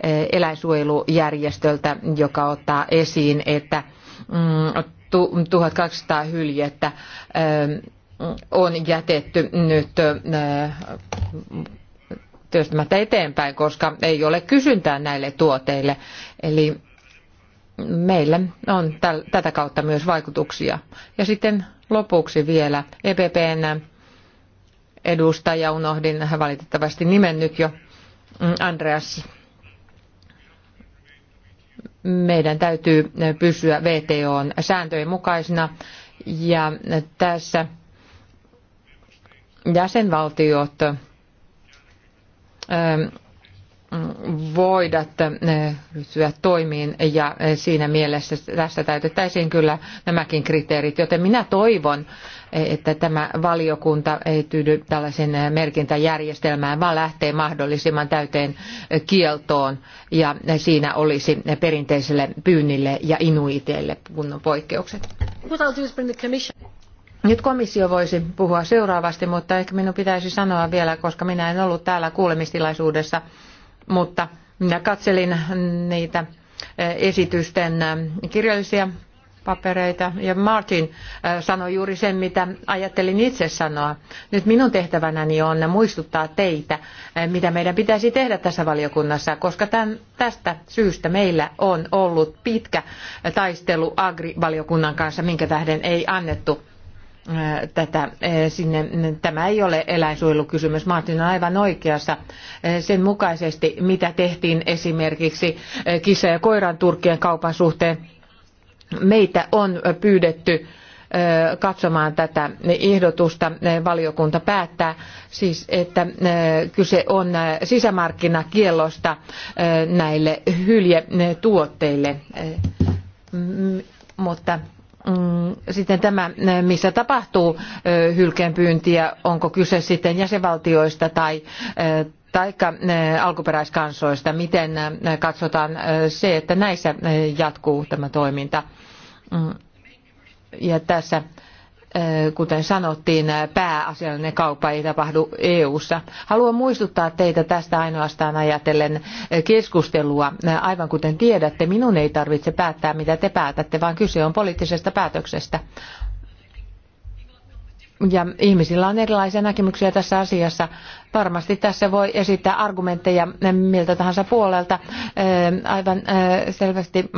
Eh, eläinsuojelujärjestöltä, joka ottaa esiin, että 1200 mm, hyljettä eh, on jätetty nyt eh, työstämättä eteenpäin, koska ei ole kysyntää näille tuoteille. Eli meillä on tätä kautta myös vaikutuksia. Ja sitten lopuksi vielä EPPn edustaja, unohdin valitettavasti nimen nyt jo, mm, Andreas meidän täytyy pysyä VTOn sääntöjen mukaisina ja tässä jäsenvaltiot voida eh, ryhtyä toimiin ja eh, siinä mielessä tässä täytettäisiin kyllä nämäkin kriteerit, joten minä toivon, eh, että tämä valiokunta ei tyydy tällaisen merkintäjärjestelmään, vaan lähtee mahdollisimman täyteen kieltoon ja siinä olisi perinteiselle pyynnille ja inuiteille kunnon poikkeukset. Nyt komissio voisi puhua seuraavasti, mutta ehkä minun pitäisi sanoa vielä, koska minä en ollut täällä kuulemistilaisuudessa, mutta minä katselin niitä esitysten kirjallisia papereita ja Martin sanoi juuri sen, mitä ajattelin itse sanoa. Nyt minun tehtävänäni on muistuttaa teitä, mitä meidän pitäisi tehdä tässä valiokunnassa, koska tämän, tästä syystä meillä on ollut pitkä taistelu agri-valiokunnan kanssa, minkä tähden ei annettu tätä sinne. Tämä ei ole eläinsuojelukysymys. Martin on aivan oikeassa sen mukaisesti, mitä tehtiin esimerkiksi kissa- ja koiran kaupan suhteen. Meitä on pyydetty katsomaan tätä ehdotusta. Valiokunta päättää siis, että kyse on sisämarkkinakiellosta näille hyljetuotteille. Mutta Mm, sitten tämä, eh, missä tapahtuu eh, hylkeenpyyntiä, onko kyse sitten jäsenvaltioista tai eh, taikka alkuperäiskansoista, miten katsotaan se, että näissä jatkuu tämä toiminta. Mm. Ja tässä kuten sanottiin, pääasiallinen kauppa ei tapahdu EU-ssa. Haluan muistuttaa teitä tästä ainoastaan ajatellen keskustelua. Aivan kuten tiedätte, minun ei tarvitse päättää, mitä te päätätte, vaan kyse on poliittisesta päätöksestä. Ja ihmisillä on erilaisia näkemyksiä tässä asiassa. Varmasti tässä voi esittää argumentteja miltä tahansa puolelta. Aivan selvästi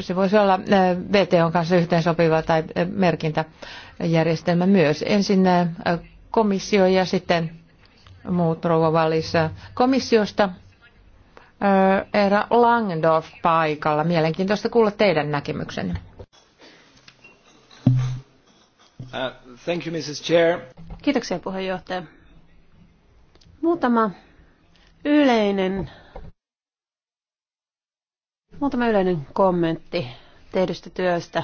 se voisi olla VTOn kanssa yhteensopiva tai merkintä järjestelmä myös. Ensin äh, komissio ja sitten muut rouva Valissa komissiosta. Äh, Eera Langdorf paikalla. Mielenkiintoista kuulla teidän näkemyksenne. Uh, thank you, Mrs. Chair. Kiitoksia puheenjohtaja. Muutama yleinen, muutama yleinen kommentti tehdystä työstä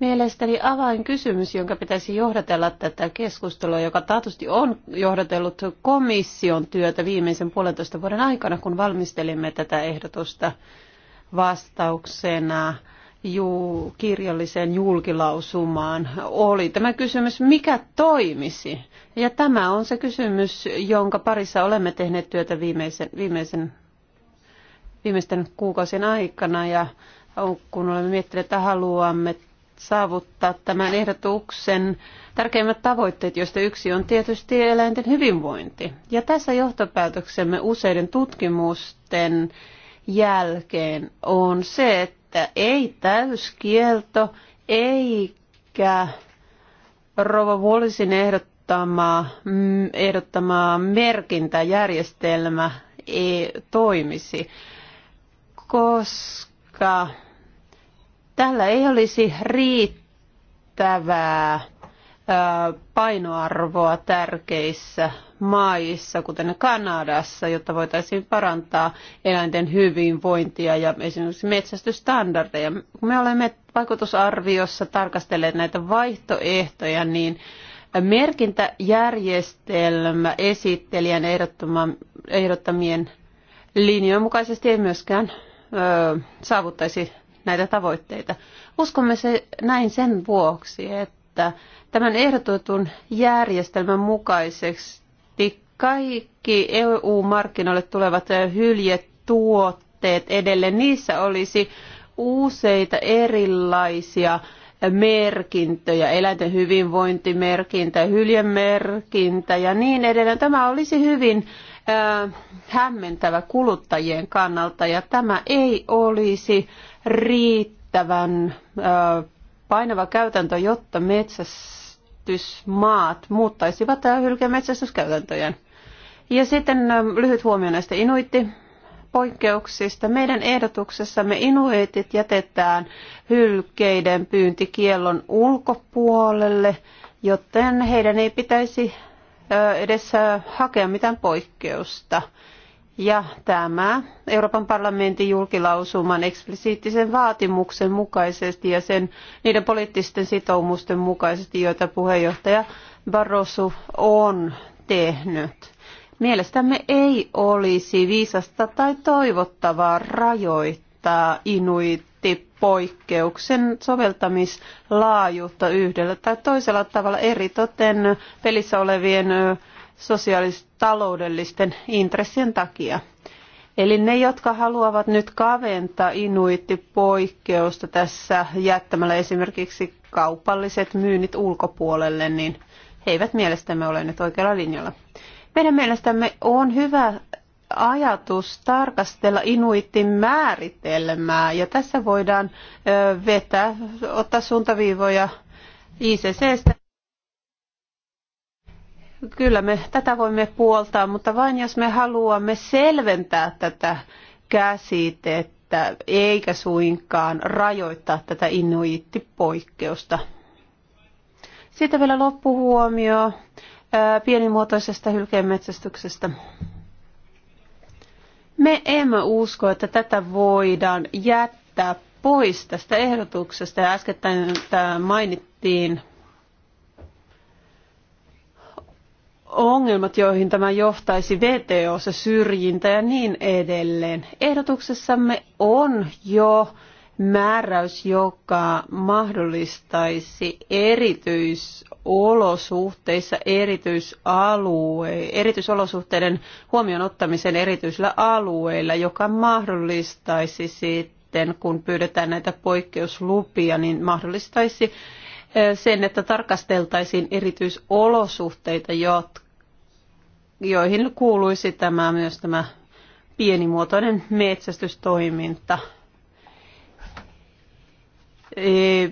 Mielestäni avainkysymys, jonka pitäisi johdatella tätä keskustelua, joka taatusti on johdatellut komission työtä viimeisen puolentoista vuoden aikana, kun valmistelimme tätä ehdotusta vastauksena juu, kirjalliseen julkilausumaan, oli tämä kysymys, mikä toimisi? Ja tämä on se kysymys, jonka parissa olemme tehneet työtä viimeisen, viimeisen, viimeisten kuukausien aikana ja kun olemme miettineet, että haluamme saavuttaa tämän ehdotuksen tärkeimmät tavoitteet, joista yksi on tietysti eläinten hyvinvointi. Ja tässä johtopäätöksemme useiden tutkimusten jälkeen on se, että ei täyskielto eikä Rova Wallisin ehdottama, mm, ehdottama merkintäjärjestelmä ei toimisi, koska Tällä ei olisi riittävää painoarvoa tärkeissä maissa, kuten Kanadassa, jotta voitaisiin parantaa eläinten hyvinvointia ja esimerkiksi metsästystandardeja. Kun me olemme vaikutusarviossa tarkastelleet näitä vaihtoehtoja, niin merkintäjärjestelmä esittelijän ehdottamien linjojen mukaisesti ei myöskään ö, saavuttaisi näitä tavoitteita. Uskomme se näin sen vuoksi, että tämän ehdotetun järjestelmän mukaisesti kaikki EU-markkinoille tulevat hyljetuotteet edelleen, niissä olisi useita erilaisia merkintöjä, eläinten hyvinvointimerkintä, hyljemerkintä ja niin edelleen. Tämä olisi hyvin äh, hämmentävä kuluttajien kannalta ja tämä ei olisi riittävän painava käytäntö, jotta metsästysmaat muuttaisivat hylkemetsästyskäytäntöjen. Ja sitten lyhyt huomio näistä inuitti poikkeuksista. Meidän ehdotuksessamme inuitit jätetään hylkeiden pyyntikiellon ulkopuolelle, joten heidän ei pitäisi edes hakea mitään poikkeusta. Ja tämä Euroopan parlamentin julkilausuman eksplisiittisen vaatimuksen mukaisesti ja sen, niiden poliittisten sitoumusten mukaisesti, joita puheenjohtaja Barroso on tehnyt. Mielestämme ei olisi viisasta tai toivottavaa rajoittaa inuittipoikkeuksen soveltamislaajuutta yhdellä tai toisella tavalla eritoten pelissä olevien sosiaalistaloudellisten intressien takia. Eli ne, jotka haluavat nyt kaventaa inuittipoikkeusta tässä jättämällä esimerkiksi kaupalliset myynnit ulkopuolelle, niin he eivät mielestämme ole nyt oikealla linjalla. Meidän mielestämme on hyvä ajatus tarkastella inuitin määritelmää ja tässä voidaan vetää, ottaa suuntaviivoja ICCstä Kyllä me tätä voimme puoltaa, mutta vain jos me haluamme selventää tätä käsitettä, eikä suinkaan rajoittaa tätä inuittipoikkeusta. Sitten vielä loppuhuomio pienimuotoisesta hylkeenmetsästyksestä. Me emme usko, että tätä voidaan jättää pois tästä ehdotuksesta. Ja äskettäin tämä mainittiin ongelmat, joihin tämä johtaisi se syrjintä ja niin edelleen. Ehdotuksessamme on jo määräys, joka mahdollistaisi erityisolosuhteissa erityisalue, erityisolosuhteiden huomioon ottamisen erityisillä alueilla, joka mahdollistaisi sitten, kun pyydetään näitä poikkeuslupia, niin mahdollistaisi sen, että tarkasteltaisiin erityisolosuhteita, joihin kuuluisi tämä myös tämä pienimuotoinen metsästystoiminta –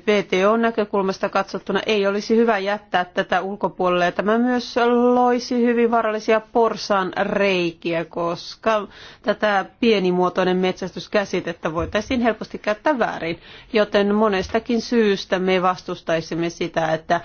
VTOn e, näkökulmasta katsottuna ei olisi hyvä jättää tätä ulkopuolelle. Tämä myös loisi hyvin vaarallisia porsaan reikiä, koska tätä pienimuotoinen metsästyskäsitettä voitaisiin helposti käyttää väärin. Joten monestakin syystä me vastustaisimme sitä, että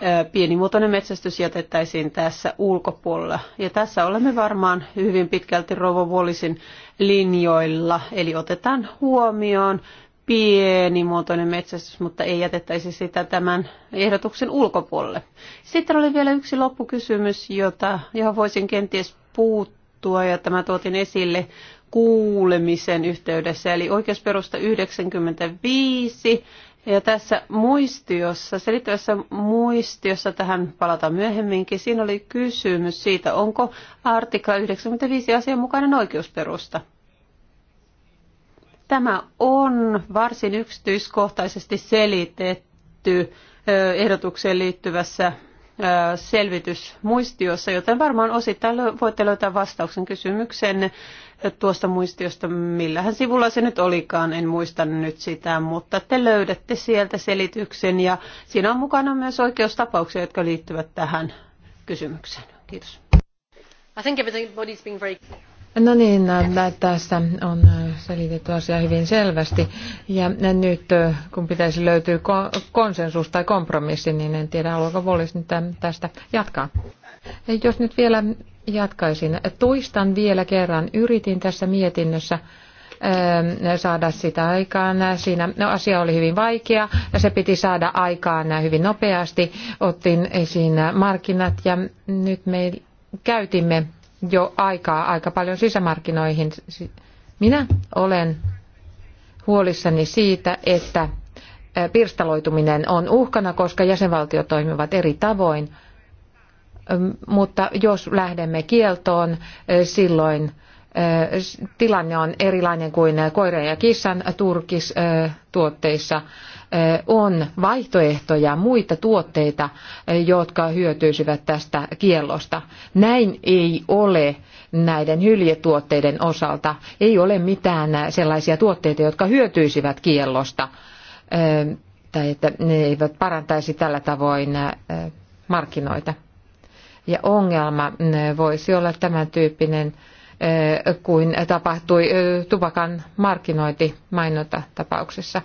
e, pienimuotoinen metsästys jätettäisiin tässä ulkopuolella. Ja tässä olemme varmaan hyvin pitkälti Rovo Wallisin linjoilla, eli otetaan huomioon pienimuotoinen metsästys, mutta ei jätettäisi sitä tämän ehdotuksen ulkopuolelle. Sitten oli vielä yksi loppukysymys, jota, johon voisin kenties puuttua, ja tämä tuotiin esille kuulemisen yhteydessä, eli oikeusperusta 95. Ja tässä muistiossa, selittävässä muistiossa, tähän palataan myöhemminkin, siinä oli kysymys siitä, onko artikla 95 asianmukainen oikeusperusta. Tämä on varsin yksityiskohtaisesti selitetty ehdotukseen liittyvässä selvitysmuistiossa, joten varmaan osittain voitte löytää vastauksen kysymykseen tuosta muistiosta, millähän sivulla se nyt olikaan, en muista nyt sitä, mutta te löydätte sieltä selityksen ja siinä on mukana myös oikeustapauksia, jotka liittyvät tähän kysymykseen. Kiitos. I think everybody's very... No niin, äh, tässä on äh, selitetty asia hyvin selvästi. Ja äh, nyt kun pitäisi löytyä konsensus tai kompromissi, niin en tiedä, haluaako Wallis nyt tästä jatkaa. Jos nyt vielä jatkaisin. Tuistan vielä kerran. Yritin tässä mietinnössä ähm, saada sitä aikaan. Siinä no, asia oli hyvin vaikea ja se piti saada aikaan hyvin nopeasti. Otin esiin markkinat ja nyt me käytimme jo aikaa aika paljon sisämarkkinoihin. Minä olen huolissani siitä, että pirstaloituminen on uhkana, koska jäsenvaltiot toimivat eri tavoin. Mutta jos lähdemme kieltoon, silloin tilanne on erilainen kuin koiran ja kissan turkistuotteissa on vaihtoehtoja, muita tuotteita, jotka hyötyisivät tästä kiellosta. Näin ei ole näiden hyljetuotteiden osalta. Ei ole mitään sellaisia tuotteita, jotka hyötyisivät kiellosta tai että ne eivät parantaisi tällä tavoin markkinoita. Ja ongelma voisi olla tämän tyyppinen kuin tapahtui tupakan markkinointi mainonta tapauksessa.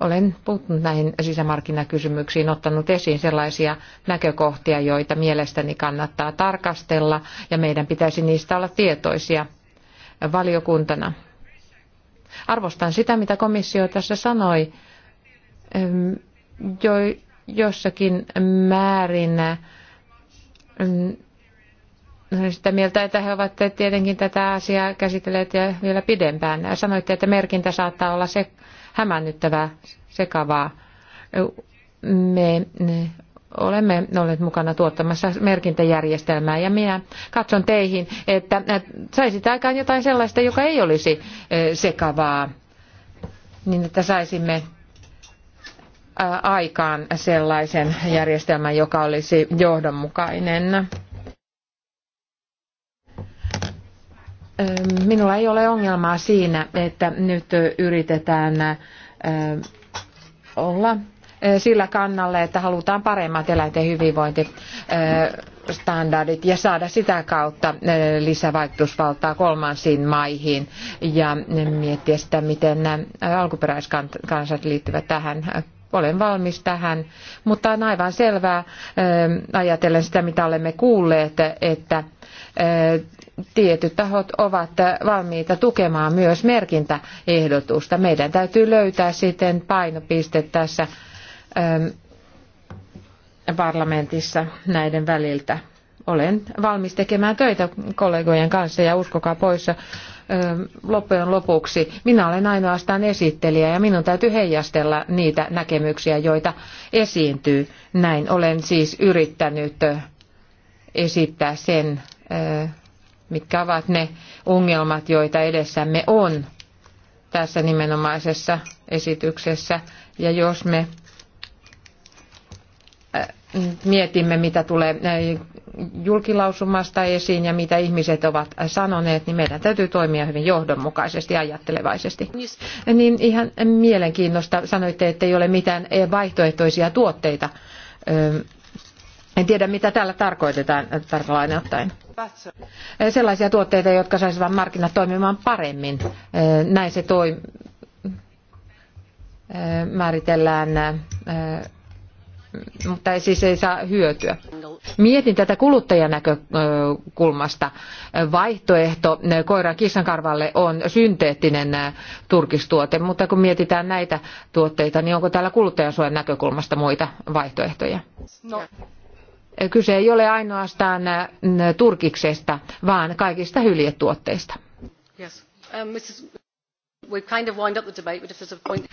Olen puuttunut näihin sisämarkkinakysymyksiin, ottanut esiin sellaisia näkökohtia, joita mielestäni kannattaa tarkastella, ja meidän pitäisi niistä olla tietoisia valiokuntana. Arvostan sitä, mitä komissio tässä sanoi. Jo, jossakin määrin sitä mieltä, että he ovat tietenkin tätä asiaa käsitelleet ja vielä pidempään. Sanoitte, että merkintä saattaa olla se hämännyttävää, sekavaa. Me olemme olleet mukana tuottamassa merkintäjärjestelmää ja minä katson teihin, että saisit aikaan jotain sellaista, joka ei olisi eh, sekavaa, niin että saisimme eh, aikaan sellaisen järjestelmän, joka olisi johdonmukainen. Minulla ei ole ongelmaa siinä, että nyt yritetään olla sillä kannalle, että halutaan paremmat eläinten hyvinvointistandardit ja saada sitä kautta lisävaikutusvaltaa kolmansiin maihin ja miettiä sitä, miten nämä alkuperäiskansat liittyvät tähän olen valmis tähän, mutta on aivan selvää ajatellen sitä, mitä olemme kuulleet, että tietyt tahot ovat valmiita tukemaan myös merkintäehdotusta. Meidän täytyy löytää sitten painopiste tässä ähm, parlamentissa näiden väliltä. Olen valmis tekemään töitä kollegojen kanssa ja uskokaa pois ähm, loppujen lopuksi. Minä olen ainoastaan esittelijä ja minun täytyy heijastella niitä näkemyksiä, joita esiintyy. Näin olen siis yrittänyt äh, esittää sen äh, mitkä ovat ne ongelmat, joita edessämme on tässä nimenomaisessa esityksessä. Ja jos me äh, mietimme, mitä tulee äh, julkilausumasta esiin ja mitä ihmiset ovat sanoneet, niin meidän täytyy toimia hyvin johdonmukaisesti ja ajattelevaisesti. Niin ihan mielenkiinnosta sanoitte, että ei ole mitään vaihtoehtoisia tuotteita ähm, en tiedä, mitä täällä tarkoitetaan äh, tarkalleen ottaen. Äh, sellaisia tuotteita, jotka saisivat markkinat toimimaan paremmin. Äh, näin se toi, määritellään, mutta ei siis ei saa hyötyä. Mietin tätä kuluttajan näkökulmasta. Vaihtoehto koiran kissankarvalle on synteettinen turkistuote, mutta kun mietitään näitä tuotteita, niin onko täällä kuluttajansuojan näkökulmasta muita vaihtoehtoja? No. Kyse ei ole ainoastaan äh, turkiksesta, vaan kaikista hyljetuotteista. Um,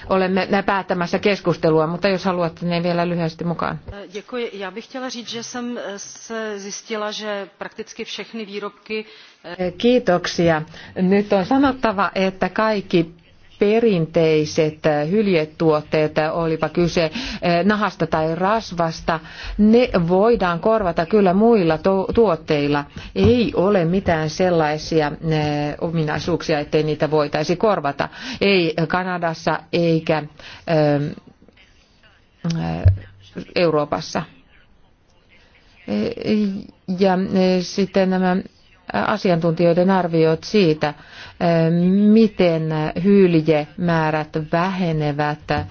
Olemme äh, päättämässä keskustelua, mutta jos haluatte, niin vielä lyhyesti mukaan. Uh, děkuji. Já bych chtěla říct, že jsem uh, se zjistila, že prakticky všechny výrobky... Uh, Kiitoksia. Nyt on sanottava, että kaikki perinteiset äh, hyljetuotteet, äh, olipa kyse äh, nahasta tai rasvasta, ne voidaan korvata kyllä muilla tuotteilla. Ei ole mitään sellaisia ominaisuuksia, ettei niitä voitaisi korvata. Ei Kanadassa eikä ähm, Euroopassa. Ja sitten nämä asiantuntijoiden arviot siitä, eh, miten hyljemäärät vähenevät eh,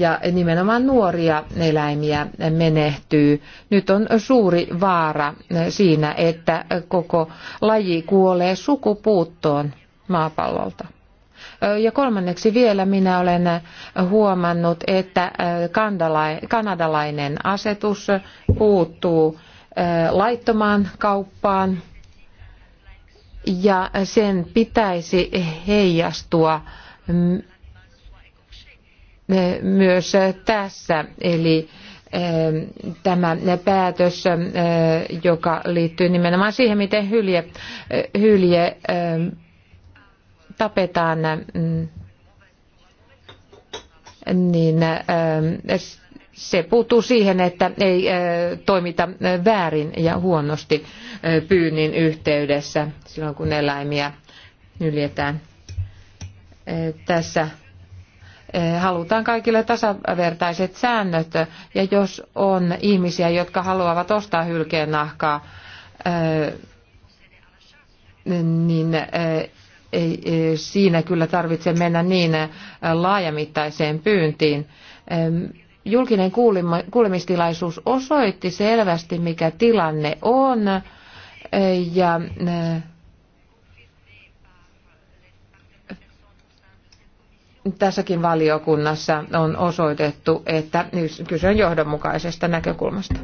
ja nimenomaan nuoria eläimiä menehtyy. Nyt on suuri vaara eh, siinä, että koko laji kuolee sukupuuttoon maapallolta. Ja kolmanneksi vielä minä olen huomannut, että kanadalainen asetus puuttuu laittomaan kauppaan ja sen pitäisi heijastua myös tässä, eli ähm, tämä päätös, äh, joka liittyy nimenomaan siihen, miten hylje, äh, hylje ähm, tapetaan, mm, niin ähm, se puuttuu siihen, että ei toimita väärin ja huonosti pyynnin yhteydessä silloin, kun eläimiä nyljetään. Tässä halutaan kaikille tasavertaiset säännöt ja jos on ihmisiä, jotka haluavat ostaa hylkeen nahkaa, niin siinä kyllä tarvitse mennä niin laajamittaiseen pyyntiin julkinen kuulemistilaisuus osoitti selvästi, mikä tilanne on. Eh, ja eh, tässäkin valiokunnassa on osoitettu, että kyse on johdonmukaisesta näkökulmasta.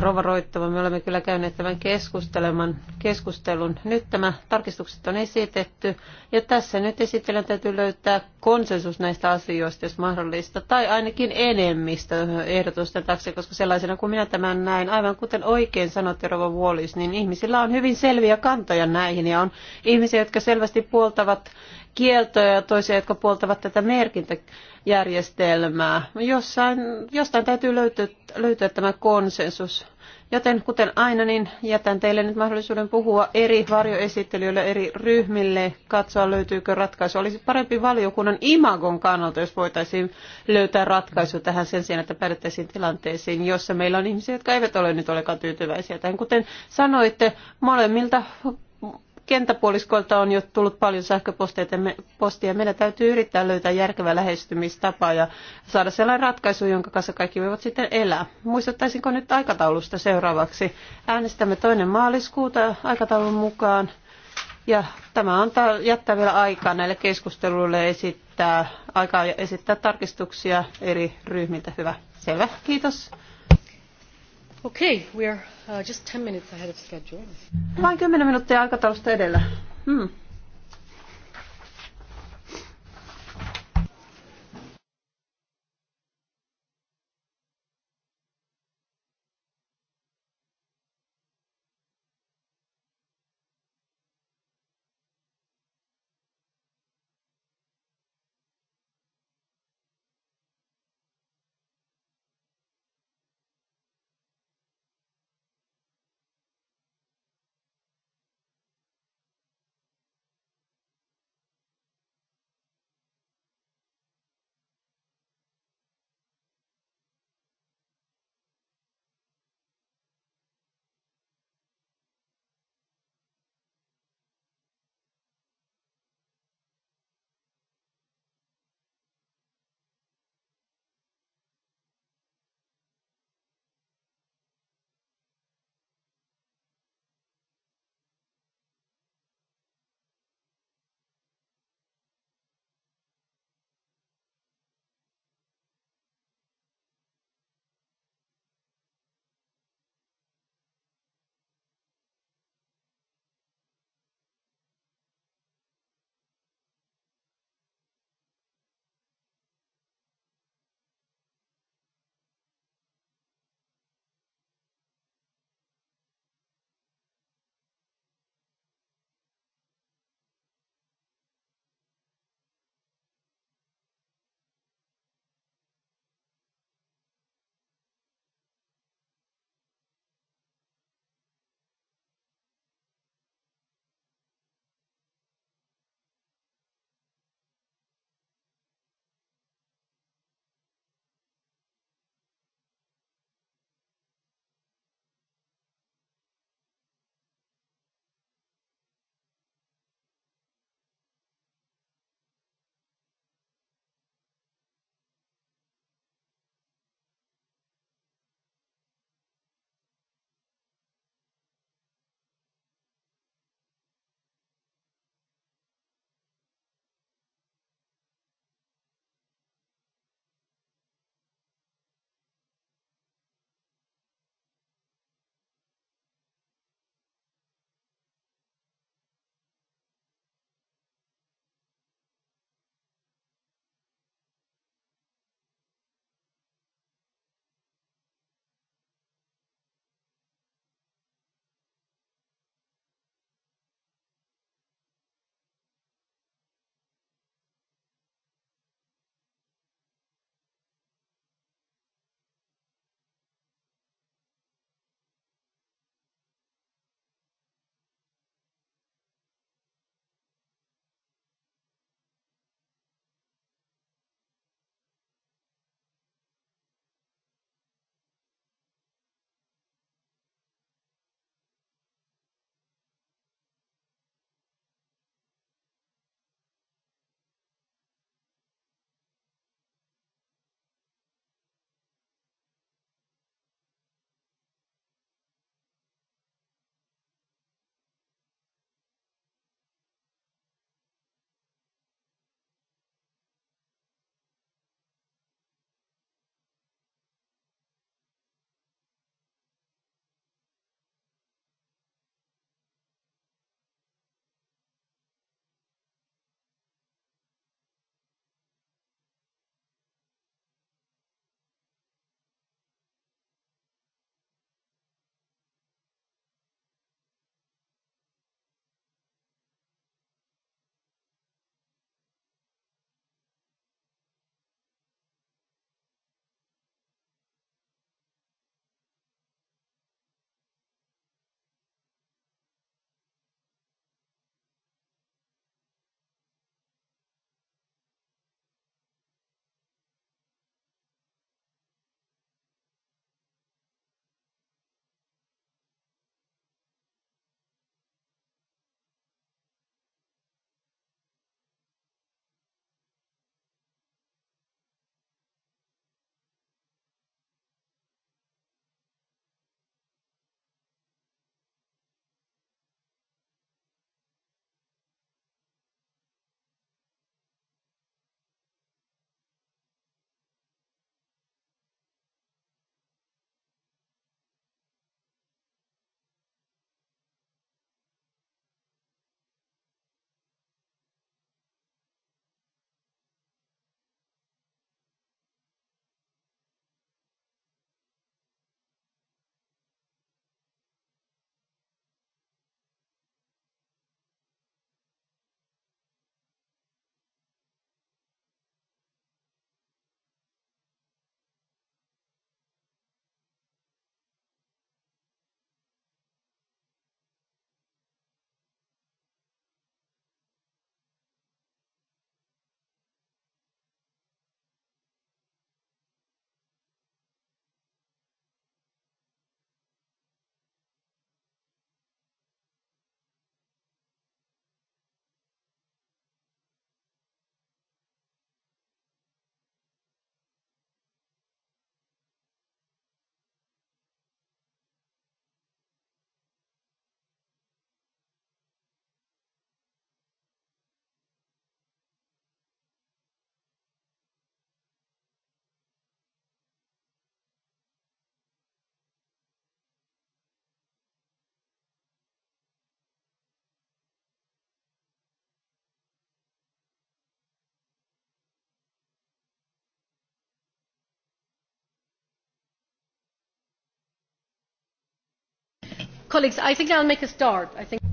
Rovaroittava, me olemme kyllä käyneet tämän keskusteleman, keskustelun. Nyt tämä tarkistukset on esitetty ja tässä nyt esittelen täytyy löytää konsensus näistä asioista, jos mahdollista, tai ainakin enemmistö ehdotusten taakse, koska sellaisena kuin minä tämän näin, aivan kuten oikein sanotte Rova Vuolis, niin ihmisillä on hyvin selviä kantoja näihin ja on ihmisiä, jotka selvästi puoltavat kieltoja ja toisia, jotka puoltavat tätä merkintäjärjestelmää. Jossain, jostain täytyy löytyä, löytyä tämä konsensus. Joten kuten aina, niin jätän teille nyt mahdollisuuden puhua eri varjoesittelijöille, eri ryhmille, katsoa löytyykö ratkaisu. Olisi parempi valiokunnan imagon kannalta, jos voitaisiin löytää ratkaisu tähän sen sijaan, että päädyttäisiin tilanteisiin, jossa meillä on ihmisiä, jotka eivät ole nyt olekaan tyytyväisiä. Tämän kuten sanoitte, molemmilta kenttäpuoliskoilta on jo tullut paljon sähköpostia ja meidän täytyy yrittää löytää järkevä lähestymistapa ja saada sellainen ratkaisu, jonka kanssa kaikki voivat sitten elää. Muistuttaisinko nyt aikataulusta seuraavaksi? Äänestämme toinen maaliskuuta aikataulun mukaan. Ja tämä antaa, jättää vielä aikaa näille keskusteluille esittää, aikaa esittää tarkistuksia eri ryhmiltä. Hyvä. Selvä. Kiitos. Okay, we are uh, just 10 minutes ahead of schedule. Vain 10 minuuttia aikataulusta edellä. Hmm.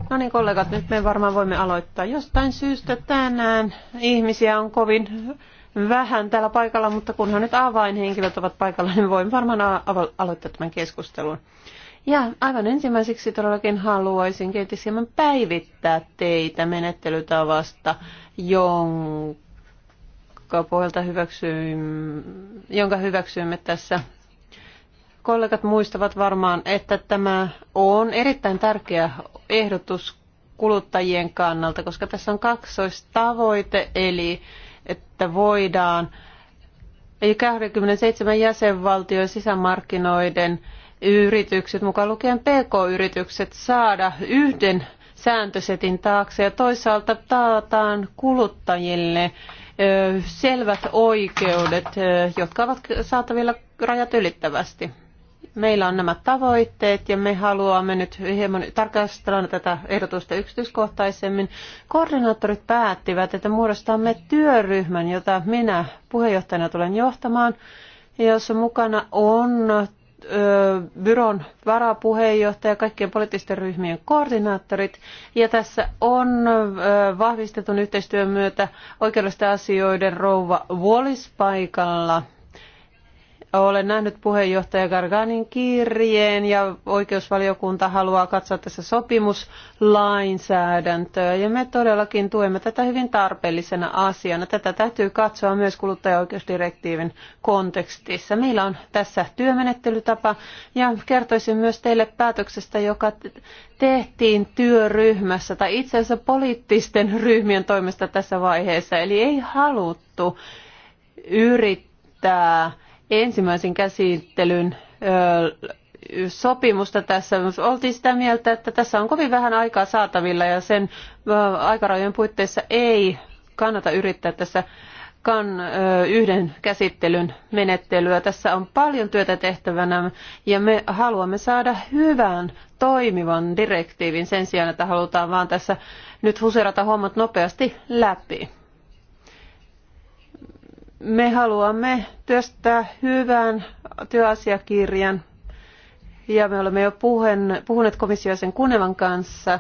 No niin kollegat, nyt me varmaan voimme aloittaa. Jostain syystä tänään ihmisiä on kovin vähän täällä paikalla, mutta kunhan nyt avainhenkilöt ovat paikalla, niin voin varmaan aloittaa tämän keskustelun. Ja aivan ensimmäiseksi todellakin haluaisin kenties hieman päivittää teitä menettelytavasta, jonka pohjalta hyväksyimme, jonka hyväksyimme tässä Kollegat muistavat varmaan, että tämä on erittäin tärkeä ehdotus kuluttajien kannalta, koska tässä on kaksoistavoite, eli että voidaan eli 27 jäsenvaltion sisämarkkinoiden yritykset, mukaan lukien PK-yritykset, saada yhden sääntösetin taakse ja toisaalta taataan kuluttajille selvät oikeudet, jotka ovat saatavilla rajat ylittävästi. Meillä on nämä tavoitteet ja me haluamme nyt hieman tarkastella tätä ehdotusta yksityiskohtaisemmin. Koordinaattorit päättivät, että muodostamme työryhmän, jota minä puheenjohtajana tulen johtamaan, jossa mukana on byron varapuheenjohtaja, kaikkien poliittisten ryhmien koordinaattorit. Ja tässä on vahvistetun yhteistyön myötä oikeudellisten asioiden rouva Wallis paikalla olen nähnyt puheenjohtaja Garganin kirjeen ja oikeusvaliokunta haluaa katsoa tässä sopimuslainsäädäntöä ja me todellakin tuemme tätä hyvin tarpeellisena asiana. Tätä täytyy katsoa myös kuluttajaoikeusdirektiivin kontekstissa. Meillä on tässä työmenettelytapa ja kertoisin myös teille päätöksestä, joka tehtiin työryhmässä tai itse asiassa poliittisten ryhmien toimesta tässä vaiheessa. Eli ei haluttu yrittää ensimmäisen käsittelyn sopimusta tässä. Oltiin sitä mieltä, että tässä on kovin vähän aikaa saatavilla ja sen aikarajojen puitteissa ei kannata yrittää tässä kan, yhden käsittelyn menettelyä. Tässä on paljon työtä tehtävänä ja me haluamme saada hyvän toimivan direktiivin sen sijaan, että halutaan vaan tässä nyt huserata hommat nopeasti läpi. Me haluamme työstää hyvän työasiakirjan ja me olemme jo puhuneet komissiosen Kunevan kanssa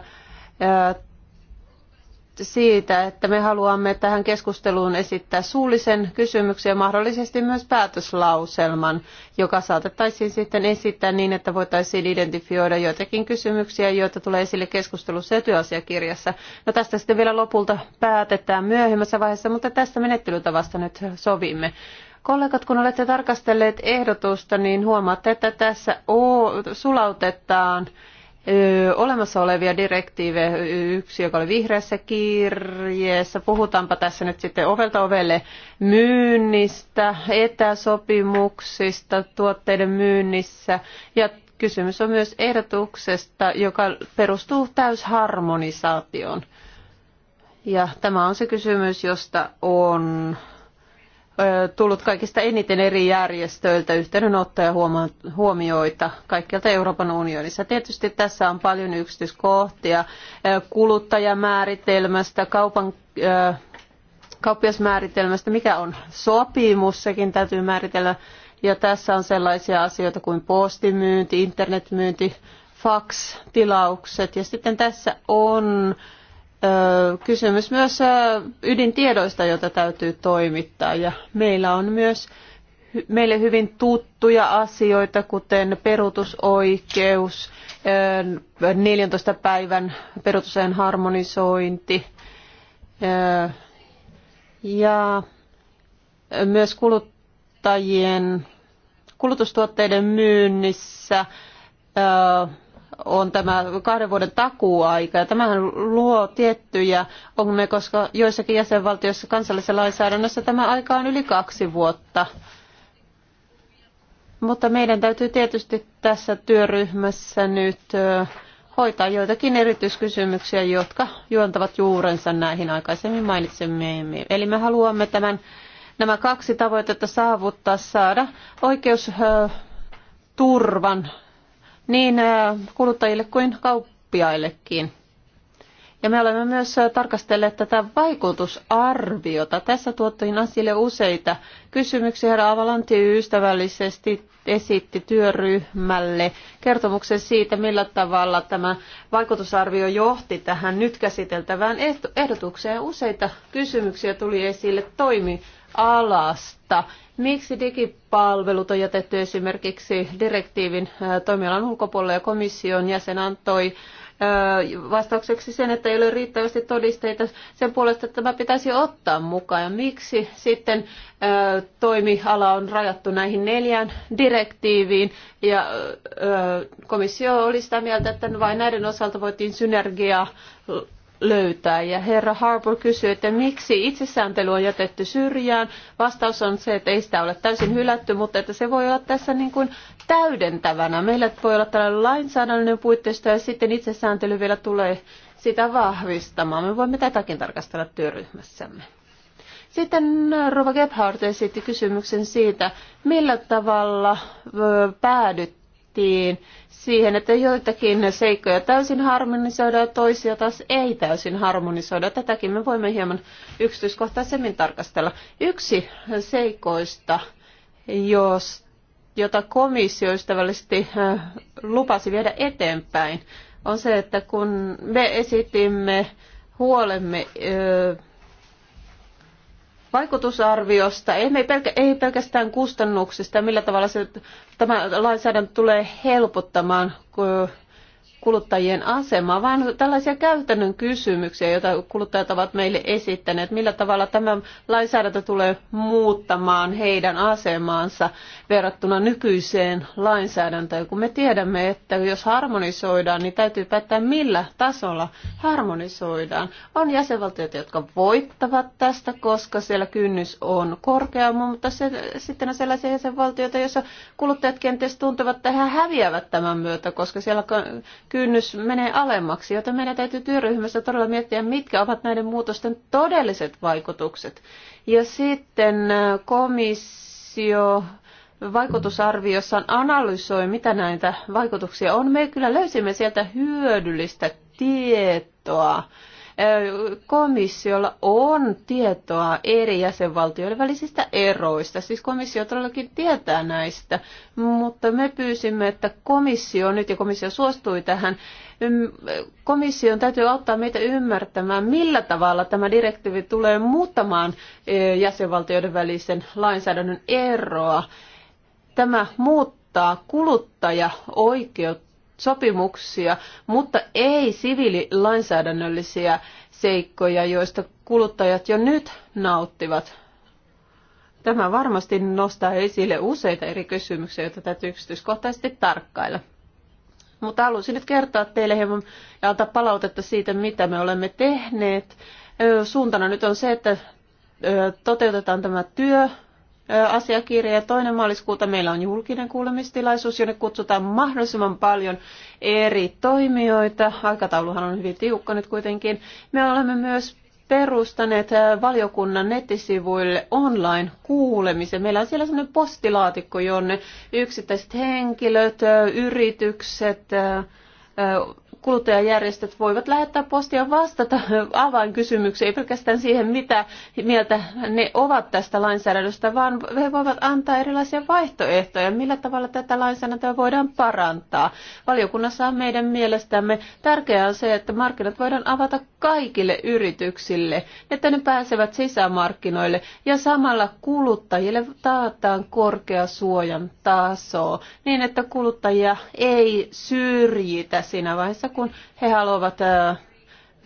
siitä, että me haluamme tähän keskusteluun esittää suullisen kysymyksen ja mahdollisesti myös päätöslauselman, joka saatettaisiin sitten esittää niin, että voitaisiin identifioida joitakin kysymyksiä, joita tulee esille keskustelussa ja työasiakirjassa. No tästä sitten vielä lopulta päätetään myöhemmässä vaiheessa, mutta tästä menettelytavasta nyt sovimme. Kollegat, kun olette tarkastelleet ehdotusta, niin huomaatte, että tässä sulautetaan olemassa olevia direktiivejä, yksi joka oli vihreässä kirjeessä, puhutaanpa tässä nyt sitten ovelta ovelle myynnistä, etäsopimuksista, tuotteiden myynnissä ja kysymys on myös ehdotuksesta, joka perustuu täysharmonisaatioon. Ja tämä on se kysymys, josta on tullut kaikista eniten eri järjestöiltä yhteydenottoja huomioita kaikkialta Euroopan unionissa. Tietysti tässä on paljon yksityiskohtia kuluttajamääritelmästä, kaupan, kauppiasmääritelmästä, mikä on sopimus, sekin täytyy määritellä. Ja tässä on sellaisia asioita kuin postimyynti, internetmyynti, fax-tilaukset ja sitten tässä on kysymys myös ydintiedoista, joita täytyy toimittaa. Ja meillä on myös meille hyvin tuttuja asioita, kuten perutusoikeus, 14 päivän perutuseen harmonisointi ja myös kuluttajien, kulutustuotteiden myynnissä on tämä kahden vuoden takuuaika. Ja tämähän luo tiettyjä ongelmia, koska joissakin jäsenvaltioissa kansallisessa lainsäädännössä tämä aika on yli kaksi vuotta. Mutta meidän täytyy tietysti tässä työryhmässä nyt hoitaa joitakin erityiskysymyksiä, jotka juontavat juurensa näihin aikaisemmin mainitsemiimme. Eli me haluamme tämän, nämä kaksi tavoitetta saavuttaa, saada oikeusturvan niin äh, kuluttajille kuin kauppiaillekin. Ja me olemme myös äh, tarkastelleet tätä vaikutusarviota. Tässä tuottiin asialle useita kysymyksiä. Herra Avalanti ystävällisesti esitti työryhmälle kertomuksen siitä, millä tavalla tämä vaikutusarvio johti tähän nyt käsiteltävään ehdotukseen. Useita kysymyksiä tuli esille toimialasta. Miksi digipalvelut on jätetty esimerkiksi direktiivin äh, toimialan ulkopuolelle ja komission jäsen antoi vastaukseksi sen, että ei ole riittävästi todisteita sen puolesta, että tämä pitäisi ottaa mukaan. Ja miksi sitten toimiala on rajattu näihin neljään direktiiviin ja komissio oli sitä mieltä, että vain näiden osalta voitiin synergiaa löytää. Ja herra Harbour kysyy, että miksi itsesääntely on jätetty syrjään. Vastaus on se, että ei sitä ole täysin hylätty, mutta että se voi olla tässä niin kuin täydentävänä. Meillä voi olla tällainen lainsäädännöllinen puitteisto ja sitten itsesääntely vielä tulee sitä vahvistamaan. Me voimme tätäkin tarkastella työryhmässämme. Sitten Rova Gebhardt esitti kysymyksen siitä, millä tavalla päädyt pyrittiin siihen, että joitakin seikkoja täysin harmonisoida ja toisia taas ei täysin harmonisoida. Tätäkin me voimme hieman yksityiskohtaisemmin tarkastella. Yksi seikoista, jos, jota komissio ystävällisesti äh, lupasi viedä eteenpäin, on se, että kun me esitimme huolemme äh, vaikutusarviosta, ei, pelkä, ei pelkästään kustannuksista, millä tavalla se, tämä lainsäädäntö tulee helpottamaan kuluttajien asemaa, vaan tällaisia käytännön kysymyksiä, joita kuluttajat ovat meille esittäneet. Millä tavalla tämä lainsäädäntö tulee muuttamaan heidän asemaansa verrattuna nykyiseen lainsäädäntöön, kun me tiedämme, että jos harmonisoidaan, niin täytyy päättää millä tasolla harmonisoidaan. On jäsenvaltiot, jotka voittavat tästä, koska siellä kynnys on korkea, mutta se, sitten on sellaisia jäsenvaltioita, joissa kuluttajat kenties tuntuvat, että he häviävät tämän myötä, koska siellä kynnys menee alemmaksi, joten meidän täytyy työryhmässä todella miettiä, mitkä ovat näiden muutosten todelliset vaikutukset. Ja sitten komissio vaikutusarviossaan analysoi, mitä näitä vaikutuksia on. Me kyllä löysimme sieltä hyödyllistä tietoa komissiolla on tietoa eri jäsenvaltioiden välisistä eroista. Siis komissio todellakin tietää näistä, mutta me pyysimme, että komissio nyt ja komissio suostui tähän. Komission täytyy auttaa meitä ymmärtämään, millä tavalla tämä direktiivi tulee muuttamaan jäsenvaltioiden välisen lainsäädännön eroa. Tämä muuttaa kuluttaja-oikeutta sopimuksia, mutta ei siviililainsäädännöllisiä seikkoja, joista kuluttajat jo nyt nauttivat. Tämä varmasti nostaa esille useita eri kysymyksiä, joita täytyy yksityiskohtaisesti tarkkailla. Mutta haluaisin nyt kertoa teille hieman ja antaa palautetta siitä, mitä me olemme tehneet. Suuntana nyt on se, että toteutetaan tämä työ asiakirja ja toinen maaliskuuta meillä on julkinen kuulemistilaisuus, jonne kutsutaan mahdollisimman paljon eri toimijoita. Aikatauluhan on hyvin tiukka nyt kuitenkin. Me olemme myös perustaneet valiokunnan nettisivuille online-kuulemisen. Meillä on siellä sellainen postilaatikko, jonne yksittäiset henkilöt, yritykset, kuluttajajärjestöt voivat lähettää postia vastata avainkysymykseen, ei pelkästään siihen, mitä mieltä ne ovat tästä lainsäädännöstä, vaan he voivat antaa erilaisia vaihtoehtoja, millä tavalla tätä lainsäädäntöä voidaan parantaa. Valiokunnassa meidän mielestämme tärkeää on se, että markkinat voidaan avata kaikille yrityksille, että ne pääsevät sisämarkkinoille ja samalla kuluttajille taataan korkea suojan taso, niin että kuluttajia ei syrjitä siinä vaiheessa, kun he haluavat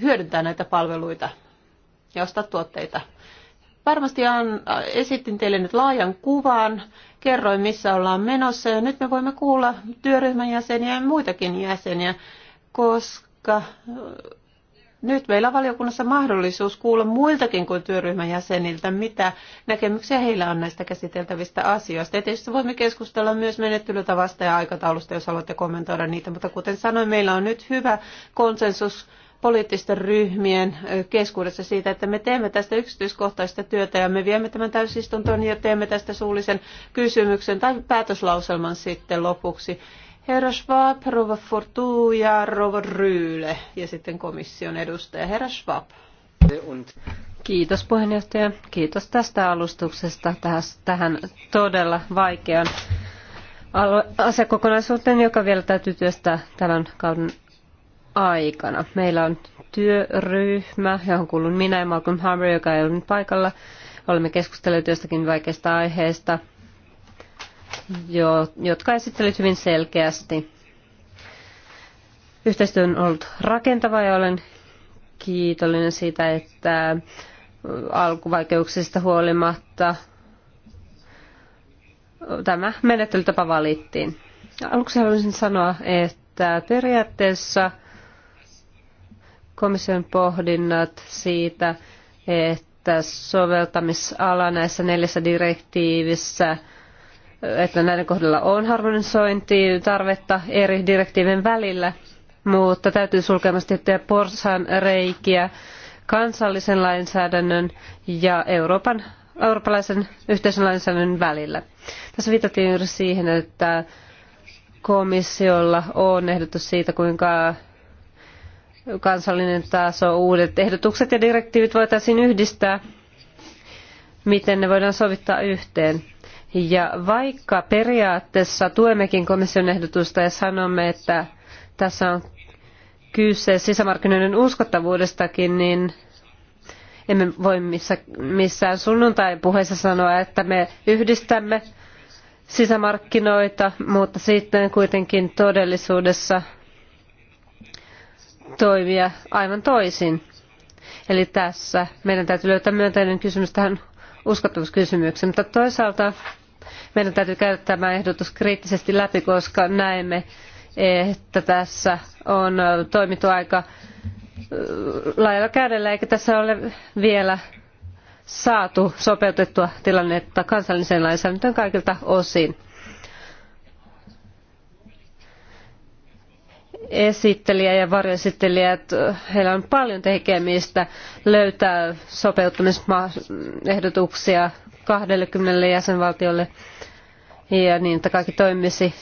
hyödyntää näitä palveluita ja ostaa tuotteita. Varmasti on esitin teille nyt laajan kuvan, kerroin missä ollaan menossa ja nyt me voimme kuulla työryhmän jäseniä ja muitakin jäseniä, koska nyt meillä on valiokunnassa mahdollisuus kuulla muiltakin kuin työryhmän jäseniltä, mitä näkemyksiä heillä on näistä käsiteltävistä asioista. Ja tietysti voimme keskustella myös menettelytavasta ja aikataulusta, jos haluatte kommentoida niitä, mutta kuten sanoin, meillä on nyt hyvä konsensus poliittisten ryhmien keskuudessa siitä, että me teemme tästä yksityiskohtaista työtä ja me viemme tämän täysistuntoon ja teemme tästä suullisen kysymyksen tai päätöslauselman sitten lopuksi. Herra Schwab, Rova Fortu ja Rova Ryyle ja sitten komission edustaja Herra Schwab. Kiitos puheenjohtaja. Kiitos tästä alustuksesta tähän todella vaikean asiakokonaisuuteen, joka vielä täytyy työstää tämän kauden aikana. Meillä on työryhmä, johon kuulun minä ja Malcolm Harbour, joka ei ollut nyt paikalla. Olemme keskustelleet jostakin vaikeista aiheista, jo, jotka esittelit hyvin selkeästi. Yhteistyö on ollut rakentava ja olen kiitollinen siitä, että alkuvaikeuksista huolimatta tämä menettelytapa valittiin. Aluksi haluaisin sanoa, että periaatteessa komission pohdinnat siitä, että soveltamisala näissä neljässä direktiivissä – että näiden kohdalla on harmonisointi tarvetta eri direktiivien välillä, mutta täytyy sulkemasti tiettyjä porsan reikiä kansallisen lainsäädännön ja Euroopan, eurooppalaisen yhteisön lainsäädännön välillä. Tässä viitattiin juuri siihen, että komissiolla on ehdotus siitä, kuinka kansallinen taso, uudet ehdotukset ja direktiivit voitaisiin yhdistää, miten ne voidaan sovittaa yhteen. Ja vaikka periaatteessa tuemmekin komission ehdotusta ja sanomme, että tässä on kyse sisämarkkinoiden uskottavuudestakin, niin emme voi missä, missään sunnuntai- puheessa sanoa, että me yhdistämme sisämarkkinoita, mutta sitten kuitenkin todellisuudessa toimia aivan toisin. Eli tässä meidän täytyy löytää myönteinen kysymys tähän uskottavuuskysymykseen, mutta toisaalta meidän täytyy käydä tämä ehdotus kriittisesti läpi, koska näemme, että tässä on toimittu aika äh, laajalla kädellä, eikä tässä ole vielä saatu sopeutettua tilannetta kansalliseen lainsäädäntöön kaikilta osin. esittelijä ja varjoesittelijä, äh, heillä on paljon tekemistä löytää sopeutumisehdotuksia 20 jäsenvaltiolle ja niin, että kaikki toimisi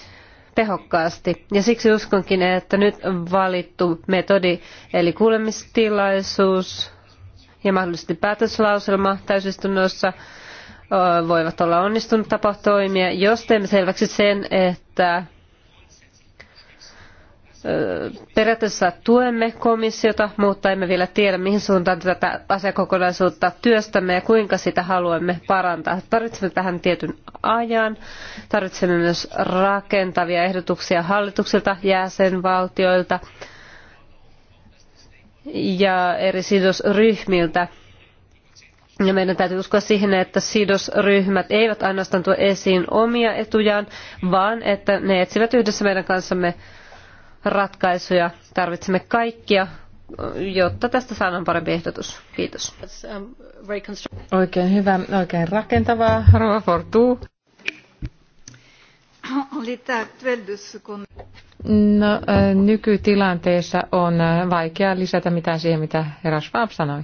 tehokkaasti. Ja siksi uskonkin, että nyt valittu metodi, eli kuulemistilaisuus ja mahdollisesti päätöslauselma täysistunnossa voivat olla onnistunut tapa toimia, jos teemme selväksi sen, että periaatteessa tuemme komissiota, mutta emme vielä tiedä, mihin suuntaan tätä asiakokonaisuutta työstämme ja kuinka sitä haluamme parantaa. Tarvitsemme tähän tietyn ajan. Tarvitsemme myös rakentavia ehdotuksia hallituksilta, jäsenvaltioilta ja eri sidosryhmiltä. Ja meidän täytyy uskoa siihen, että sidosryhmät eivät ainoastaan tuo esiin omia etujaan, vaan että ne etsivät yhdessä meidän kanssamme ratkaisuja. Tarvitsemme kaikkia, jotta tästä saadaan parempi ehdotus. Kiitos. Oikein hyvä, oikein rakentavaa. Rova Fortuu. No, nykytilanteessa on vaikea lisätä mitään siihen, mitä herra Schwab sanoi.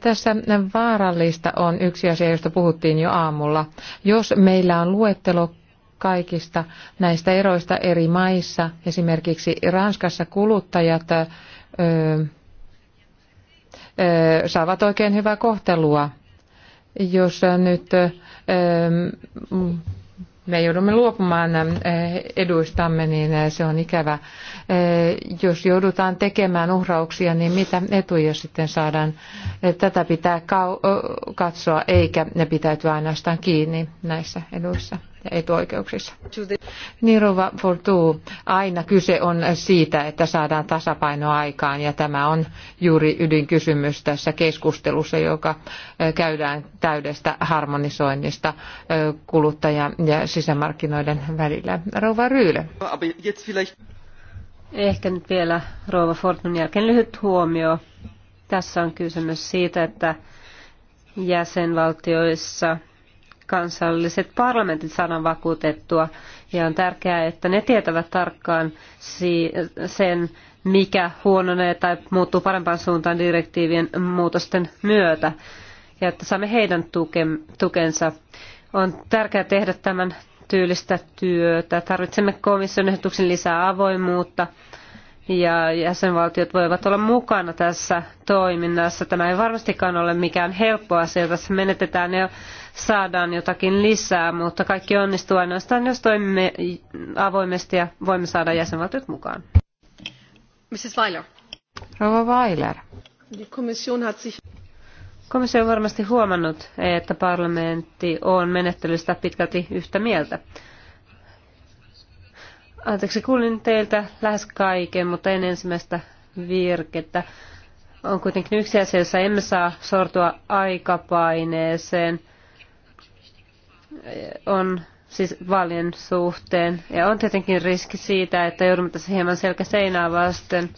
Tässä vaarallista on yksi asia, josta puhuttiin jo aamulla. Jos meillä on luettelo kaikista näistä eroista eri maissa. Esimerkiksi Ranskassa kuluttajat ö, ö, saavat oikein hyvää kohtelua. Jos nyt ö, me joudumme luopumaan eduistamme, niin se on ikävä. Jos joudutaan tekemään uhrauksia, niin mitä etuja sitten saadaan? Tätä pitää katsoa, eikä ne pitäytyä ainoastaan kiinni näissä eduissa etuoikeuksissa. Niin Rova Fortu, aina kyse on siitä, että saadaan tasapaino aikaan ja tämä on juuri ydinkysymys tässä keskustelussa, joka käydään täydestä harmonisoinnista kuluttajan ja sisämarkkinoiden välillä. Rova Ryyle. Ehkä nyt vielä Rova Fortun jälkeen lyhyt huomio. Tässä on kysymys siitä, että jäsenvaltioissa – kansalliset parlamentit saadaan vakuutettua. Ja on tärkeää, että ne tietävät tarkkaan sen, mikä huononee tai muuttuu parempaan suuntaan direktiivien muutosten myötä. Ja että saamme heidän tukensa. On tärkeää tehdä tämän tyylistä työtä. Tarvitsemme komission ehdotuksen lisää avoimuutta ja jäsenvaltiot voivat olla mukana tässä toiminnassa. Tämä ei varmastikaan ole mikään helppo asia. Tässä menetetään jo saadaan jotakin lisää, mutta kaikki onnistuu ainoastaan, jos toimimme avoimesti ja voimme saada jäsenvaltiot mukaan. Mrs. Weiler. Rouva Weiler. Komissio on varmasti huomannut, että parlamentti on menettelystä pitkälti yhtä mieltä. Anteeksi, kuulin teiltä lähes kaiken, mutta en ensimmäistä virkettä. On kuitenkin yksi asia, jossa emme saa sortua aikapaineeseen – on siis vaalien suhteen. Ja on tietenkin riski siitä, että joudumme tässä hieman selkä seinää vasten.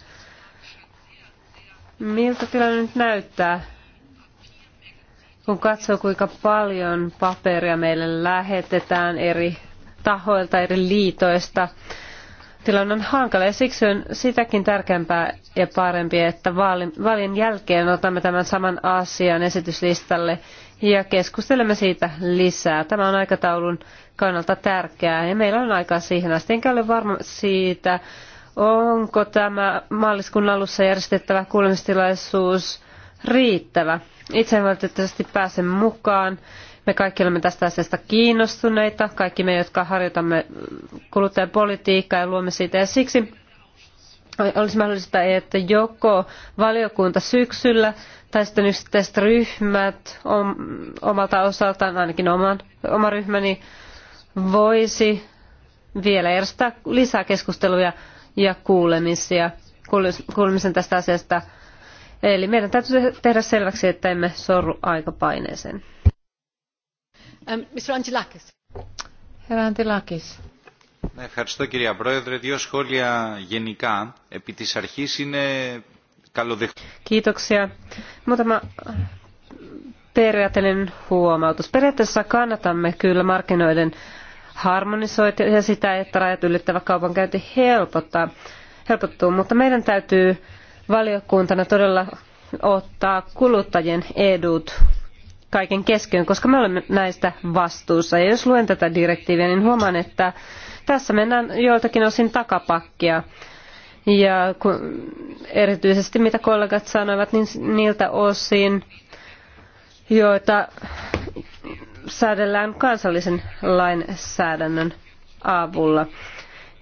Miltä tilanne nyt näyttää, kun katsoo kuinka paljon paperia meille lähetetään eri tahoilta, eri liitoista, tilanne on hankala ja siksi on sitäkin tärkeämpää ja parempi, että vaalin, jälkeen otamme tämän saman asian esityslistalle ja keskustelemme siitä lisää. Tämä on aikataulun kannalta tärkeää ja meillä on aikaa siihen asti. Enkä ole varma siitä, onko tämä maaliskuun alussa järjestettävä kuulemistilaisuus riittävä. Itse en valitettavasti pääse mukaan me kaikki olemme tästä asiasta kiinnostuneita, kaikki me, jotka harjoitamme kuluttajapolitiikkaa ja luomme siitä. Ja siksi olisi mahdollista, että joko valiokunta syksyllä tai sitten yksittäiset ryhmät omalta osaltaan, ainakin oman, oma ryhmäni, voisi vielä järjestää lisää keskusteluja ja kuulemisia, kuulemisen tästä asiasta. Eli meidän täytyy tehdä selväksi, että emme sorru aikapaineeseen. Um, Mr. Antilakis. Herra Antilakis. Ευχαριστώ κυρία Πρόεδρε. Δύο σχόλια γενικά. Επί της αρχής είναι καλοδεχτή. Kiitoksia. Muutama periaatteellinen huomautus. Periaatteessa kannatamme kyllä markkinoiden harmonisointia ja sitä, että rajat ylittävä kaupankäynti helpottaa, helpottuu, mutta meidän täytyy valiokuntana todella ottaa kuluttajien edut kaiken keskiöön, koska me olemme näistä vastuussa. Ja jos luen tätä direktiiviä, niin huomaan, että tässä mennään joiltakin osin takapakkia. Ja kun, erityisesti mitä kollegat sanoivat, niin niiltä osin, joita säädellään kansallisen lainsäädännön avulla.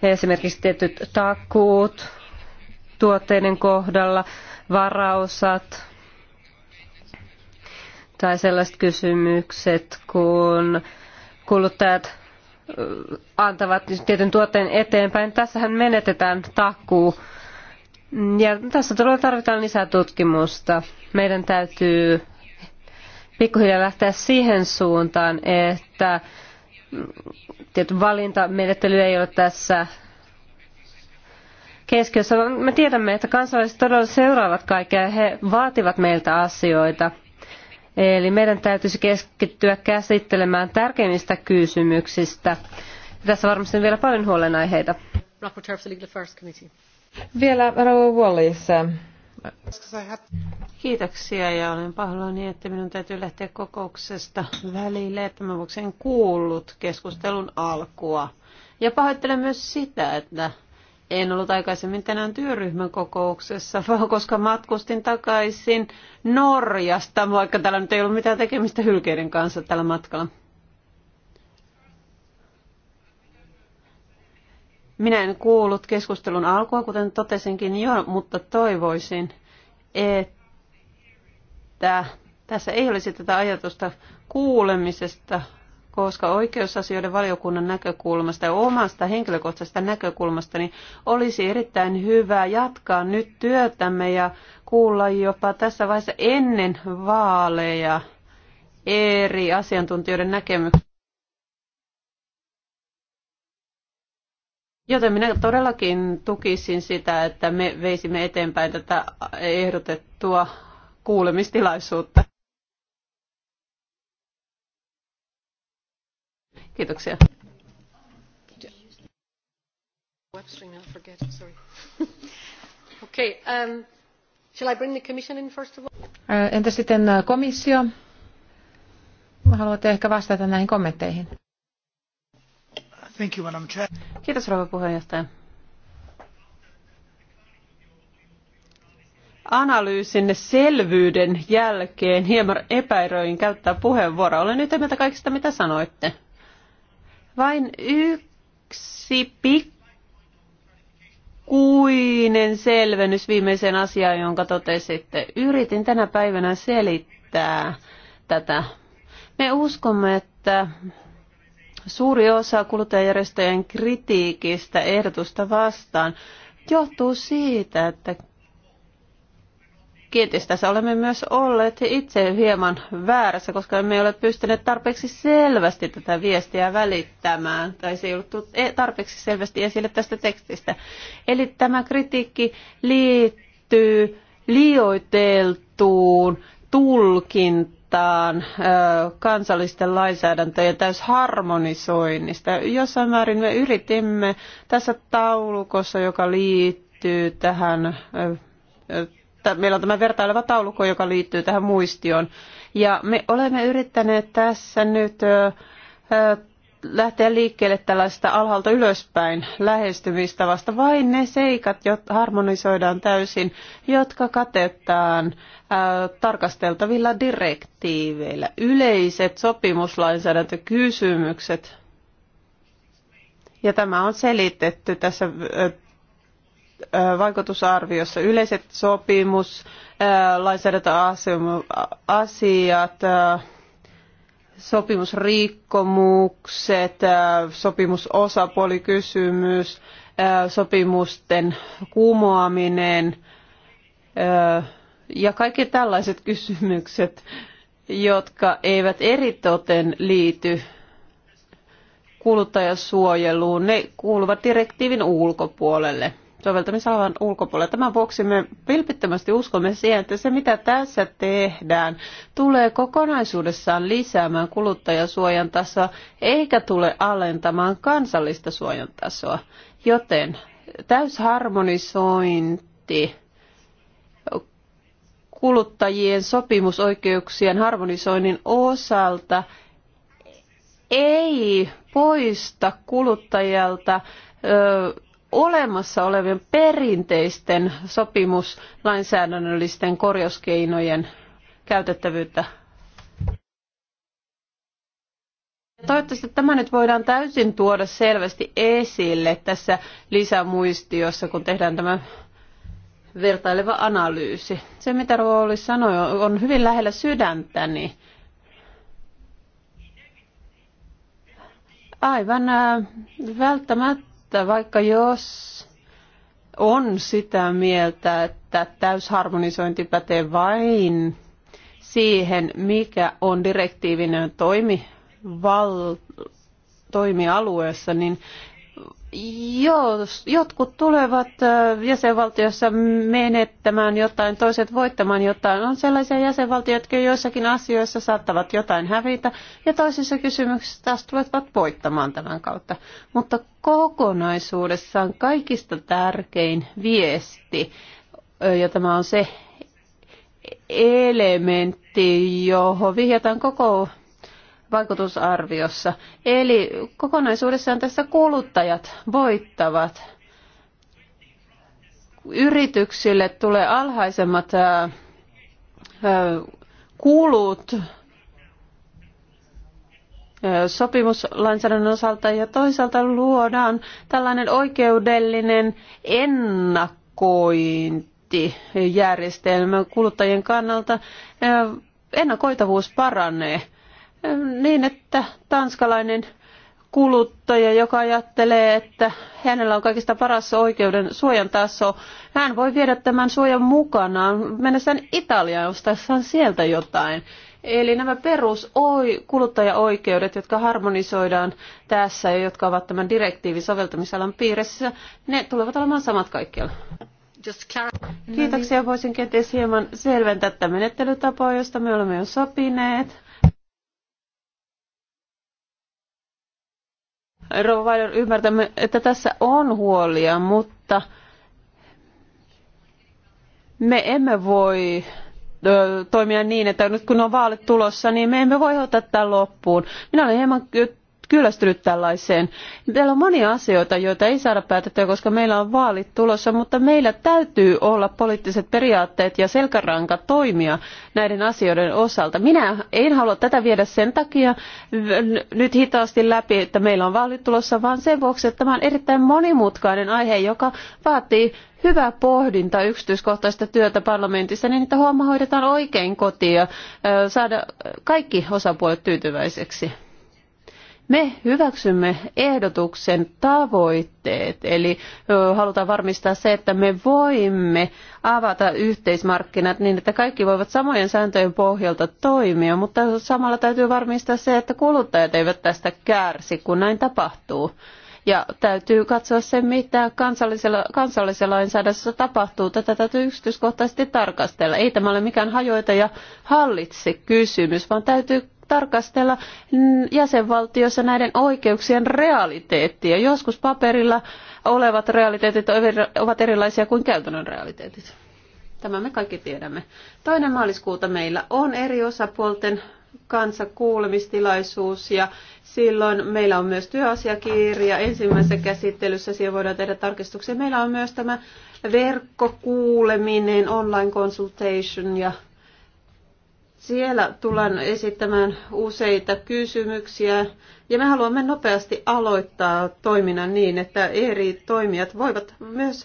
Esimerkiksi tietyt takuut tuotteiden kohdalla, varaosat, tai sellaiset kysymykset, kun kuluttajat antavat tietyn tuotteen eteenpäin. Tässähän menetetään takuu. Ja tässä tulee tarvitaan lisää tutkimusta. Meidän täytyy pikkuhiljaa lähteä siihen suuntaan, että tietty valintamenettely ei ole tässä keskiössä. Me tiedämme, että kansalaiset todella seuraavat kaikkea ja he vaativat meiltä asioita – Eli meidän täytyisi keskittyä käsittelemään tärkeimmistä kysymyksistä. Tässä varmasti on vielä paljon huolenaiheita. Vielä Rauha Wallis. Kiitoksia ja olen pahoillani, että minun täytyy lähteä kokouksesta välille, että mä vuoksi en kuullut keskustelun alkua. Ja pahoittelen myös sitä, että en ollut aikaisemmin tänään työryhmän kokouksessa, koska matkustin takaisin Norjasta, vaikka täällä nyt ei ollut mitään tekemistä hylkeiden kanssa tällä matkalla. Minä en kuullut keskustelun alkua, kuten totesinkin jo, mutta toivoisin, että tässä ei olisi tätä ajatusta kuulemisesta, koska oikeusasioiden valiokunnan näkökulmasta ja omasta henkilökohtaisesta näkökulmasta niin olisi erittäin hyvä jatkaa nyt työtämme ja kuulla jopa tässä vaiheessa ennen vaaleja eri asiantuntijoiden näkemyksiä. Joten minä todellakin tukisin sitä, että me veisimme eteenpäin tätä ehdotettua kuulemistilaisuutta. Kiitoksia. Um, shall I bring the commission in first of all? Äh, entä sitten äh, komissio? Haluatte ehkä vastata näihin kommentteihin. Thank you, Madam Chair. Kiitos, rouva puheenjohtaja. Analyysin selvyyden jälkeen hieman epäröin käyttää puheenvuoroa. Olen nyt mieltä kaikista, mitä sanoitte. Vain yksi pikkuinen selvennys viimeiseen asiaan, jonka totesitte. Yritin tänä päivänä selittää tätä. Me uskomme, että suuri osa kuluttajajärjestöjen kritiikistä ehdotusta vastaan johtuu siitä, että kenties tässä olemme myös olleet itse hieman väärässä, koska emme ole pystyneet tarpeeksi selvästi tätä viestiä välittämään, tai se ei ollut e- tarpeeksi selvästi esille tästä tekstistä. Eli tämä kritiikki liittyy liioiteltuun tulkintaan kansallisten lainsäädäntöjen täysharmonisoinnista. Jossain määrin me yritimme tässä taulukossa, joka liittyy tähän meillä on tämä vertaileva taulukko, joka liittyy tähän muistioon. Ja me olemme yrittäneet tässä nyt lähteä liikkeelle tällaista alhaalta ylöspäin lähestymistavasta. Vain ne seikat, jotka harmonisoidaan täysin, jotka katetaan ö, tarkasteltavilla direktiiveillä. Yleiset sopimuslainsäädäntökysymykset. Ja tämä on selitetty tässä vaikutusarviossa yleiset sopimus, lainsäädäntöasiat, sopimusrikkomukset, sopimusosapuolikysymys, sopimusten kumoaminen ja kaikki tällaiset kysymykset, jotka eivät eritoten liity kuluttajasuojeluun, ne kuuluvat direktiivin ulkopuolelle soveltamisalan ulkopuolella. Tämän vuoksi me vilpittömästi uskomme siihen, että se mitä tässä tehdään tulee kokonaisuudessaan lisäämään kuluttajasuojan tasoa eikä tule alentamaan kansallista suojan tasoa. Joten täysharmonisointi kuluttajien sopimusoikeuksien harmonisoinnin osalta ei poista kuluttajalta olemassa olevien perinteisten sopimuslainsäädännöllisten korjauskeinojen käytettävyyttä. Toivottavasti tämä nyt voidaan täysin tuoda selvästi esille tässä lisämuistiossa, kun tehdään tämä vertaileva analyysi. Se, mitä Rooli sanoi, on hyvin lähellä sydäntäni. Aivan äh, välttämättä että vaikka jos on sitä mieltä, että täysharmonisointi pätee vain siihen, mikä on direktiivinen val, toimialueessa, niin Joo, jotkut tulevat äh, jäsenvaltiossa menettämään jotain, toiset voittamaan jotain. On sellaisia jäsenvaltioita, jotka joissakin asioissa saattavat jotain hävitä, ja toisissa kysymyksissä taas tulevat voittamaan tämän kautta. Mutta kokonaisuudessaan kaikista tärkein viesti, ja tämä on se elementti, johon vihjataan koko vaikutusarviossa. Eli kokonaisuudessaan tässä kuluttajat voittavat. Yrityksille tulee alhaisemmat kulut sopimuslainsäädännön osalta ja toisaalta luodaan tällainen oikeudellinen ennakointijärjestelmä kuluttajien kannalta. Ennakoitavuus paranee niin, että tanskalainen kuluttaja, joka ajattelee, että hänellä on kaikista paras oikeuden suojan taso, hän voi viedä tämän suojan mukanaan mennessään Italiaan ostaessaan sieltä jotain. Eli nämä perus kuluttajaoikeudet, jotka harmonisoidaan tässä ja jotka ovat tämän direktiivin soveltamisalan piirissä, ne tulevat olemaan samat kaikkialla. Kiitoksia. Voisin kenties hieman selventää tätä menettelytapaa, josta me olemme jo sopineet. Rouva ymmärtämme, että tässä on huolia, mutta me emme voi toimia niin, että nyt kun on vaalit tulossa, niin me emme voi ottaa tätä loppuun. Minä olen hieman kyllästynyt tällaiseen. Meillä on monia asioita, joita ei saada päätettyä, koska meillä on vaalit tulossa, mutta meillä täytyy olla poliittiset periaatteet ja selkäranka toimia näiden asioiden osalta. Minä en halua tätä viedä sen takia nyt hitaasti läpi, että meillä on vaalit tulossa, vaan sen vuoksi, että tämä on erittäin monimutkainen aihe, joka vaatii hyvää pohdinta yksityiskohtaista työtä parlamentissa niin, että huoma hoidetaan oikein kotiin ja saada kaikki osapuolet tyytyväiseksi. Me hyväksymme ehdotuksen tavoitteet, eli halutaan varmistaa se, että me voimme avata yhteismarkkinat niin, että kaikki voivat samojen sääntöjen pohjalta toimia, mutta samalla täytyy varmistaa se, että kuluttajat eivät tästä kärsi, kun näin tapahtuu. Ja täytyy katsoa se, mitä kansallisella, kansallisella lainsäädännössä tapahtuu. Tätä täytyy yksityiskohtaisesti tarkastella. Ei tämä ole mikään hajoita ja hallitse kysymys, vaan täytyy tarkastella jäsenvaltioissa näiden oikeuksien realiteettia. Joskus paperilla olevat realiteetit ovat erilaisia kuin käytännön realiteetit. Tämä me kaikki tiedämme. Toinen maaliskuuta meillä on eri osapuolten kanssa kuulemistilaisuus ja silloin meillä on myös työasiakirja ensimmäisessä käsittelyssä, siihen voidaan tehdä tarkistuksia. Meillä on myös tämä verkkokuuleminen, online consultation ja siellä tullaan esittämään useita kysymyksiä ja me haluamme nopeasti aloittaa toiminnan niin, että eri toimijat voivat myös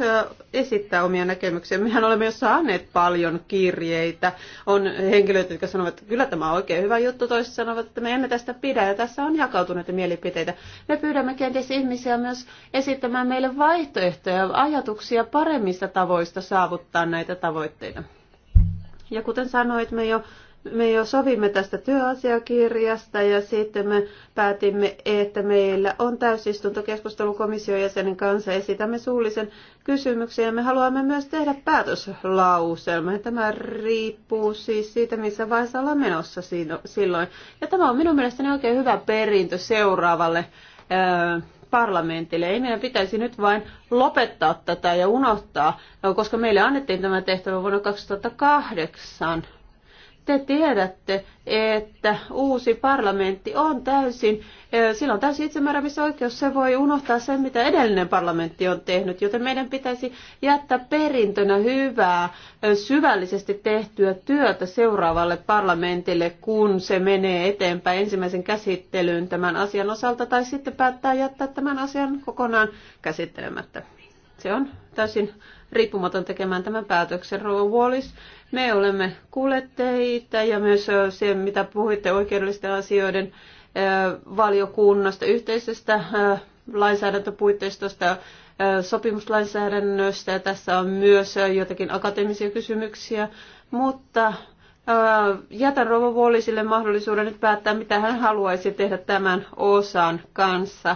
esittää omia näkemyksiä. Mehän olemme jo saaneet paljon kirjeitä. On henkilöitä, jotka sanovat, että kyllä tämä on oikein hyvä juttu. Toiset sanovat, että me emme tästä pidä ja tässä on jakautuneita mielipiteitä. Me pyydämme kenties ihmisiä myös esittämään meille vaihtoehtoja, ajatuksia paremmista tavoista saavuttaa näitä tavoitteita. Ja kuten sanoit, me jo me jo sovimme tästä työasiakirjasta ja sitten me päätimme, että meillä on täysistuntokeskustelu komission jäsenen kanssa. Esitämme suullisen kysymyksen ja me haluamme myös tehdä päätöslauselman. Tämä riippuu siis siitä, missä vaiheessa ollaan menossa silloin. Ja tämä on minun mielestäni oikein hyvä perintö seuraavalle parlamentille. Ei meidän pitäisi nyt vain lopettaa tätä ja unohtaa, koska meille annettiin tämä tehtävä vuonna 2008 te tiedätte, että uusi parlamentti on täysin, sillä on täysin itsemääräämisoikeus, se voi unohtaa sen, mitä edellinen parlamentti on tehnyt, joten meidän pitäisi jättää perintönä hyvää, syvällisesti tehtyä työtä seuraavalle parlamentille, kun se menee eteenpäin ensimmäisen käsittelyyn tämän asian osalta, tai sitten päättää jättää tämän asian kokonaan käsittelemättä. Se on täysin riippumaton tekemään tämän päätöksen. Rouva Wallis, me olemme kuulleet teitä ja myös se, mitä puhuitte oikeudellisten asioiden valiokunnasta, yhteisestä lainsäädäntöpuitteistosta, sopimuslainsäädännöstä. Tässä on myös jotakin akateemisia kysymyksiä, mutta jätän Rouva Wallisille mahdollisuuden nyt päättää, mitä hän haluaisi tehdä tämän osan kanssa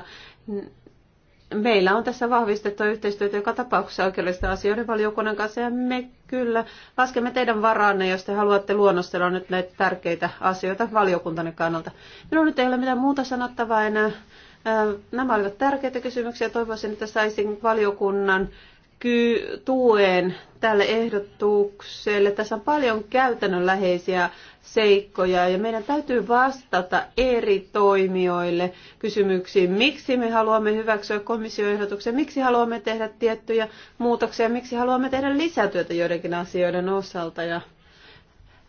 meillä on tässä vahvistettua yhteistyötä joka tapauksessa oikeudellisten asioiden valiokunnan kanssa ja me kyllä laskemme teidän varaanne, jos te haluatte luonnostella nyt näitä tärkeitä asioita valiokuntanne kannalta. Minulla nyt ei ole mitään muuta sanottavaa enää. Nämä olivat tärkeitä kysymyksiä. Toivoisin, että saisin valiokunnan tuen tälle ehdotukselle. Tässä on paljon käytännönläheisiä seikkoja ja meidän täytyy vastata eri toimijoille kysymyksiin, miksi me haluamme hyväksyä komissioehdotuksen, miksi haluamme tehdä tiettyjä muutoksia, miksi haluamme tehdä lisätyötä joidenkin asioiden osalta. Ja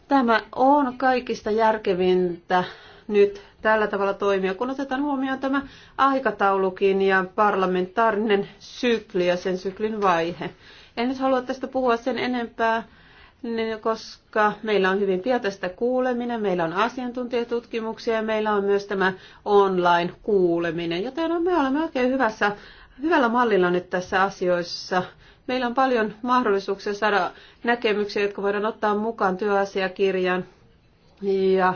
tämä on kaikista järkevintä nyt tällä tavalla toimia, kun otetaan huomioon tämä aikataulukin ja parlamentaarinen sykli ja sen syklin vaihe. En nyt halua tästä puhua sen enempää, niin koska meillä on hyvin pian tästä kuuleminen, meillä on asiantuntijatutkimuksia ja meillä on myös tämä online-kuuleminen, joten me olemme oikein hyvässä, hyvällä mallilla nyt tässä asioissa meillä on paljon mahdollisuuksia saada näkemyksiä, jotka voidaan ottaa mukaan työasiakirjaan. Ja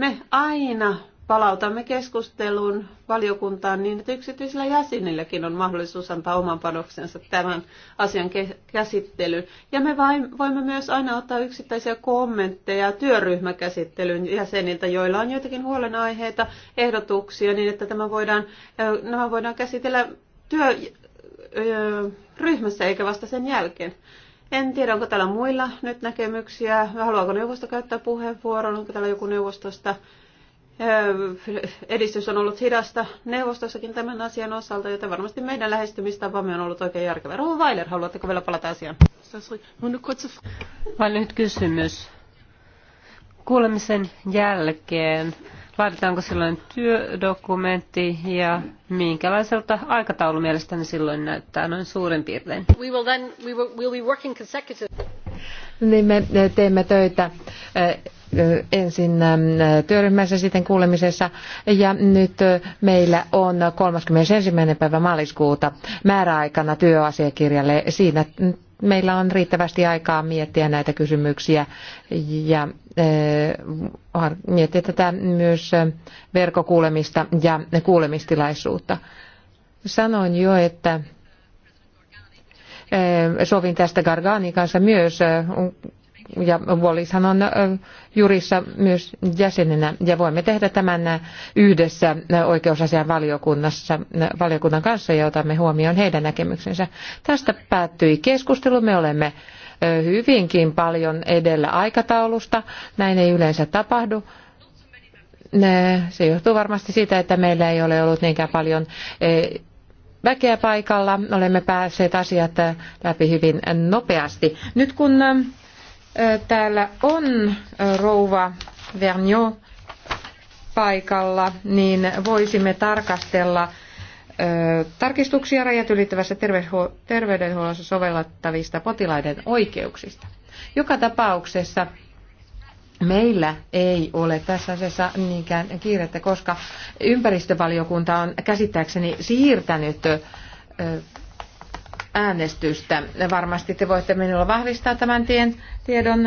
me aina palautamme keskustelun valiokuntaan niin, että yksityisillä jäsenilläkin on mahdollisuus antaa oman panoksensa tämän asian käsittelyyn. Ja me vain, voimme myös aina ottaa yksittäisiä kommentteja työryhmäkäsittelyn jäseniltä, joilla on joitakin huolenaiheita, ehdotuksia, niin että tämä voidaan, nämä voidaan käsitellä työryhmässä eikä vasta sen jälkeen. En tiedä, onko täällä muilla nyt näkemyksiä. Haluaako neuvosto käyttää puheenvuoron? Onko täällä joku neuvostosta? Edistys on ollut hidasta neuvostossakin tämän asian osalta, joten varmasti meidän lähestymistapamme on ollut oikein järkevä. Rouva Weiler, haluatteko vielä palata asiaan? Vain lyhyt kysymys. Kuulemisen jälkeen Vaaditaanko silloin työdokumentti ja minkälaiselta aikataulu mielestäni silloin näyttää noin suurin piirtein? We will then, we will, we'll be working Niin me teemme töitä ensin työryhmässä sitten kuulemisessa ja nyt meillä on 31. päivä maaliskuuta määräaikana työasiakirjalle. Siinä meillä on riittävästi aikaa miettiä näitä kysymyksiä ja äh, miettiä tätä myös äh, verkokuulemista ja kuulemistilaisuutta. Sanoin jo, että äh, sovin tästä Gargani kanssa myös ja Wallishan on jurissa myös jäsenenä ja voimme tehdä tämän yhdessä oikeusasian valiokunnassa, valiokunnan kanssa ja otamme huomioon heidän näkemyksensä. Tästä päättyi keskustelu. Me olemme hyvinkin paljon edellä aikataulusta. Näin ei yleensä tapahdu. Se johtuu varmasti siitä, että meillä ei ole ollut niinkään paljon väkeä paikalla. Olemme päässeet asiat läpi hyvin nopeasti. Nyt kun täällä on rouva Vernio paikalla, niin voisimme tarkastella tarkistuksia rajat ylittävässä terveydenhuollossa sovellettavista potilaiden oikeuksista. Joka tapauksessa meillä ei ole tässä asiassa niinkään kiirettä, koska ympäristövaliokunta on käsittääkseni siirtänyt äänestystä. Varmasti te voitte minulla vahvistaa tämän tien, tiedon.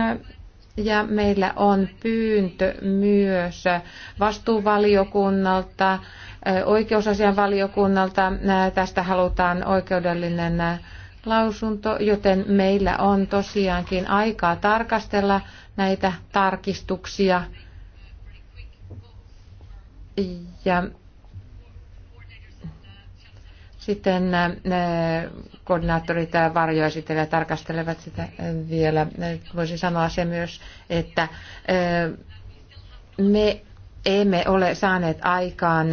Ja meillä on pyyntö myös vastuuvaliokunnalta, oikeusasianvaliokunnalta. Tästä halutaan oikeudellinen lausunto, joten meillä on tosiaankin aikaa tarkastella näitä tarkistuksia. Ja sitten äh, koordinaattorit ja varjoesittelijät tarkastelevat sitä äh, vielä. Äh, voisin sanoa se myös, että me emme ole saaneet aikaan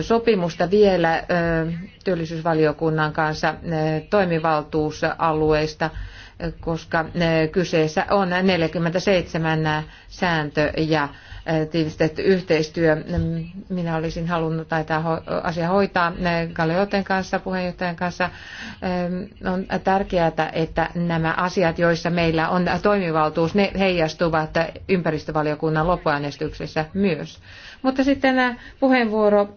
sopimusta vielä työllisyysvaliokunnan kanssa toimivaltuusalueista, koska kyseessä on 47 sääntö ja tiivistetty yhteistyö. Minä olisin halunnut tätä asia hoitaa Galeoten kanssa, puheenjohtajan kanssa. On tärkeää, että nämä asiat, joissa meillä on toimivaltuus, ne heijastuvat ympäristövaliokunnan loppuäänestyksessä myös. Mutta sitten puheenvuoro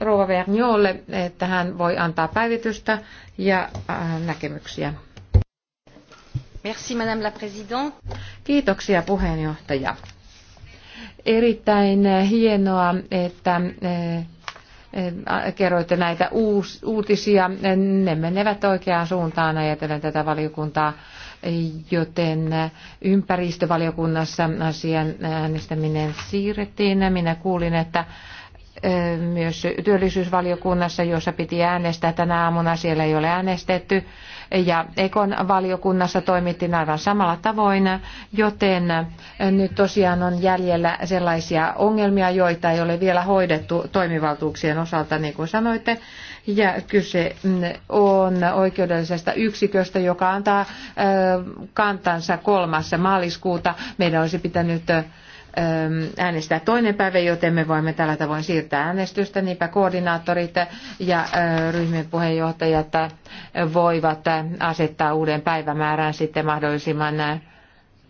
Rouva Verniolle, että hän voi antaa päivitystä ja näkemyksiä. Merci, Madame la Présidente. Kiitoksia puheenjohtaja erittäin hienoa, että eh, eh, kerroitte näitä uus, uutisia. Ne menevät oikeaan suuntaan ajatellen tätä valiokuntaa, joten ympäristövaliokunnassa asian äänestäminen siirrettiin. Minä kuulin, että myös työllisyysvaliokunnassa, jossa piti äänestää tänä aamuna, siellä ei ole äänestetty. Ja Ekon valiokunnassa toimittiin aivan samalla tavoin, joten nyt tosiaan on jäljellä sellaisia ongelmia, joita ei ole vielä hoidettu toimivaltuuksien osalta, niin kuin sanoitte. Ja kyse mm, on oikeudellisesta yksiköstä, joka antaa kantansa kolmassa maaliskuuta. Meidän olisi pitänyt Ähm, äänestää toinen päivä, joten me voimme tällä tavoin siirtää äänestystä. Niinpä koordinaattorit ja äh, ryhmien puheenjohtajat voivat asettaa uuden päivämäärän sitten mahdollisimman, äh,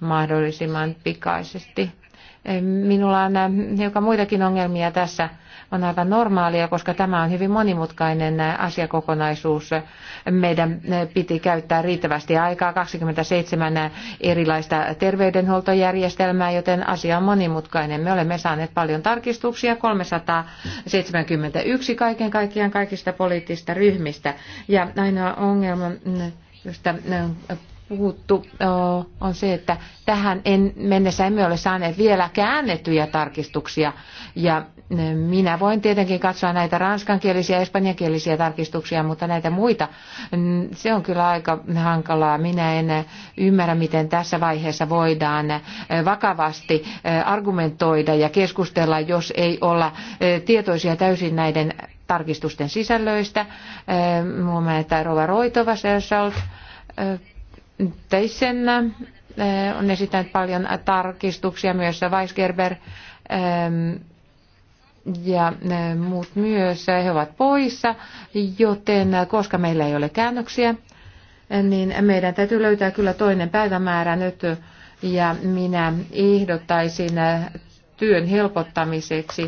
mahdollisimman pikaisesti. Äh, minulla on hiukan muitakin ongelmia tässä on aivan normaalia, koska tämä on hyvin monimutkainen asiakokonaisuus. Meidän piti käyttää riittävästi aikaa 27 erilaista terveydenhuoltojärjestelmää, joten asia on monimutkainen. Me olemme saaneet paljon tarkistuksia, 371 kaiken kaikkiaan kaikista poliittisista ryhmistä. Ja ainoa ongelma josta puhuttu, on se, että tähän en, mennessä emme ole saaneet vielä käännettyjä tarkistuksia. Ja minä voin tietenkin katsoa näitä ranskankielisiä ja espanjankielisiä tarkistuksia, mutta näitä muita, se on kyllä aika hankalaa. Minä en ymmärrä, miten tässä vaiheessa voidaan vakavasti argumentoida ja keskustella, jos ei olla tietoisia täysin näiden tarkistusten sisällöistä. Huomaan, että Rova Roitova, Sersalt, Teisen eh, on esittänyt paljon tarkistuksia, myös Weisgerber ehm, ja eh, muut myös, he ovat poissa, joten koska meillä ei ole käännöksiä, eh, niin meidän täytyy löytää kyllä toinen päivämäärä nyt, ja minä ehdottaisin työn helpottamiseksi,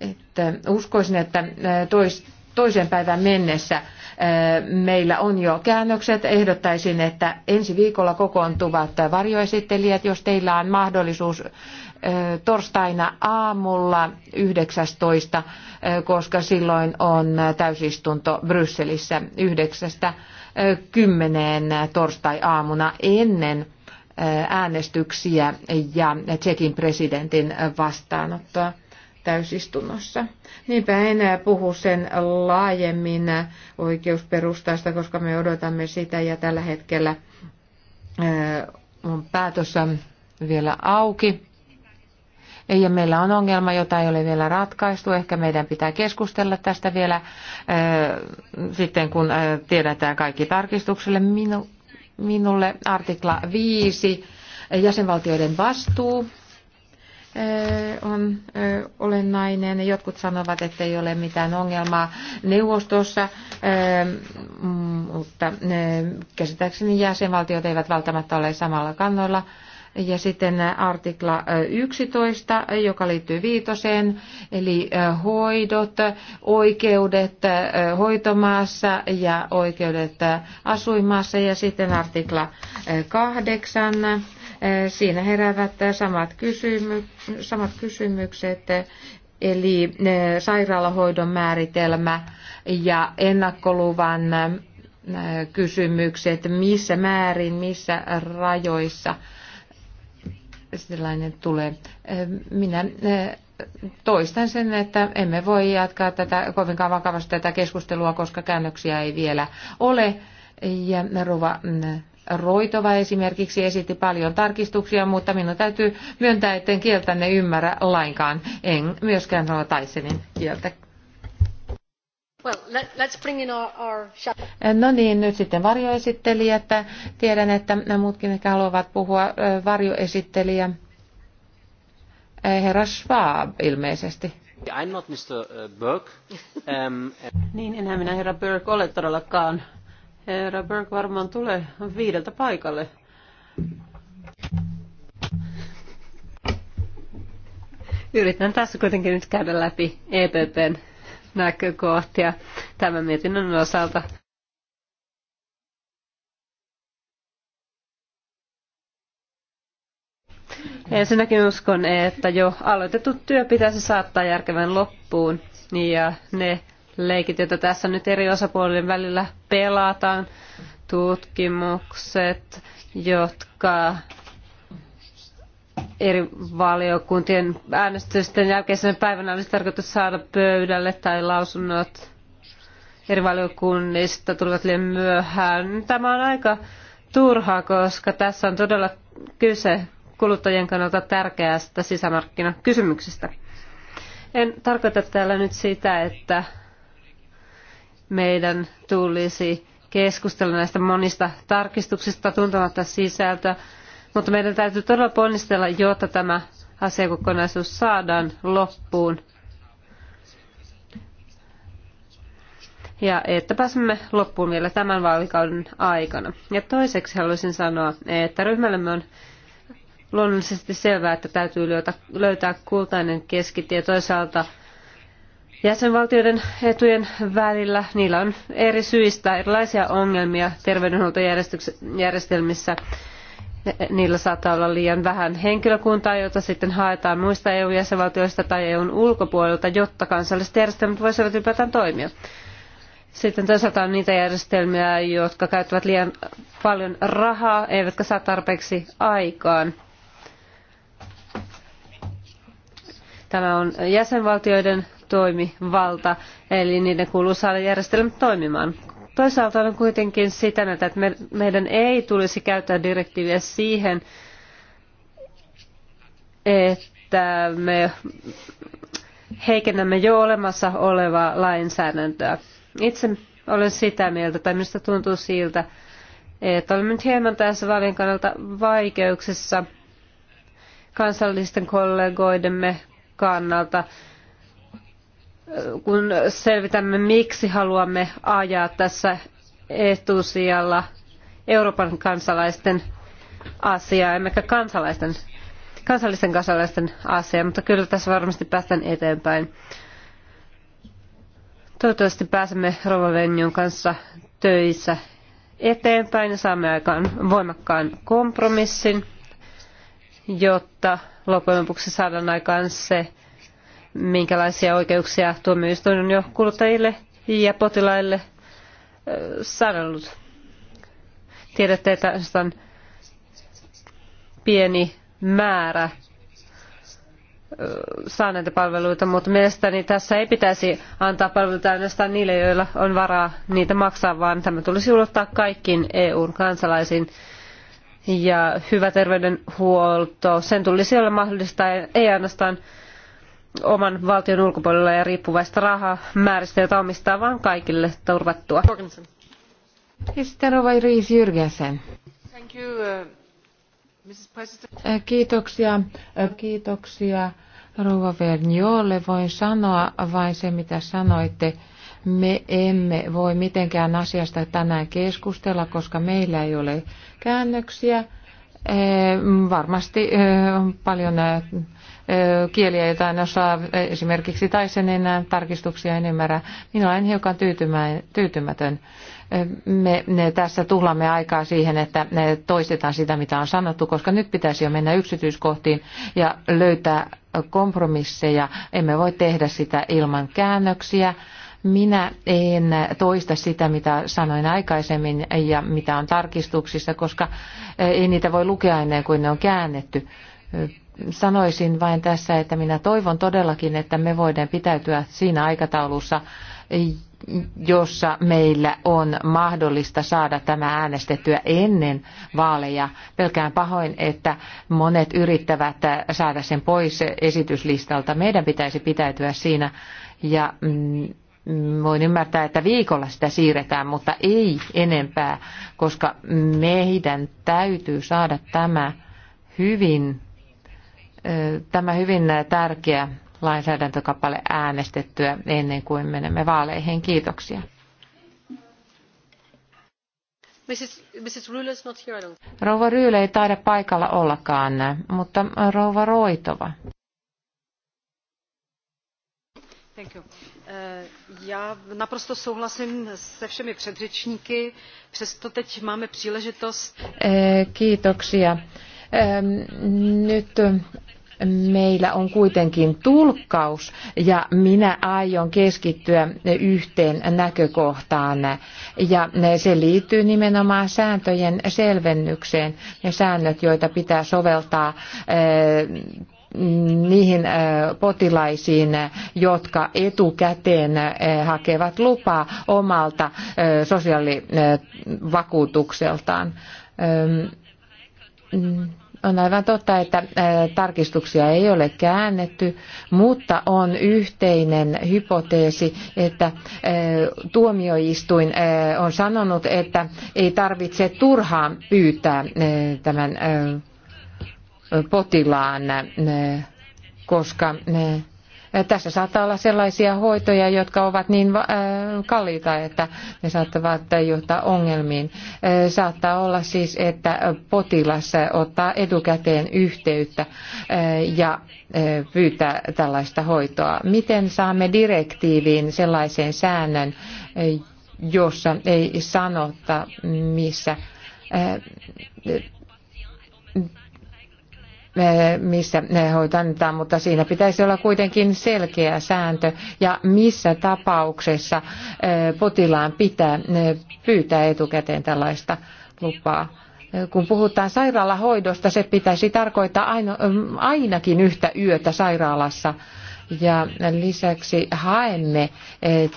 että uskoisin, että tois, toisen päivän mennessä Meillä on jo käännökset. Ehdottaisin, että ensi viikolla kokoontuvat varjoesittelijät, jos teillä on mahdollisuus torstaina aamulla 19, koska silloin on täysistunto Brysselissä 9.10 torstai-aamuna ennen äänestyksiä ja Tsekin presidentin vastaanottoa täysistunnossa. Niinpä enää puhu sen laajemmin oikeusperustaista, koska me odotamme sitä ja tällä hetkellä on päätös vielä auki. Ei, ja meillä on ongelma, jota ei ole vielä ratkaistu. Ehkä meidän pitää keskustella tästä vielä sitten, kun tiedetään kaikki tarkistukselle. Minu, minulle artikla 5, jäsenvaltioiden vastuu on olennainen. Jotkut sanovat, että ei ole mitään ongelmaa neuvostossa, mutta käsittääkseni jäsenvaltiot eivät välttämättä ole samalla kannoilla. Ja sitten artikla 11, joka liittyy viitoseen, eli hoidot, oikeudet hoitomaassa ja oikeudet asuimaassa. Ja sitten artikla 8, Eh, siinä heräävät samat, kysymy, samat kysymykset, eh, eli eh, sairaalahoidon määritelmä ja ennakkoluvan kysymykset, missä määrin, missä rajoissa sellainen tulee. Minä toistan sen, että emme voi jatkaa tätä kovinkaan vakavasti tätä keskustelua, koska käännöksiä ei vielä ole. Ja Ruva, mm, Roitova esimerkiksi esitti paljon tarkistuksia, mutta minun täytyy myöntää, etten kieltänne ymmärrä lainkaan. En myöskään ole Taisenin kieltä. No niin, nyt sitten varjoesittelijä, että tiedän, että muutkin ehkä haluavat puhua varjoesittelijä. Herra Schwab ilmeisesti. I'm not Mr. Burke. Um, niin, enhän minä herra Burke ole todellakaan. Herra Berg varmaan tulee viideltä paikalle. Yritän tässä kuitenkin nyt käydä läpi EPPn näkökohtia tämän mietinnön osalta. Ensinnäkin uskon, että jo aloitettu työ pitäisi saattaa järkevän loppuun ja ne leikit, joita tässä nyt eri osapuolien välillä pelataan, tutkimukset, jotka eri valiokuntien äänestysten jälkeisenä päivänä olisi tarkoitus saada pöydälle tai lausunnot eri valiokunnista tulevat liian myöhään. Tämä on aika turhaa, koska tässä on todella kyse kuluttajien kannalta tärkeästä sisämarkkinakysymyksestä. En tarkoita täällä nyt sitä, että meidän tulisi keskustella näistä monista tarkistuksista tuntematta sisältöä, mutta meidän täytyy todella ponnistella, jotta tämä asiakokonaisuus saadaan loppuun. Ja että pääsemme loppuun vielä tämän vaalikauden aikana. Ja toiseksi haluaisin sanoa, että ryhmällemme on luonnollisesti selvää, että täytyy löytää kultainen keskitie toisaalta – jäsenvaltioiden etujen välillä. Niillä on eri syistä erilaisia ongelmia terveydenhuoltojärjestelmissä. Niillä saattaa olla liian vähän henkilökuntaa, jota sitten haetaan muista EU-jäsenvaltioista tai EUn ulkopuolelta, jotta kansalliset järjestelmät voisivat ylipäätään toimia. Sitten toisaalta on niitä järjestelmiä, jotka käyttävät liian paljon rahaa, eivätkä saa tarpeeksi aikaan. Tämä on jäsenvaltioiden toimivalta, eli niiden kuuluu saada järjestelmät toimimaan. Toisaalta olen kuitenkin sitä mieltä, että meidän ei tulisi käyttää direktiiviä siihen, että me heikennämme jo olemassa olevaa lainsäädäntöä. Itse olen sitä mieltä, tai minusta tuntuu siltä, että olemme nyt hieman tässä valin kannalta vaikeuksissa kansallisten kollegoidemme kannalta kun selvitämme, miksi haluamme ajaa tässä etusijalla Euroopan kansalaisten asiaa, emmekä kansalaisten, kansallisten kansalaisten asiaa, mutta kyllä tässä varmasti päästään eteenpäin. Toivottavasti pääsemme Rova Venjon kanssa töissä eteenpäin ja saamme aikaan voimakkaan kompromissin, jotta loppujen lopuksi saadaan aikaan se, minkälaisia oikeuksia tuomioistuin on jo kuluttajille ja potilaille sanonut. Tiedätte, että on pieni määrä saa näitä palveluita, mutta mielestäni tässä ei pitäisi antaa palveluita ainoastaan niille, joilla on varaa niitä maksaa, vaan tämä tulisi ulottaa kaikkiin EUn kansalaisiin. Ja hyvä terveydenhuolto, sen tulisi olla mahdollista ei ainoastaan oman valtion ulkopuolella ja riippuvaista rahamääristä, jota omistaa, vain kaikille turvattua. Uh, äh, kiitoksia, äh, kiitoksia Rouva Verniolle. Voin sanoa vain se, mitä sanoitte. Me emme voi mitenkään asiasta tänään keskustella, koska meillä ei ole käännöksiä. Äh, varmasti on paljon kieliä, joita en osaa, esimerkiksi tai sen enää tarkistuksia en ymmärrä. Minä olen hiukan tyytymätön. Me, me tässä tuhlamme aikaa siihen, että ne toistetaan sitä, mitä on sanottu, koska nyt pitäisi jo mennä yksityiskohtiin ja löytää kompromisseja. Emme voi tehdä sitä ilman käännöksiä. Minä en toista sitä, mitä sanoin aikaisemmin ja mitä on tarkistuksissa, koska ei niitä voi lukea ennen kuin ne on käännetty sanoisin vain tässä, että minä toivon todellakin, että me voidaan pitäytyä siinä aikataulussa, jossa meillä on mahdollista saada tämä äänestettyä ennen vaaleja. Pelkään pahoin, että monet yrittävät saada sen pois esityslistalta. Meidän pitäisi pitäytyä siinä ja mm, voin ymmärtää, että viikolla sitä siirretään, mutta ei enempää, koska meidän täytyy saada tämä hyvin tämä hyvin tärkeä lainsäädäntökappale äänestettyä ennen kuin menemme vaaleihin. Kiitoksia. Rouva Ryyle ei taida paikalla ollakaan, mutta rouva Roitova. Eh, já naprosto souhlasím se všemi předřečníky, přesto teď máme příležitost. Eh, kiitoksia. Nyt meillä on kuitenkin tulkkaus ja minä aion keskittyä yhteen näkökohtaan ja se liittyy nimenomaan sääntöjen selvennykseen ja säännöt, joita pitää soveltaa öö, niihin öö, potilaisiin, jotka etukäteen öö, hakevat lupaa omalta sosiaalivakuutukseltaan Mm, on aivan totta, että tarkistuksia ei ole käännetty, mutta on yhteinen hypoteesi, että tuomioistuin on sanonut, että ei tarvitse turhaan pyytää tämän potilaan, koska tässä saattaa olla sellaisia hoitoja, jotka ovat niin äh, kalliita, että ne saattavat johtaa ongelmiin. Äh, saattaa olla siis, että potilas ottaa etukäteen yhteyttä äh, ja pyytää tällaista hoitoa. Miten saamme direktiiviin sellaisen säännön, jossa ei sanota, missä Eh, missä ne eh, annetaan, mutta siinä pitäisi olla kuitenkin selkeä sääntö ja missä tapauksessa eh, potilaan pitää pyytää etukäteen tällaista lupaa. Kun puhutaan sairaalahoidosta, se pitäisi tarkoittaa mm, ainakin yhtä yötä sairaalassa. Ja lisäksi haemme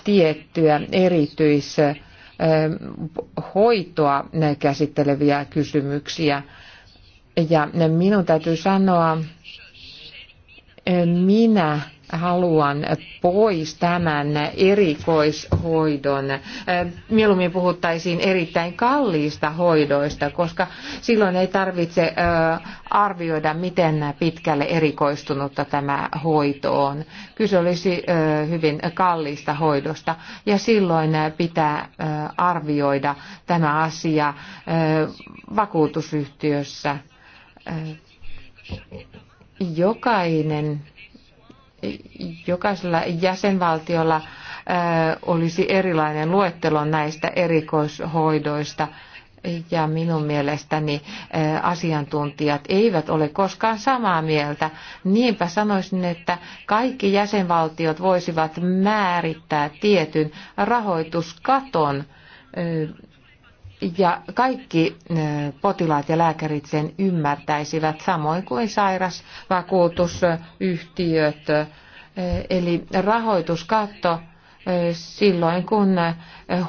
tiettyä erityishoitoa käsitteleviä kysymyksiä ja minun täytyy sanoa, minä haluan pois tämän erikoishoidon. Mieluummin puhuttaisiin erittäin kalliista hoidoista, koska silloin ei tarvitse arvioida, miten pitkälle erikoistunutta tämä hoito on. Kyse olisi hyvin kalliista hoidosta ja silloin pitää arvioida tämä asia vakuutusyhtiössä jokainen, jokaisella jäsenvaltiolla olisi erilainen luettelo näistä erikoishoidoista. Ja minun mielestäni asiantuntijat eivät ole koskaan samaa mieltä. Niinpä sanoisin, että kaikki jäsenvaltiot voisivat määrittää tietyn rahoituskaton ja kaikki potilaat ja lääkärit sen ymmärtäisivät, samoin kuin sairasvakuutusyhtiöt. Eli rahoituskatto silloin, kun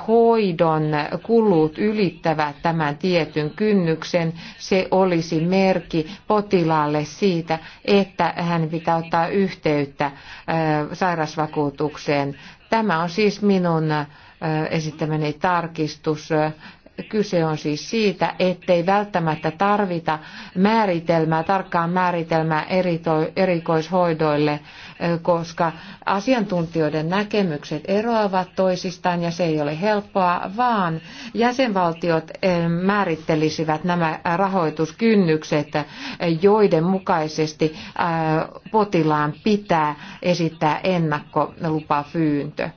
hoidon kulut ylittävät tämän tietyn kynnyksen, se olisi merkki potilaalle siitä, että hän pitää ottaa yhteyttä sairasvakuutukseen. Tämä on siis minun esittämäni tarkistus Kyse on siis siitä, ettei välttämättä tarvita määritelmää, tarkkaa määritelmää erikoishoidoille, koska asiantuntijoiden näkemykset eroavat toisistaan ja se ei ole helppoa, vaan jäsenvaltiot määrittelisivät nämä rahoituskynnykset, joiden mukaisesti potilaan pitää esittää ennakkolupapyyntö.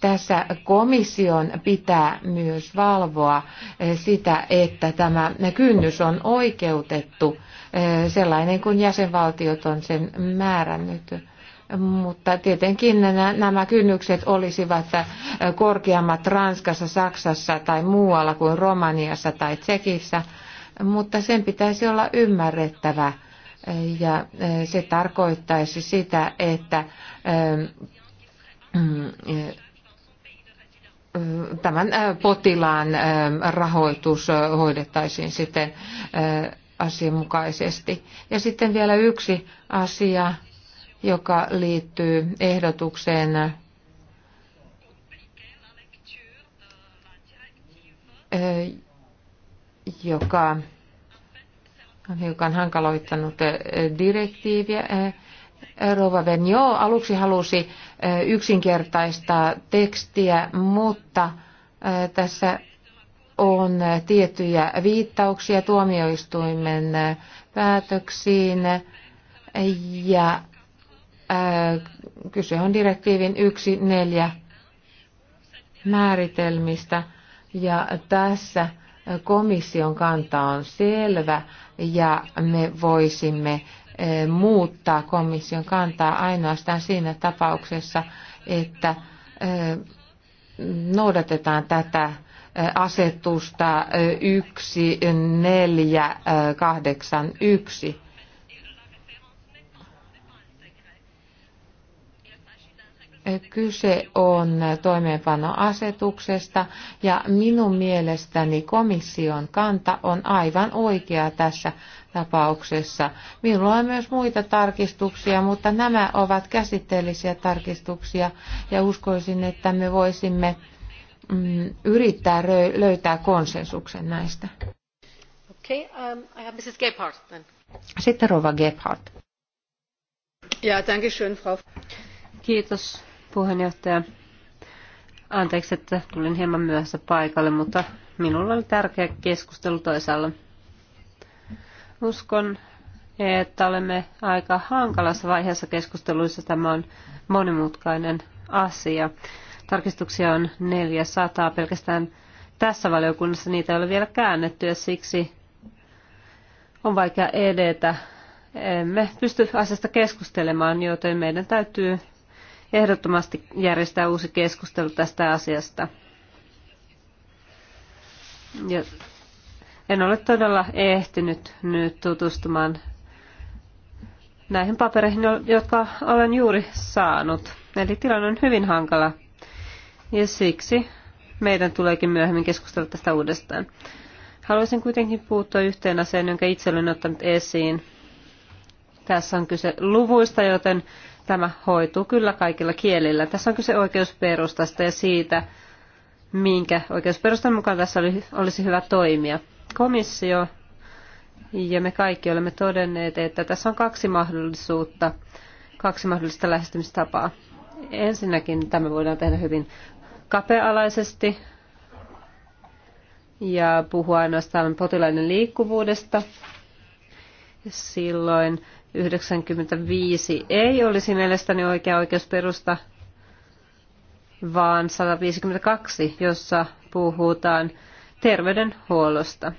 Tässä komission pitää myös valvoa sitä, että tämä kynnys on oikeutettu sellainen kuin jäsenvaltiot on sen määrännyt. Mutta tietenkin nämä kynnykset olisivat korkeammat Ranskassa, Saksassa tai muualla kuin Romaniassa tai Tsekissä, mutta sen pitäisi olla ymmärrettävä. Ja se tarkoittaisi sitä, että Mm, tämän potilaan rahoitus hoidettaisiin sitten asianmukaisesti. Ja sitten vielä yksi asia, joka liittyy ehdotukseen joka on hiukan hankaloittanut direktiiviä. Rova Vernio aluksi halusi yksinkertaistaa tekstiä, mutta tässä on tiettyjä viittauksia tuomioistuimen päätöksiin ja kyse on direktiivin 1.4 määritelmistä ja tässä komission kanta on selvä ja me voisimme Eh, muuttaa komission kantaa ainoastaan siinä tapauksessa, että eh, noudatetaan tätä eh, asetusta 1481. Kyse on toimeenpanoasetuksesta ja minun mielestäni komission kanta on aivan oikea tässä tapauksessa. Minulla on myös muita tarkistuksia, mutta nämä ovat käsitteellisiä tarkistuksia ja uskoisin, että me voisimme mm, yrittää löytää konsensuksen näistä. Okay, um, I have Mrs. Gebhardt then. Sitten Rova Gebhardt. Ja, danke schön, Frau. Kiitos puheenjohtaja. Anteeksi, että tulin hieman myöhässä paikalle, mutta minulla oli tärkeä keskustelu toisaalla. Uskon, että olemme aika hankalassa vaiheessa keskusteluissa. Tämä on monimutkainen asia. Tarkistuksia on 400 pelkästään tässä valiokunnassa. Niitä ei ole vielä käännetty ja siksi on vaikea edetä. Emme pysty asiasta keskustelemaan, joten meidän täytyy ehdottomasti järjestää uusi keskustelu tästä asiasta. Ja en ole todella ehtinyt nyt tutustumaan näihin papereihin, jotka olen juuri saanut. Eli tilanne on hyvin hankala. Ja siksi meidän tuleekin myöhemmin keskustella tästä uudestaan. Haluaisin kuitenkin puuttua yhteen asiaan, jonka itse olen ottanut esiin. Tässä on kyse luvuista, joten tämä hoituu kyllä kaikilla kielillä. Tässä on kyse oikeusperustasta ja siitä, minkä oikeusperustan mukaan tässä olisi hyvä toimia. Komissio ja me kaikki olemme todenneet, että tässä on kaksi mahdollisuutta, kaksi mahdollista lähestymistapaa. Ensinnäkin tämä voidaan tehdä hyvin kapealaisesti ja puhua ainoastaan potilaiden liikkuvuudesta. Silloin 95 ei olisi mielestäni oikea oikeusperusta, vaan 152, jossa puhutaan terveydenhuollosta.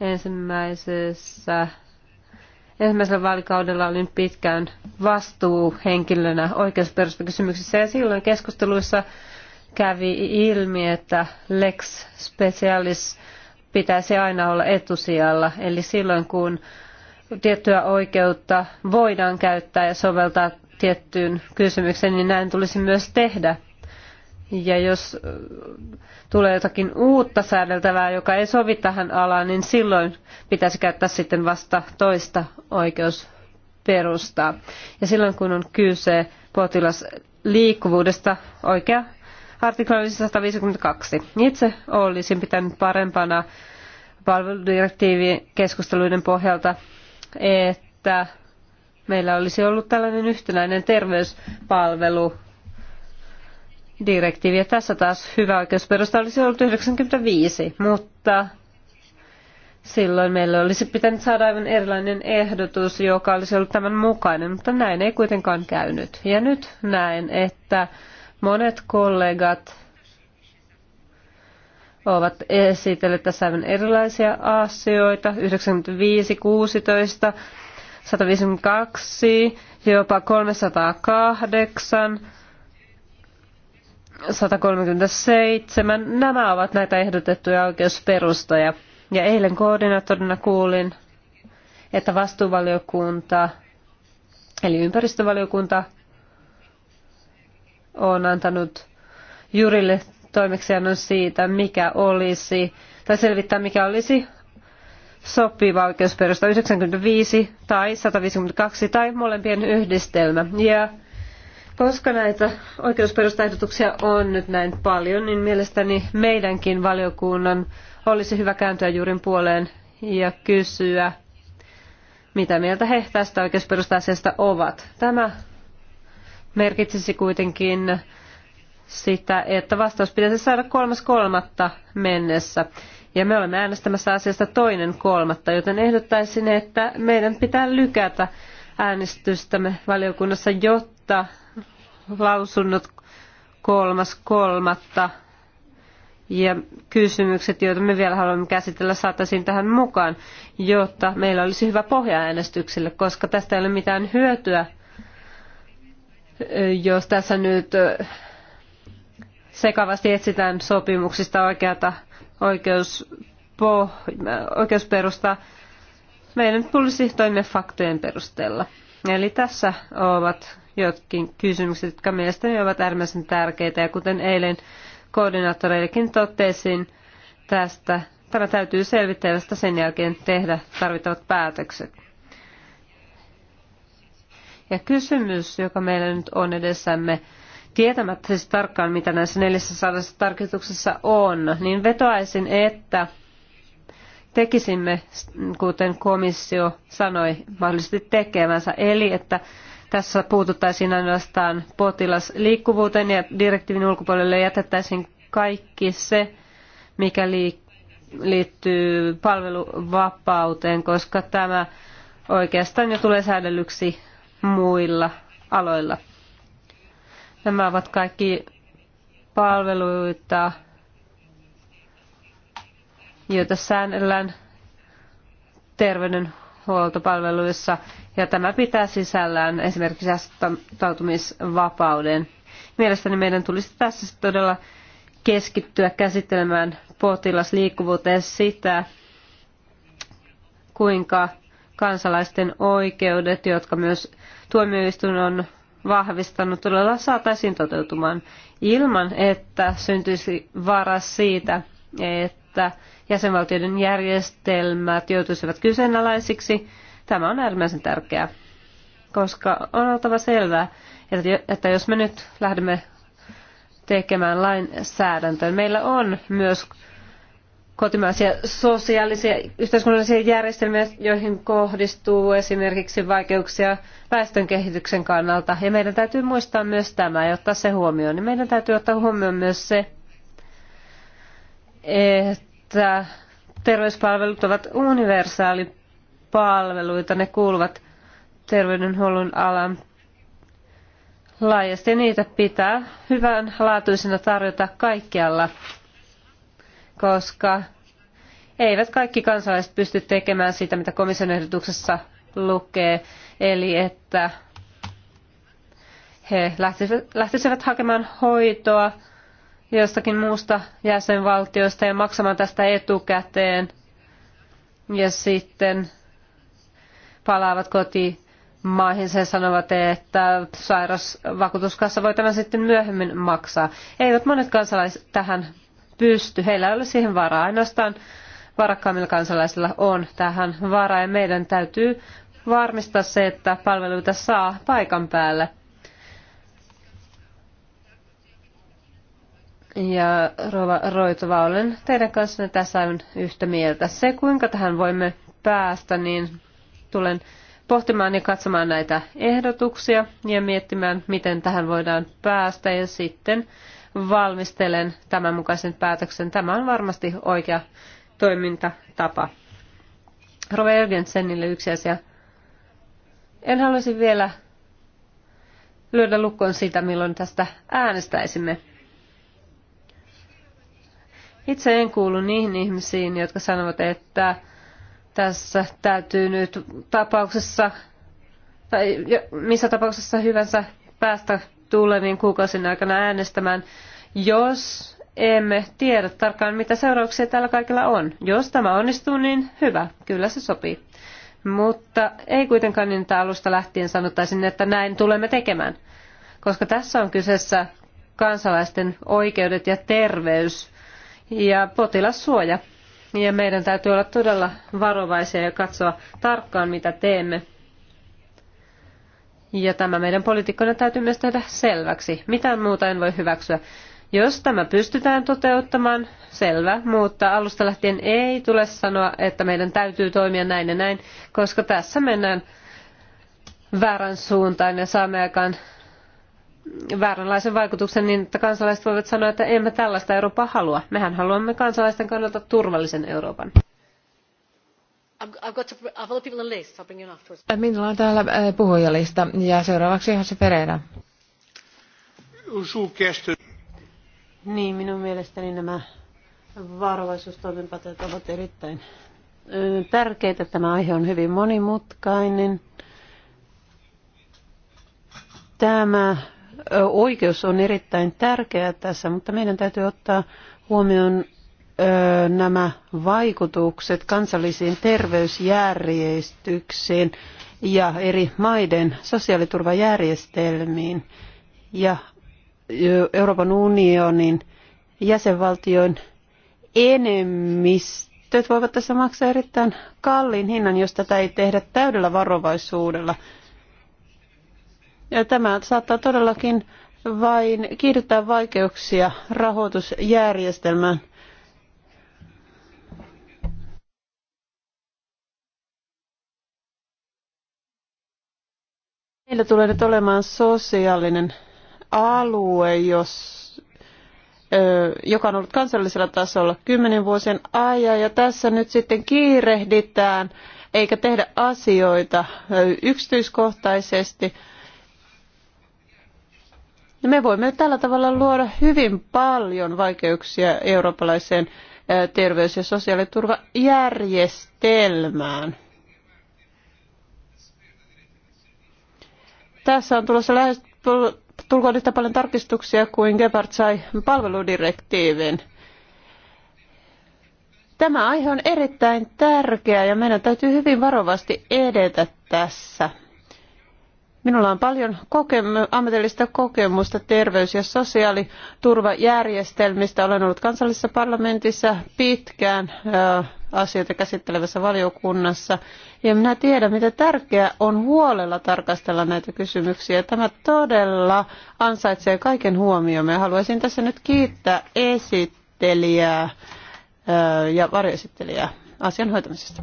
Ensimmäisessä, ensimmäisellä vaalikaudella olin pitkään vastuuhenkilönä oikeusperustakysymyksissä ja silloin keskusteluissa kävi ilmi, että lex specialis pitäisi aina olla etusijalla. Eli silloin kun tiettyä oikeutta voidaan käyttää ja soveltaa tiettyyn kysymykseen, niin näin tulisi myös tehdä. Ja jos tulee jotakin uutta säädeltävää, joka ei sovi tähän alaan, niin silloin pitäisi käyttää sitten vasta toista oikeusperustaa. Ja silloin kun on kyse potilasliikkuvuudesta, oikea artikla oli 152. Itse olisin pitänyt parempana palveludirektiivien keskusteluiden pohjalta, että meillä olisi ollut tällainen yhtenäinen terveyspalvelu direktiivi. Ja tässä taas hyvä oikeusperusta olisi ollut 95, mutta silloin meillä olisi pitänyt saada aivan erilainen ehdotus, joka olisi ollut tämän mukainen, mutta näin ei kuitenkaan käynyt. Ja nyt näen, että monet kollegat ovat esitelleet tässä aivan erilaisia asioita, 95, 16, 152, jopa 308, 137. Nämä ovat näitä ehdotettuja oikeusperustoja. Ja eilen koordinaattorina kuulin, että vastuuvaliokunta, eli ympäristövaliokunta, on antanut Jurille toimeksiannon siitä, mikä olisi, tai selvittää, mikä olisi sopiva oikeusperusta 95 tai 152 tai molempien yhdistelmä. Ja koska näitä oikeusperustaehdotuksia on nyt näin paljon, niin mielestäni meidänkin valiokunnan olisi hyvä kääntyä juurin puoleen ja kysyä, mitä mieltä he tästä oikeusperusta-asiasta ovat. Tämä merkitsisi kuitenkin sitä, että vastaus pitäisi saada kolmas kolmatta mennessä. Ja me olemme äänestämässä asiasta toinen kolmatta, joten ehdottaisin, että meidän pitää lykätä äänestystämme valiokunnassa, jotta kolmatta lausunnot kolmas kolmatta ja kysymykset, joita me vielä haluamme käsitellä, saataisiin tähän mukaan, jotta meillä olisi hyvä pohja äänestykselle, koska tästä ei ole mitään hyötyä, jos tässä nyt sekavasti etsitään sopimuksista oikeata oikeuspoh- oikeusperusta. Meidän tulisi toimia faktojen perusteella. Eli tässä ovat jotkin kysymykset, jotka mielestäni ovat äärimmäisen tärkeitä. Ja kuten eilen koordinaattoreillekin totesin tästä, tämä täytyy selvittää ja vasta sen jälkeen tehdä tarvittavat päätökset. Ja kysymys, joka meillä nyt on edessämme, tietämättä siis tarkkaan, mitä näissä 400 tarkistuksessa on, niin vetoaisin, että tekisimme, kuten komissio sanoi mahdollisesti tekevänsä, eli että tässä puututtaisiin ainoastaan potilasliikkuvuuteen ja direktiivin ulkopuolelle jätettäisiin kaikki se, mikä liittyy palveluvapauteen, koska tämä oikeastaan jo tulee säädellyksi muilla aloilla. Nämä ovat kaikki palveluita, joita säännellään terveydenhuollossa terveydenhuoltopalveluissa ja tämä pitää sisällään esimerkiksi asettautumisvapauden. Mielestäni meidän tulisi tässä todella keskittyä käsittelemään potilasliikkuvuuteen sitä, kuinka kansalaisten oikeudet, jotka myös tuomioistuin on vahvistanut, todella saataisiin toteutumaan ilman, että syntyisi vara siitä, että että jäsenvaltioiden järjestelmät joutuisivat kyseenalaisiksi. Tämä on äärimmäisen tärkeää, koska on oltava selvää, että jos me nyt lähdemme tekemään lainsäädäntöä, meillä on myös kotimaisia sosiaalisia yhteiskunnallisia järjestelmiä, joihin kohdistuu esimerkiksi vaikeuksia väestön kehityksen kannalta. Ja meidän täytyy muistaa myös tämä ja ottaa se huomioon. Ja niin meidän täytyy ottaa huomioon myös se, että terveyspalvelut ovat palveluita Ne kuuluvat terveydenhuollon alan laajasti. Niitä pitää hyvän laatuisena tarjota kaikkialla, koska eivät kaikki kansalaiset pysty tekemään sitä, mitä komission ehdotuksessa lukee, eli että he lähtisivät, lähtisivät hakemaan hoitoa jostakin muusta jäsenvaltiosta ja maksamaan tästä etukäteen ja sitten palaavat kotiin maihinsa ja sanovat, että sairausvakuutuskassa voi tämän sitten myöhemmin maksaa. Eivät monet kansalaiset tähän pysty. Heillä ei ole siihen varaa. Ainoastaan varakkaimmilla kansalaisilla on tähän varaa ja meidän täytyy varmistaa se, että palveluita saa paikan päälle. Ja Rova Roitova, olen teidän kanssanne tässä aivan yhtä mieltä. Se, kuinka tähän voimme päästä, niin tulen pohtimaan ja katsomaan näitä ehdotuksia ja miettimään, miten tähän voidaan päästä ja sitten valmistelen tämän mukaisen päätöksen. Tämä on varmasti oikea toimintatapa. Rova Jörgensenille yksi asia. En haluaisi vielä lyödä lukkoon sitä, milloin tästä äänestäisimme. Itse en kuulu niihin ihmisiin, jotka sanovat, että tässä täytyy nyt tapauksessa tai missä tapauksessa hyvänsä päästä tulevien kuukausien aikana äänestämään, jos emme tiedä tarkkaan, mitä seurauksia tällä kaikilla on. Jos tämä onnistuu, niin hyvä, kyllä se sopii. Mutta ei kuitenkaan niin, että alusta lähtien sanottaisin, että näin tulemme tekemään. Koska tässä on kyseessä kansalaisten oikeudet ja terveys ja potilassuoja. Ja meidän täytyy olla todella varovaisia ja katsoa tarkkaan, mitä teemme. Ja tämä meidän poliitikkoina täytyy myös tehdä selväksi. Mitään muuta en voi hyväksyä. Jos tämä pystytään toteuttamaan, selvä, mutta alusta lähtien ei tule sanoa, että meidän täytyy toimia näin ja näin, koska tässä mennään väärän suuntaan ja saamme aikaan vääränlaisen vaikutuksen niin, että kansalaiset voivat sanoa, että emme tällaista Eurooppaa halua. Mehän haluamme kansalaisten kannalta turvallisen Euroopan. Äh, Minulla on täällä äh, puhujalista ja seuraavaksi Hansi Pereira. Niin, minun mielestäni nämä varovaisuustoimenpiteet ovat erittäin tärkeitä. Tämä aihe on hyvin monimutkainen. Tämä oikeus on erittäin tärkeä tässä, mutta meidän täytyy ottaa huomioon nämä vaikutukset kansallisiin terveysjärjestyksiin ja eri maiden sosiaaliturvajärjestelmiin ja Euroopan unionin jäsenvaltion enemmistöt voivat tässä maksaa erittäin kalliin hinnan, jos tätä ei tehdä täydellä varovaisuudella. Ja tämä saattaa todellakin vain kiihdyttää vaikeuksia rahoitusjärjestelmään. Meillä tulee nyt olemaan sosiaalinen alue, jos, ö, joka on ollut kansallisella tasolla kymmenen vuosien ajan. Ja tässä nyt sitten kiirehditään eikä tehdä asioita yksityiskohtaisesti me voimme tällä tavalla luoda hyvin paljon vaikeuksia eurooppalaiseen terveys- ja sosiaaliturvajärjestelmään. Tässä on tulossa lähes tulkoon yhtä paljon tarkistuksia kuin Gebhardt sai palveludirektiivin. Tämä aihe on erittäin tärkeä ja meidän täytyy hyvin varovasti edetä tässä. Minulla on paljon kokemu- ammatillista kokemusta terveys- ja sosiaaliturvajärjestelmistä. Olen ollut kansallisessa parlamentissa pitkään asioita käsittelevässä valiokunnassa. Ja minä tiedän, mitä tärkeää on huolella tarkastella näitä kysymyksiä. Tämä todella ansaitsee kaiken huomiomme. Haluaisin tässä nyt kiittää esittelijää ja varjoesittelijää asian hoitamisesta.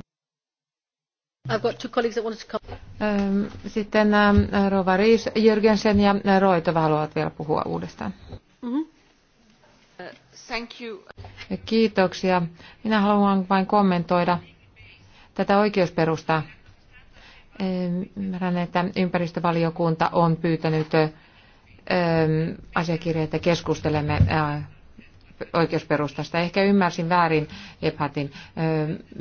Sitten Rova Riis, Jürgensen ja Roitova haluavat vielä puhua uudestaan. Mm-hmm. Uh, thank you. Kiitoksia. Minä haluan vain kommentoida tätä oikeusperustaa. Ymmärrän, että ympäristövaliokunta on pyytänyt ähm, asiakirjeitä että keskustelemme äh, oikeusperustasta. Ehkä ymmärsin väärin Ephatin.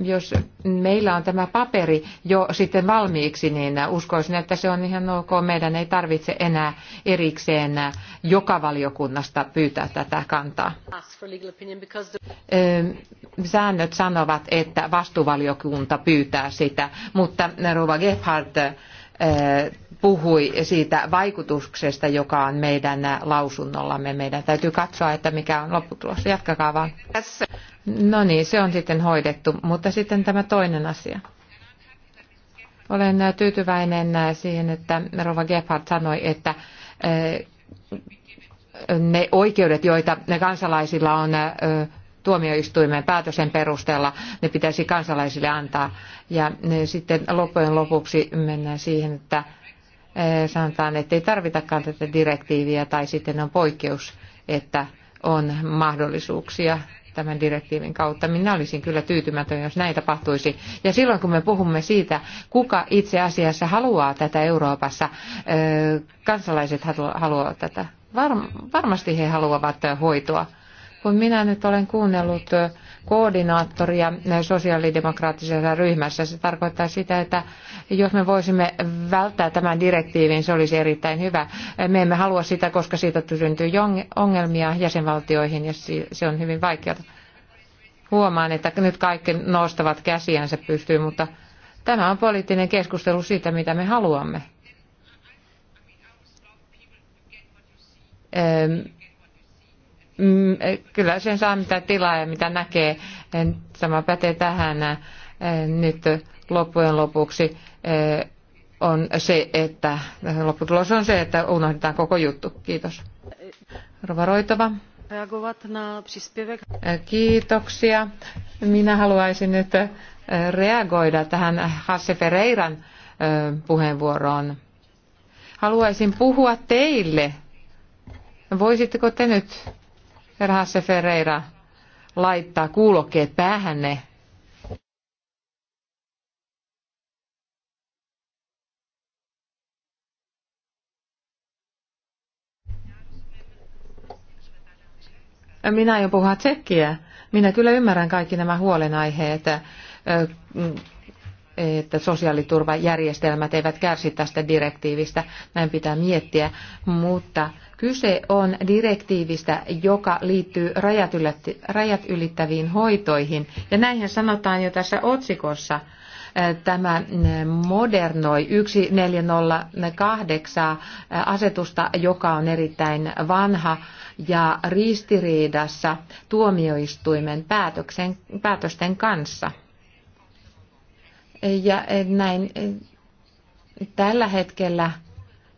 Jos meillä on tämä paperi jo sitten valmiiksi, niin uskoisin, että se on ihan ok. Meidän ei tarvitse enää erikseen joka valiokunnasta pyytää tätä kantaa. Säännöt sanovat, että vastuvaliokunta pyytää sitä, mutta Rova Gebhardt puhui siitä vaikutuksesta, joka on meidän lausunnollamme. Meidän täytyy katsoa, että mikä on lopputulos. Jatkakaa vaan. No niin, se on sitten hoidettu. Mutta sitten tämä toinen asia. Olen tyytyväinen siihen, että Rova Gephardt sanoi, että eh, ne oikeudet, joita ne kansalaisilla on eh, tuomioistuimen päätösen perusteella, ne pitäisi kansalaisille antaa. Ja eh, sitten loppujen lopuksi mennään siihen, että Eh, sanotaan, että ei tarvitakaan tätä direktiiviä tai sitten on poikkeus, että on mahdollisuuksia tämän direktiivin kautta. Minä olisin kyllä tyytymätön, jos näin tapahtuisi. Ja silloin kun me puhumme siitä, kuka itse asiassa haluaa tätä Euroopassa, eh, kansalaiset haluavat tätä. varmasti he haluavat hoitoa kun minä nyt olen kuunnellut koordinaattoria sosiaalidemokraattisessa ryhmässä, se tarkoittaa sitä, että jos me voisimme välttää tämän direktiivin, se olisi erittäin hyvä. Me emme halua sitä, koska siitä syntyy ongelmia jäsenvaltioihin ja se on hyvin vaikeaa. Huomaan, että nyt kaikki nostavat käsiänsä pystyy, mutta tämä on poliittinen keskustelu siitä, mitä me haluamme Mm, kyllä sen saa mitä tilaa ja mitä näkee. Sama pätee tähän nyt loppujen lopuksi on se, että lopputulos on se, että unohdetaan koko juttu. Kiitos. Rova Roitova. Kiitoksia. Minä haluaisin nyt reagoida tähän Hasse Ferreiran puheenvuoroon. Haluaisin puhua teille. Voisitteko te nyt Herhasse Ferreira laittaa kuulokkeet päähänne. Minä aion puhua tsekkiä. Minä kyllä ymmärrän kaikki nämä huolenaiheet että sosiaaliturvajärjestelmät eivät kärsi tästä direktiivistä. Näin pitää miettiä, mutta kyse on direktiivistä, joka liittyy rajat ylittäviin hoitoihin. Ja näinhän sanotaan jo tässä otsikossa. Tämä modernoi 1408 asetusta, joka on erittäin vanha ja ristiriidassa tuomioistuimen päätöksen, päätösten kanssa. Ja eh, näin eh, tällä hetkellä,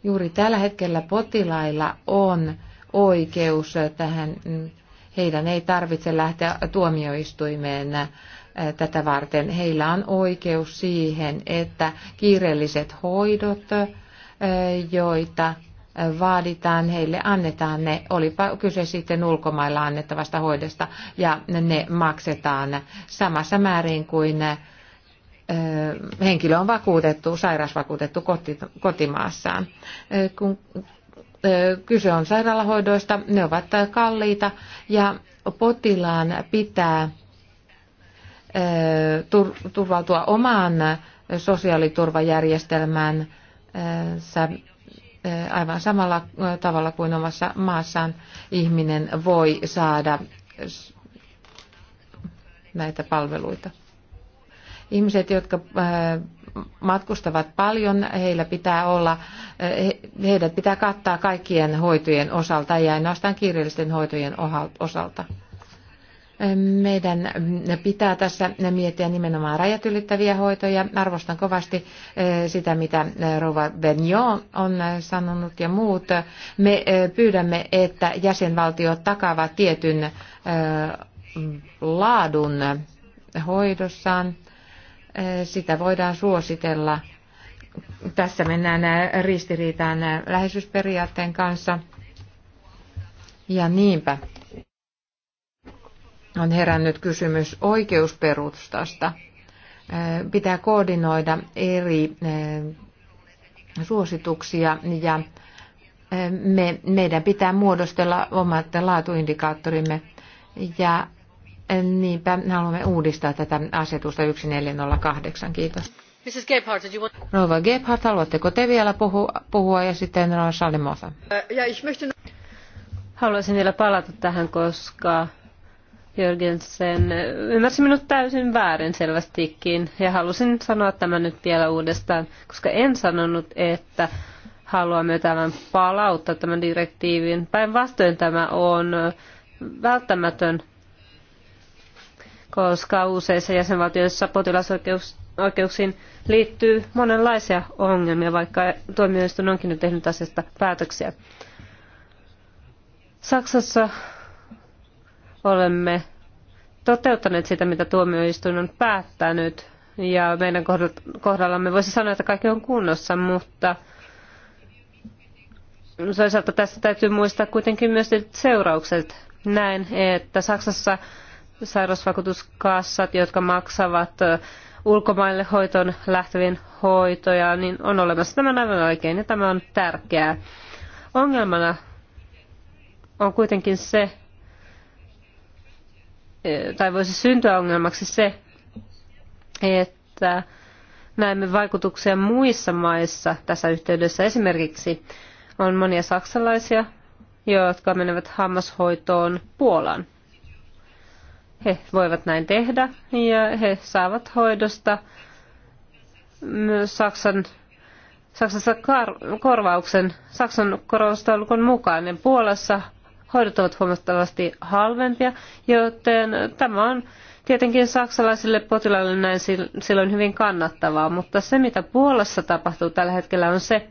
juuri tällä hetkellä potilailla on oikeus tähän, mm, heidän ei tarvitse lähteä tuomioistuimeen eh, tätä varten. Heillä on oikeus siihen, että kiireelliset hoidot, joita vaaditaan, heille annetaan ne, olipa kyse sitten ulkomailla annettavasta hoidosta, ja ne maksetaan samassa määrin kuin henkilö on vakuutettu, sairausvakuutettu kotimaassaan. Kun kyse on sairaalahoidoista, ne ovat kalliita ja potilaan pitää turvautua omaan sosiaaliturvajärjestelmään aivan samalla tavalla kuin omassa maassaan ihminen voi saada näitä palveluita. Ihmiset, jotka äh, matkustavat paljon, heillä pitää olla, äh, heidät pitää kattaa kaikkien hoitojen osalta, ei ainoastaan kiireellisten hoitojen osalta. Äh, meidän mm, pitää tässä miettiä nimenomaan rajat ylittäviä hoitoja. Arvostan kovasti sitä, mitä Rova Benjo on sanonut ja muut. Me pyydämme, että jäsenvaltiot takaavat tietyn laadun hoidossaan sitä voidaan suositella. Tässä mennään ristiriitaan läheisyysperiaatteen kanssa. Ja niinpä on herännyt kysymys oikeusperustasta. Pitää koordinoida eri suosituksia ja me, meidän pitää muodostella omat laatuindikaattorimme ja Niinpä haluamme uudistaa tätä asetusta 1408. Kiitos. Mrs. Gebhardt, did you want... Rova Gebhardt, haluatteko te vielä puhua, puhua ja sitten Rova Salimova? Äh, Haluaisin vielä palata tähän, koska Jörgensen ymmärsi minut täysin väärin selvästikin ja halusin sanoa tämän nyt vielä uudestaan, koska en sanonut, että haluamme tämän palauttaa tämän direktiivin. Päinvastoin tämä on välttämätön koska useissa jäsenvaltioissa potilasoikeuksiin liittyy monenlaisia ongelmia, vaikka tuomioistuin onkin jo tehnyt asiasta päätöksiä. Saksassa olemme toteuttaneet sitä, mitä tuomioistuin on päättänyt, ja meidän kohdallamme voisi sanoa, että kaikki on kunnossa, mutta toisaalta tässä täytyy muistaa kuitenkin myös seuraukset. Näin, että Saksassa sairausvakuutuskassat, jotka maksavat ulkomaille hoitoon lähtevien hoitoja, niin on olemassa tämä aivan oikein ja tämä on tärkeää. Ongelmana on kuitenkin se, tai voisi syntyä ongelmaksi se, että näemme vaikutuksia muissa maissa tässä yhteydessä. Esimerkiksi on monia saksalaisia, jotka menevät hammashoitoon Puolaan. He voivat näin tehdä ja he saavat hoidosta myös Saksan, Saksassa kar- korvauksen Saksan korvaustaulukon mukaan. Ja niin Puolassa hoidot ovat huomattavasti halvempia, joten tämä on tietenkin saksalaisille potilaille näin silloin hyvin kannattavaa, mutta se mitä Puolassa tapahtuu tällä hetkellä on se,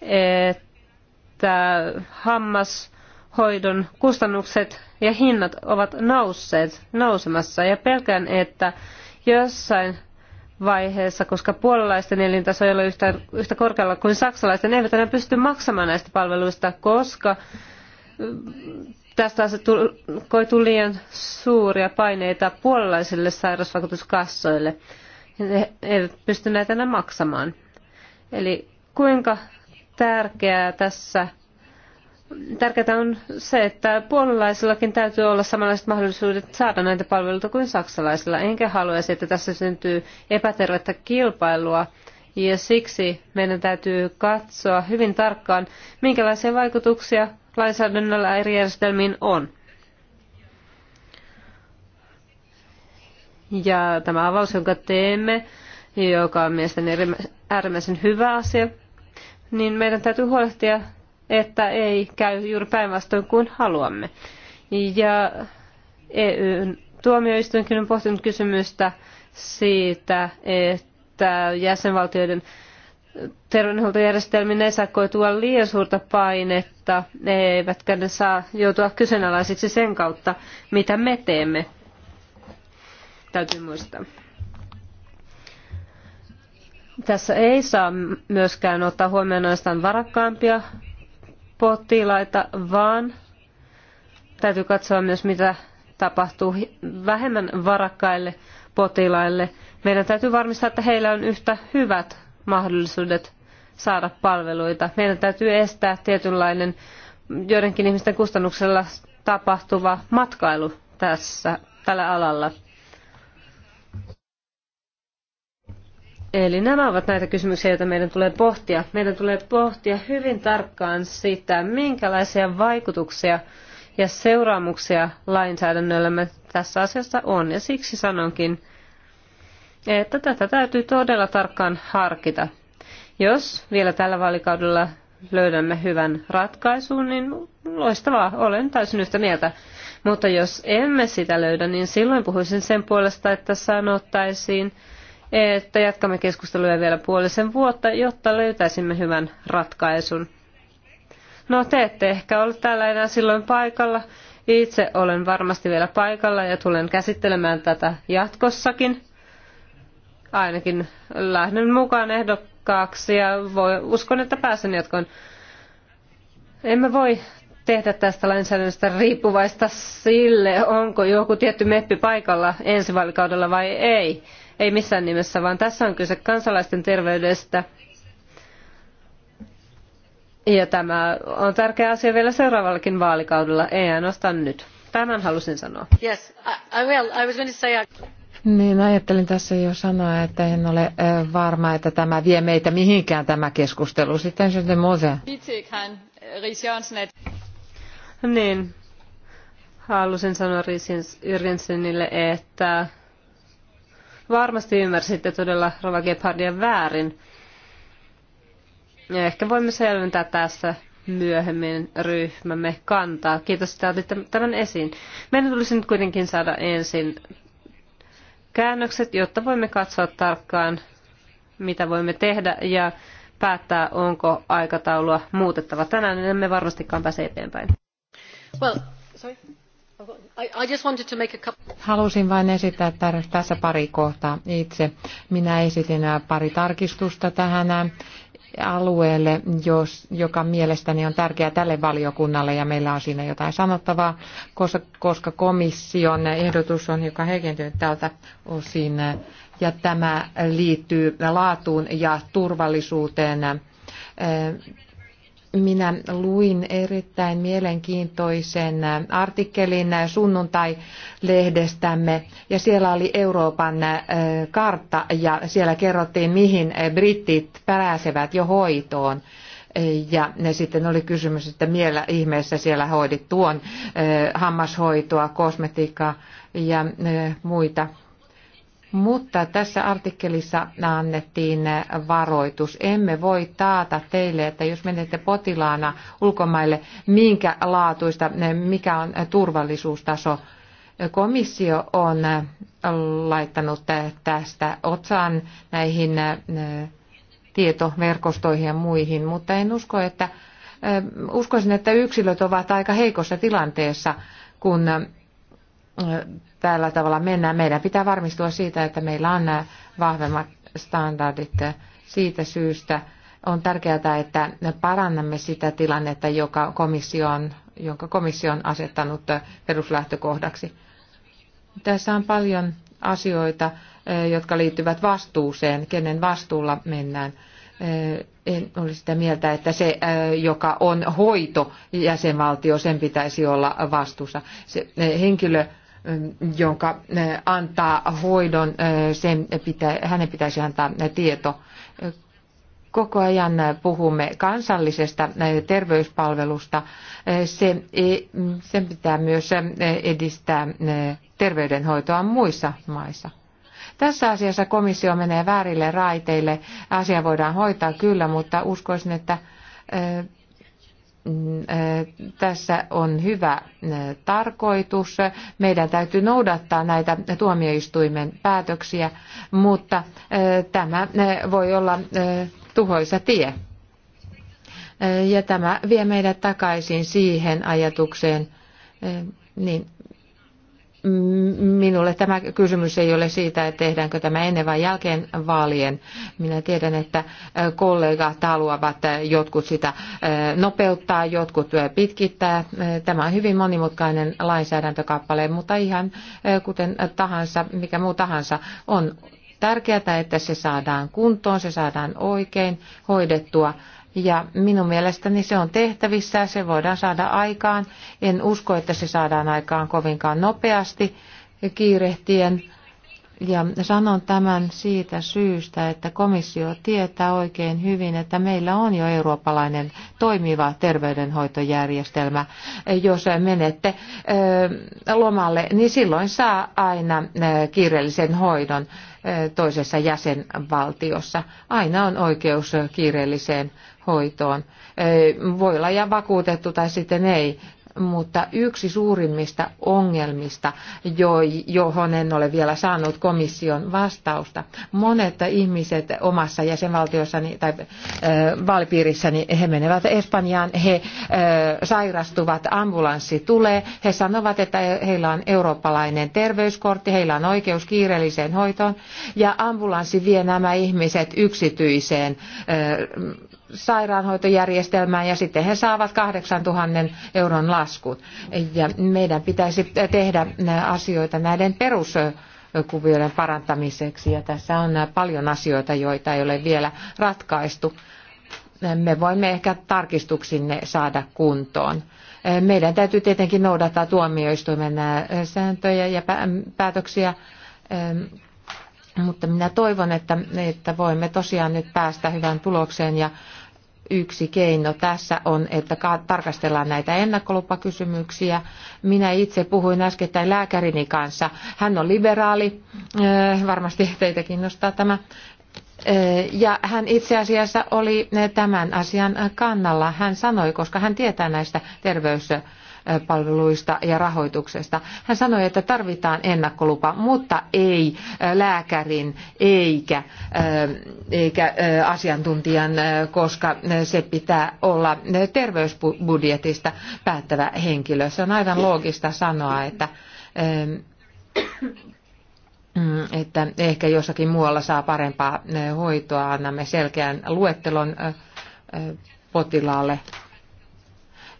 että hammas hoidon kustannukset ja hinnat ovat nousseet, nousemassa ja pelkään, että jossain vaiheessa, koska puolalaisten elintaso ei ole yhtä, yhtä korkealla kuin saksalaisten, eivät enää pysty maksamaan näistä palveluista, koska mm, tästä asettu, koituu liian suuria paineita puolalaisille sairausvakuutuskassoille. He eivät pysty näitä enää maksamaan. Eli kuinka tärkeää tässä Tärkeää on se, että puolalaisillakin täytyy olla samanlaiset mahdollisuudet saada näitä palveluita kuin saksalaisilla. Enkä haluaisi, että tässä syntyy epätervettä kilpailua ja siksi meidän täytyy katsoa hyvin tarkkaan, minkälaisia vaikutuksia lainsäädännöllä eri järjestelmiin on. Ja tämä avaus, jonka teemme, joka on mielestäni äärimmäisen hyvä asia, niin meidän täytyy huolehtia että ei käy juuri päinvastoin kuin haluamme. Ja EUn tuomioistuinkin on pohtinut kysymystä siitä, että jäsenvaltioiden terveydenhuoltojärjestelmiin ei saa koitua liian suurta painetta, eivätkä ne saa joutua kyseenalaisiksi sen kautta, mitä me teemme. Täytyy muistaa. Tässä ei saa myöskään ottaa huomioon ainoastaan varakkaampia potilaita, vaan täytyy katsoa myös, mitä tapahtuu vähemmän varakkaille potilaille. Meidän täytyy varmistaa, että heillä on yhtä hyvät mahdollisuudet saada palveluita. Meidän täytyy estää tietynlainen joidenkin ihmisten kustannuksella tapahtuva matkailu tässä, tällä alalla. Eli nämä ovat näitä kysymyksiä, joita meidän tulee pohtia. Meidän tulee pohtia hyvin tarkkaan sitä, minkälaisia vaikutuksia ja seuraamuksia lainsäädännöllämme tässä asiassa on. Ja siksi sanonkin, että tätä täytyy todella tarkkaan harkita. Jos vielä tällä vaalikaudella löydämme hyvän ratkaisun, niin loistavaa, olen täysin yhtä mieltä. Mutta jos emme sitä löydä, niin silloin puhuisin sen puolesta, että sanottaisiin, että jatkamme keskusteluja vielä puolisen vuotta, jotta löytäisimme hyvän ratkaisun. No te ette ehkä ole täällä enää silloin paikalla. Itse olen varmasti vielä paikalla ja tulen käsittelemään tätä jatkossakin. Ainakin lähden mukaan ehdokkaaksi ja voi, uskon, että pääsen jatkoon. Emme voi tehdä tästä lainsäädännöstä riippuvaista sille, onko joku tietty meppi paikalla ensi vaalikaudella vai ei. Ei missään nimessä, vaan tässä on kyse kansalaisten terveydestä. Ja tämä on tärkeä asia vielä seuraavallakin vaalikaudella, ei ainoastaan nyt. Tämän halusin sanoa. Yes, I, I will. I was going to say... Niin, ajattelin tässä jo sanoa, että en ole varma, että tämä vie meitä mihinkään tämä keskustelu. Sitten se Mose. Niin, halusin sanoa Riis Jürgensenille, että Varmasti ymmärsitte todella Rova Gebhardia väärin. Ja ehkä voimme selventää tässä myöhemmin ryhmämme kantaa. Kiitos, että otitte tämän esiin. Meidän tulisi nyt kuitenkin saada ensin käännökset, jotta voimme katsoa tarkkaan, mitä voimme tehdä ja päättää, onko aikataulua muutettava. Tänään emme varmastikaan pääse eteenpäin. Well, sorry. Halusin vain esittää tässä pari kohtaa itse. Minä esitin äh, pari tarkistusta tähän äh, alueelle, jos, joka mielestäni on tärkeä tälle valiokunnalle ja meillä on siinä jotain sanottavaa, koska, koska komission ehdotus on joka heikentynyt tältä osin ja tämä liittyy laatuun ja turvallisuuteen äh, minä luin erittäin mielenkiintoisen artikkelin sunnuntai-lehdestämme ja siellä oli Euroopan kartta ja siellä kerrottiin, mihin britit pääsevät jo hoitoon. E, ja ne sitten oli kysymys, että miellä ihmeessä siellä hoidit tuon hammashoitoa, kosmetiikkaa ja muita mutta tässä artikkelissa annettiin varoitus. Emme voi taata teille, että jos menette potilaana ulkomaille, minkä laatuista, mikä on turvallisuustaso. Komissio on laittanut tästä otsaan näihin tietoverkostoihin ja muihin, mutta en usko, että uskoisin, että yksilöt ovat aika heikossa tilanteessa, kun tällä tavalla mennään. Meidän pitää varmistua siitä, että meillä on nämä vahvemmat standardit siitä syystä. On tärkeää, että parannamme sitä tilannetta, joka komissio on, jonka komissio on asettanut peruslähtökohdaksi. Tässä on paljon asioita, eh, jotka liittyvät vastuuseen, kenen vastuulla mennään. Eh, en ole sitä mieltä, että se, eh, joka on hoito jäsenvaltio, sen pitäisi olla vastuussa. Se henkilö jonka antaa hoidon, sen pitä, hänen pitäisi antaa tieto. Koko ajan puhumme kansallisesta terveyspalvelusta. Se, e, sen pitää myös edistää terveydenhoitoa muissa maissa. Tässä asiassa komissio menee väärille raiteille. Asia voidaan hoitaa kyllä, mutta uskoisin, että Mm, äh, tässä on hyvä äh, tarkoitus. Meidän täytyy noudattaa näitä tuomioistuimen päätöksiä, mutta äh, tämä voi olla tuhoisa tie. Ja tämä vie meidät takaisin siihen ajatukseen, niin Minulle tämä kysymys ei ole siitä, että tehdäänkö tämä ennen vai jälkeen vaalien. Minä tiedän, että kollegat haluavat jotkut sitä nopeuttaa, jotkut pitkittää. Tämä on hyvin monimutkainen lainsäädäntökappale, mutta ihan kuten tahansa, mikä muu tahansa, on tärkeää, että se saadaan kuntoon, se saadaan oikein hoidettua ja minun mielestäni se on tehtävissä, se voidaan saada aikaan. En usko, että se saadaan aikaan kovinkaan nopeasti kiirehtien. Ja sanon tämän siitä syystä, että komissio tietää oikein hyvin, että meillä on jo eurooppalainen toimiva terveydenhoitojärjestelmä. Jos menette lomalle, niin silloin saa aina kiireellisen hoidon toisessa jäsenvaltiossa. Aina on oikeus kiireelliseen hoitoon. Voi olla ja vakuutettu tai sitten ei mutta yksi suurimmista ongelmista, johon en ole vielä saanut komission vastausta. Monet ihmiset omassa jäsenvaltiossani tai vaalipiirissäni, he menevät Espanjaan, he sairastuvat, ambulanssi tulee, he sanovat, että heillä on eurooppalainen terveyskortti, heillä on oikeus kiireelliseen hoitoon ja ambulanssi vie nämä ihmiset yksityiseen sairaanhoitojärjestelmään ja sitten he saavat 8000 euron laskut. Ja meidän pitäisi tehdä asioita näiden peruskuvioiden parantamiseksi ja tässä on paljon asioita, joita ei ole vielä ratkaistu. Me voimme ehkä tarkistuksinne saada kuntoon. Meidän täytyy tietenkin noudattaa tuomioistuimen sääntöjä ja päätöksiä, mutta minä toivon, että, että voimme tosiaan nyt päästä hyvään tulokseen ja yksi keino tässä on, että tarkastellaan näitä ennakkolupakysymyksiä. Minä itse puhuin äskettäin lääkärini kanssa. Hän on liberaali, eh, varmasti teitä kiinnostaa tämä. Eh, ja hän itse asiassa oli eh, tämän asian kannalla. Hän sanoi, koska hän tietää näistä terveys- palveluista ja rahoituksesta. Hän sanoi, että tarvitaan ennakkolupa, mutta ei lääkärin eikä, eikä asiantuntijan, koska se pitää olla terveysbudjetista päättävä henkilö. Se on aivan loogista sanoa, että että ehkä jossakin muualla saa parempaa hoitoa. Annamme selkeän luettelon potilaalle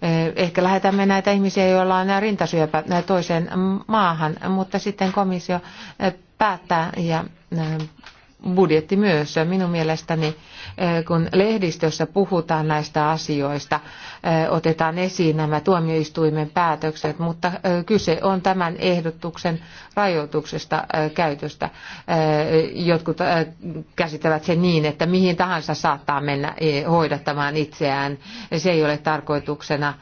Eh, ehkä lähetämme näitä ihmisiä, joilla on rintasyöpä eh, toiseen maahan, mutta sitten komissio eh, päättää ja budjetti myös. Minun mielestäni Eh, kun lehdistössä puhutaan näistä asioista, eh, otetaan esiin nämä tuomioistuimen päätökset, mutta eh, kyse on tämän ehdotuksen rajoituksesta käytöstä. Jotkut käsittävät sen niin, että mihin tahansa saattaa mennä hoidattamaan itseään. Se ei ole tarkoituksena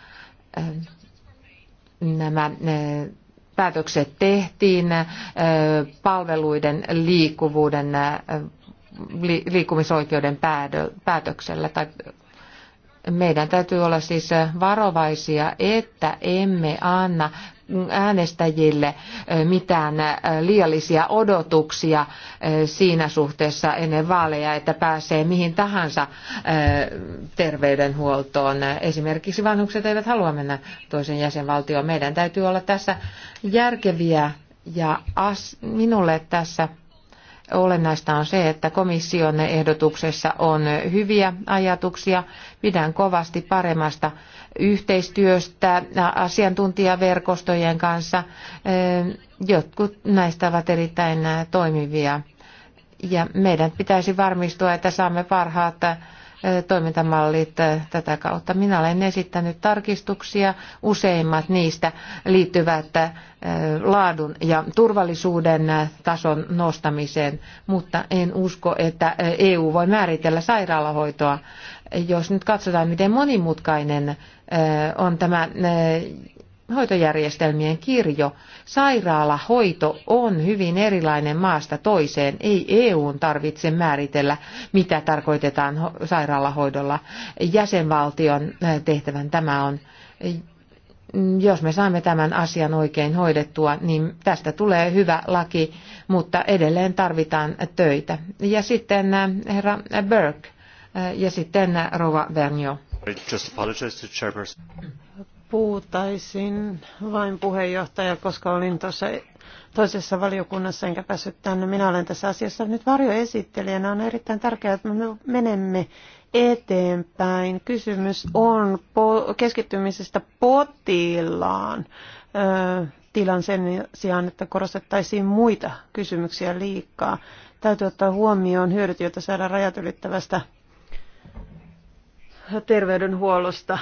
nämä päätökset tehtiin palveluiden liikkuvuuden liikkumisoikeuden päätöksellä. Tai meidän täytyy olla siis varovaisia, että emme anna äänestäjille mitään liiallisia odotuksia siinä suhteessa ennen vaaleja, että pääsee mihin tahansa terveydenhuoltoon. Esimerkiksi vanhukset eivät halua mennä toisen jäsenvaltioon. Meidän täytyy olla tässä järkeviä ja minulle tässä Olennaista on se, että komission ehdotuksessa on hyviä ajatuksia. Pidän kovasti paremmasta yhteistyöstä asiantuntijaverkostojen kanssa. Eh, jotkut näistä ovat erittäin toimivia. Ja meidän pitäisi varmistua, että saamme parhaat toimintamallit tätä kautta. Minä olen esittänyt tarkistuksia. Useimmat niistä liittyvät laadun ja turvallisuuden tason nostamiseen, mutta en usko, että EU voi määritellä sairaalahoitoa. Jos nyt katsotaan, miten monimutkainen on tämä hoitojärjestelmien kirjo. Sairaalahoito on hyvin erilainen maasta toiseen. Ei EUn tarvitse määritellä, mitä tarkoitetaan sairaalahoidolla. Jäsenvaltion äh, tehtävän tämä on. Jos me saamme tämän asian oikein hoidettua, niin tästä tulee hyvä laki, mutta edelleen tarvitaan töitä. Ja sitten äh, herra Burke äh, ja sitten rouva Vernio. Just apologize to chairperson puutaisin vain puheenjohtaja, koska olin tuossa toisessa valiokunnassa enkä päässyt tänne. Minä olen tässä asiassa nyt varjoesittelijänä. On erittäin tärkeää, että me menemme eteenpäin. Kysymys on keskittymisestä potilaan tilan sen sijaan, että korostettaisiin muita kysymyksiä liikaa. Täytyy ottaa huomioon hyödyt, joita saadaan rajat ylittävästä terveydenhuollosta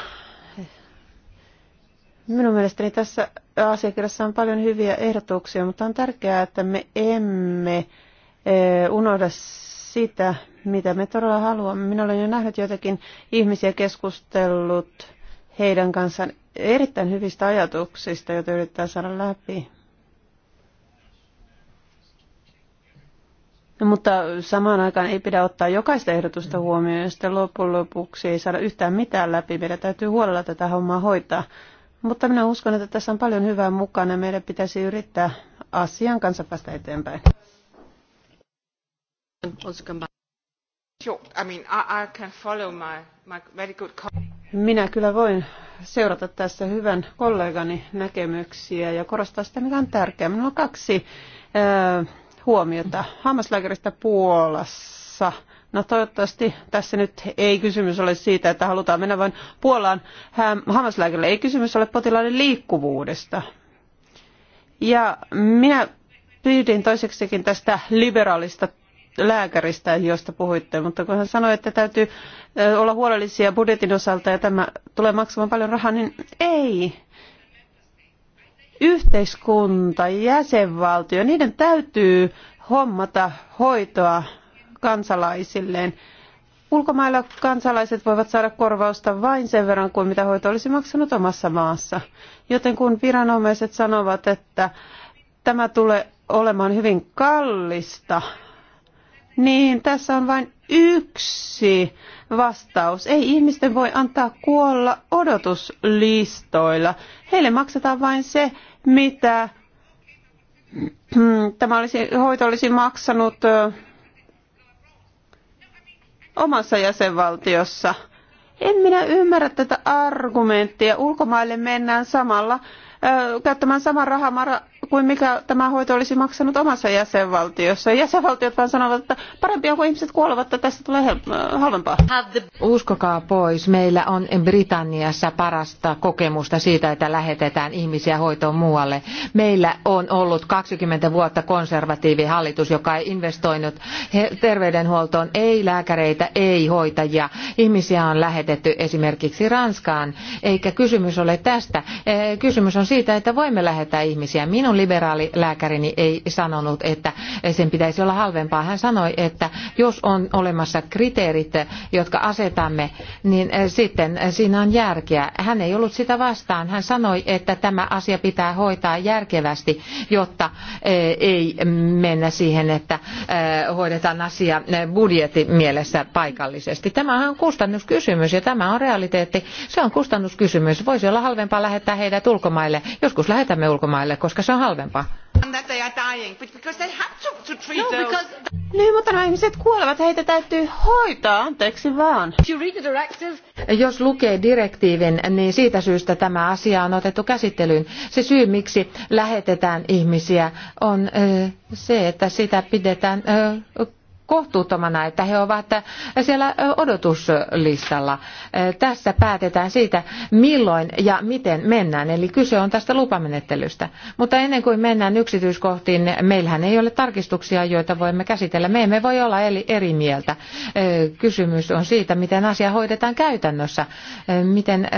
Minun mielestäni tässä asiakirjassa on paljon hyviä ehdotuksia, mutta on tärkeää, että me emme eh, unohda sitä, mitä me todella haluamme. Minä olen jo nähnyt joitakin ihmisiä keskustellut heidän kanssaan erittäin hyvistä ajatuksista, joita yrittää saada läpi. Mutta samaan aikaan ei pidä ottaa jokaista ehdotusta huomioon, ja sitten loppujen lopuksi ei saada yhtään mitään läpi. Meidän täytyy huolella tätä hommaa hoitaa. Mutta minä uskon, että tässä on paljon hyvää mukana ja meidän pitäisi yrittää asian kanssa päästä eteenpäin. Minä kyllä voin seurata tässä hyvän kollegani näkemyksiä ja korostaa sitä, mikä on tärkeää. Minulla on kaksi äh, huomiota. Hammaslääkäristä Puolassa – No toivottavasti tässä nyt ei kysymys ole siitä, että halutaan mennä vain Puolaan hammaslääkärille. Ei kysymys ole potilaiden liikkuvuudesta. Ja minä pyydin toiseksikin tästä liberaalista lääkäristä, josta puhuitte, mutta kun hän sanoi, että täytyy olla huolellisia budjetin osalta ja tämä tulee maksamaan paljon rahaa, niin ei. Yhteiskunta, jäsenvaltio, niiden täytyy hommata hoitoa kansalaisilleen. Ulkomailla kansalaiset voivat saada korvausta vain sen verran kuin mitä hoito olisi maksanut omassa maassa. Joten kun viranomaiset sanovat, että tämä tulee olemaan hyvin kallista, niin tässä on vain yksi vastaus. Ei ihmisten voi antaa kuolla odotuslistoilla. Heille maksetaan vain se, mitä tämä olisi, hoito olisi maksanut omassa jäsenvaltiossa. En minä ymmärrä tätä argumenttia. Ulkomaille mennään samalla ö, käyttämään saman rahamäärän kuin mikä tämä hoito olisi maksanut omassa jäsenvaltiossa. Jäsenvaltiot vaan sanovat, että parempi on, kun ihmiset kuolevat, että tästä tulee halvempaa. Uskokaa pois, meillä on Britanniassa parasta kokemusta siitä, että lähetetään ihmisiä hoitoon muualle. Meillä on ollut 20 vuotta konservatiivihallitus, joka ei investoinut terveydenhuoltoon, ei lääkäreitä, ei hoitajia. Ihmisiä on lähetetty esimerkiksi Ranskaan, eikä kysymys ole tästä. Eh, kysymys on siitä, että voimme lähettää ihmisiä. Minun minun liberaalilääkärini ei sanonut, että sen pitäisi olla halvempaa. Hän sanoi, että jos on olemassa kriteerit, jotka asetamme, niin eh, sitten siinä on järkeä. Hän ei ollut sitä vastaan. Hän sanoi, että tämä asia pitää hoitaa järkevästi, jotta eh, ei mennä siihen, että eh, hoidetaan asia budjettimielessä paikallisesti. Tämä on kustannuskysymys ja tämä on realiteetti. Se on kustannuskysymys. Voisi olla halvempaa lähettää heidät ulkomaille. Joskus lähetämme ulkomaille, koska se on halvempaa. Niin, mutta nämä ihmiset kuolevat, heitä täytyy hoitaa, anteeksi vaan. Jos lukee direktiivin, niin siitä syystä tämä asia on otettu käsittelyyn. Se syy, miksi lähetetään ihmisiä, on se, että sitä pidetään kohtuuttomana, että he ovat siellä odotuslistalla. Tässä päätetään siitä, milloin ja miten mennään, eli kyse on tästä lupamenettelystä. Mutta ennen kuin mennään yksityiskohtiin, meillähän ei ole tarkistuksia, joita voimme käsitellä. Me emme voi olla eri mieltä. Kysymys on siitä, miten asia hoidetaan käytännössä, miten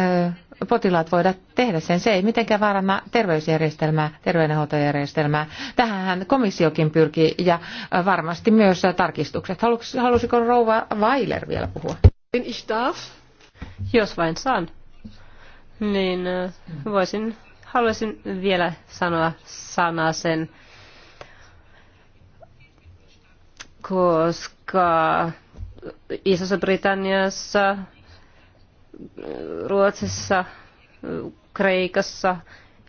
potilaat voida tehdä sen. Se ei mitenkään vaaranna terveysjärjestelmää, terveydenhuoltojärjestelmää. Tähän komissiokin pyrkii ja varmasti myös tarkistukset. Halusiko rouva Weiler vielä puhua? Jos vain saan, niin äh, voisin, haluaisin vielä sanoa sanaa sen, koska Isossa Britanniassa Ruotsissa, Kreikassa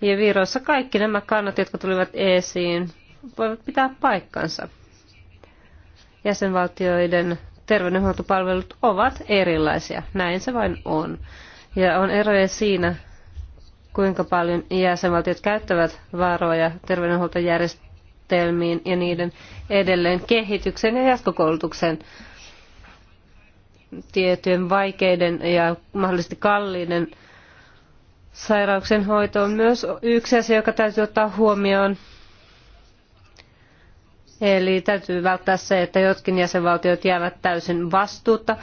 ja Virossa kaikki nämä kannat, jotka tulivat esiin, voivat pitää paikkansa. Jäsenvaltioiden terveydenhuoltopalvelut ovat erilaisia. Näin se vain on. Ja on eroja siinä, kuinka paljon jäsenvaltiot käyttävät varoja terveydenhuoltojärjestelmiin ja niiden edelleen kehityksen ja jatkokoulutukseen tietyn vaikeiden ja mahdollisesti kalliiden sairauksien hoito on myös yksi asia, joka täytyy ottaa huomioon. Eli täytyy välttää se, että jotkin jäsenvaltiot jäävät täysin vastuutta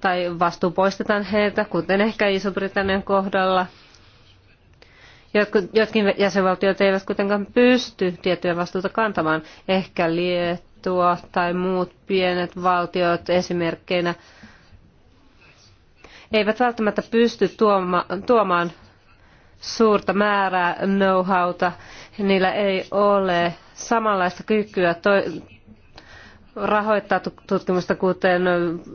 tai vastuu poistetaan heiltä, kuten ehkä Iso-Britannian kohdalla. Jotkin jäsenvaltiot eivät kuitenkaan pysty tiettyä vastuuta kantamaan. Ehkä Liettua tai muut pienet valtiot esimerkkeinä eivät välttämättä pysty tuoma, tuomaan suurta määrää know-howta. Niillä ei ole samanlaista kykyä rahoittaa tutkimusta kuten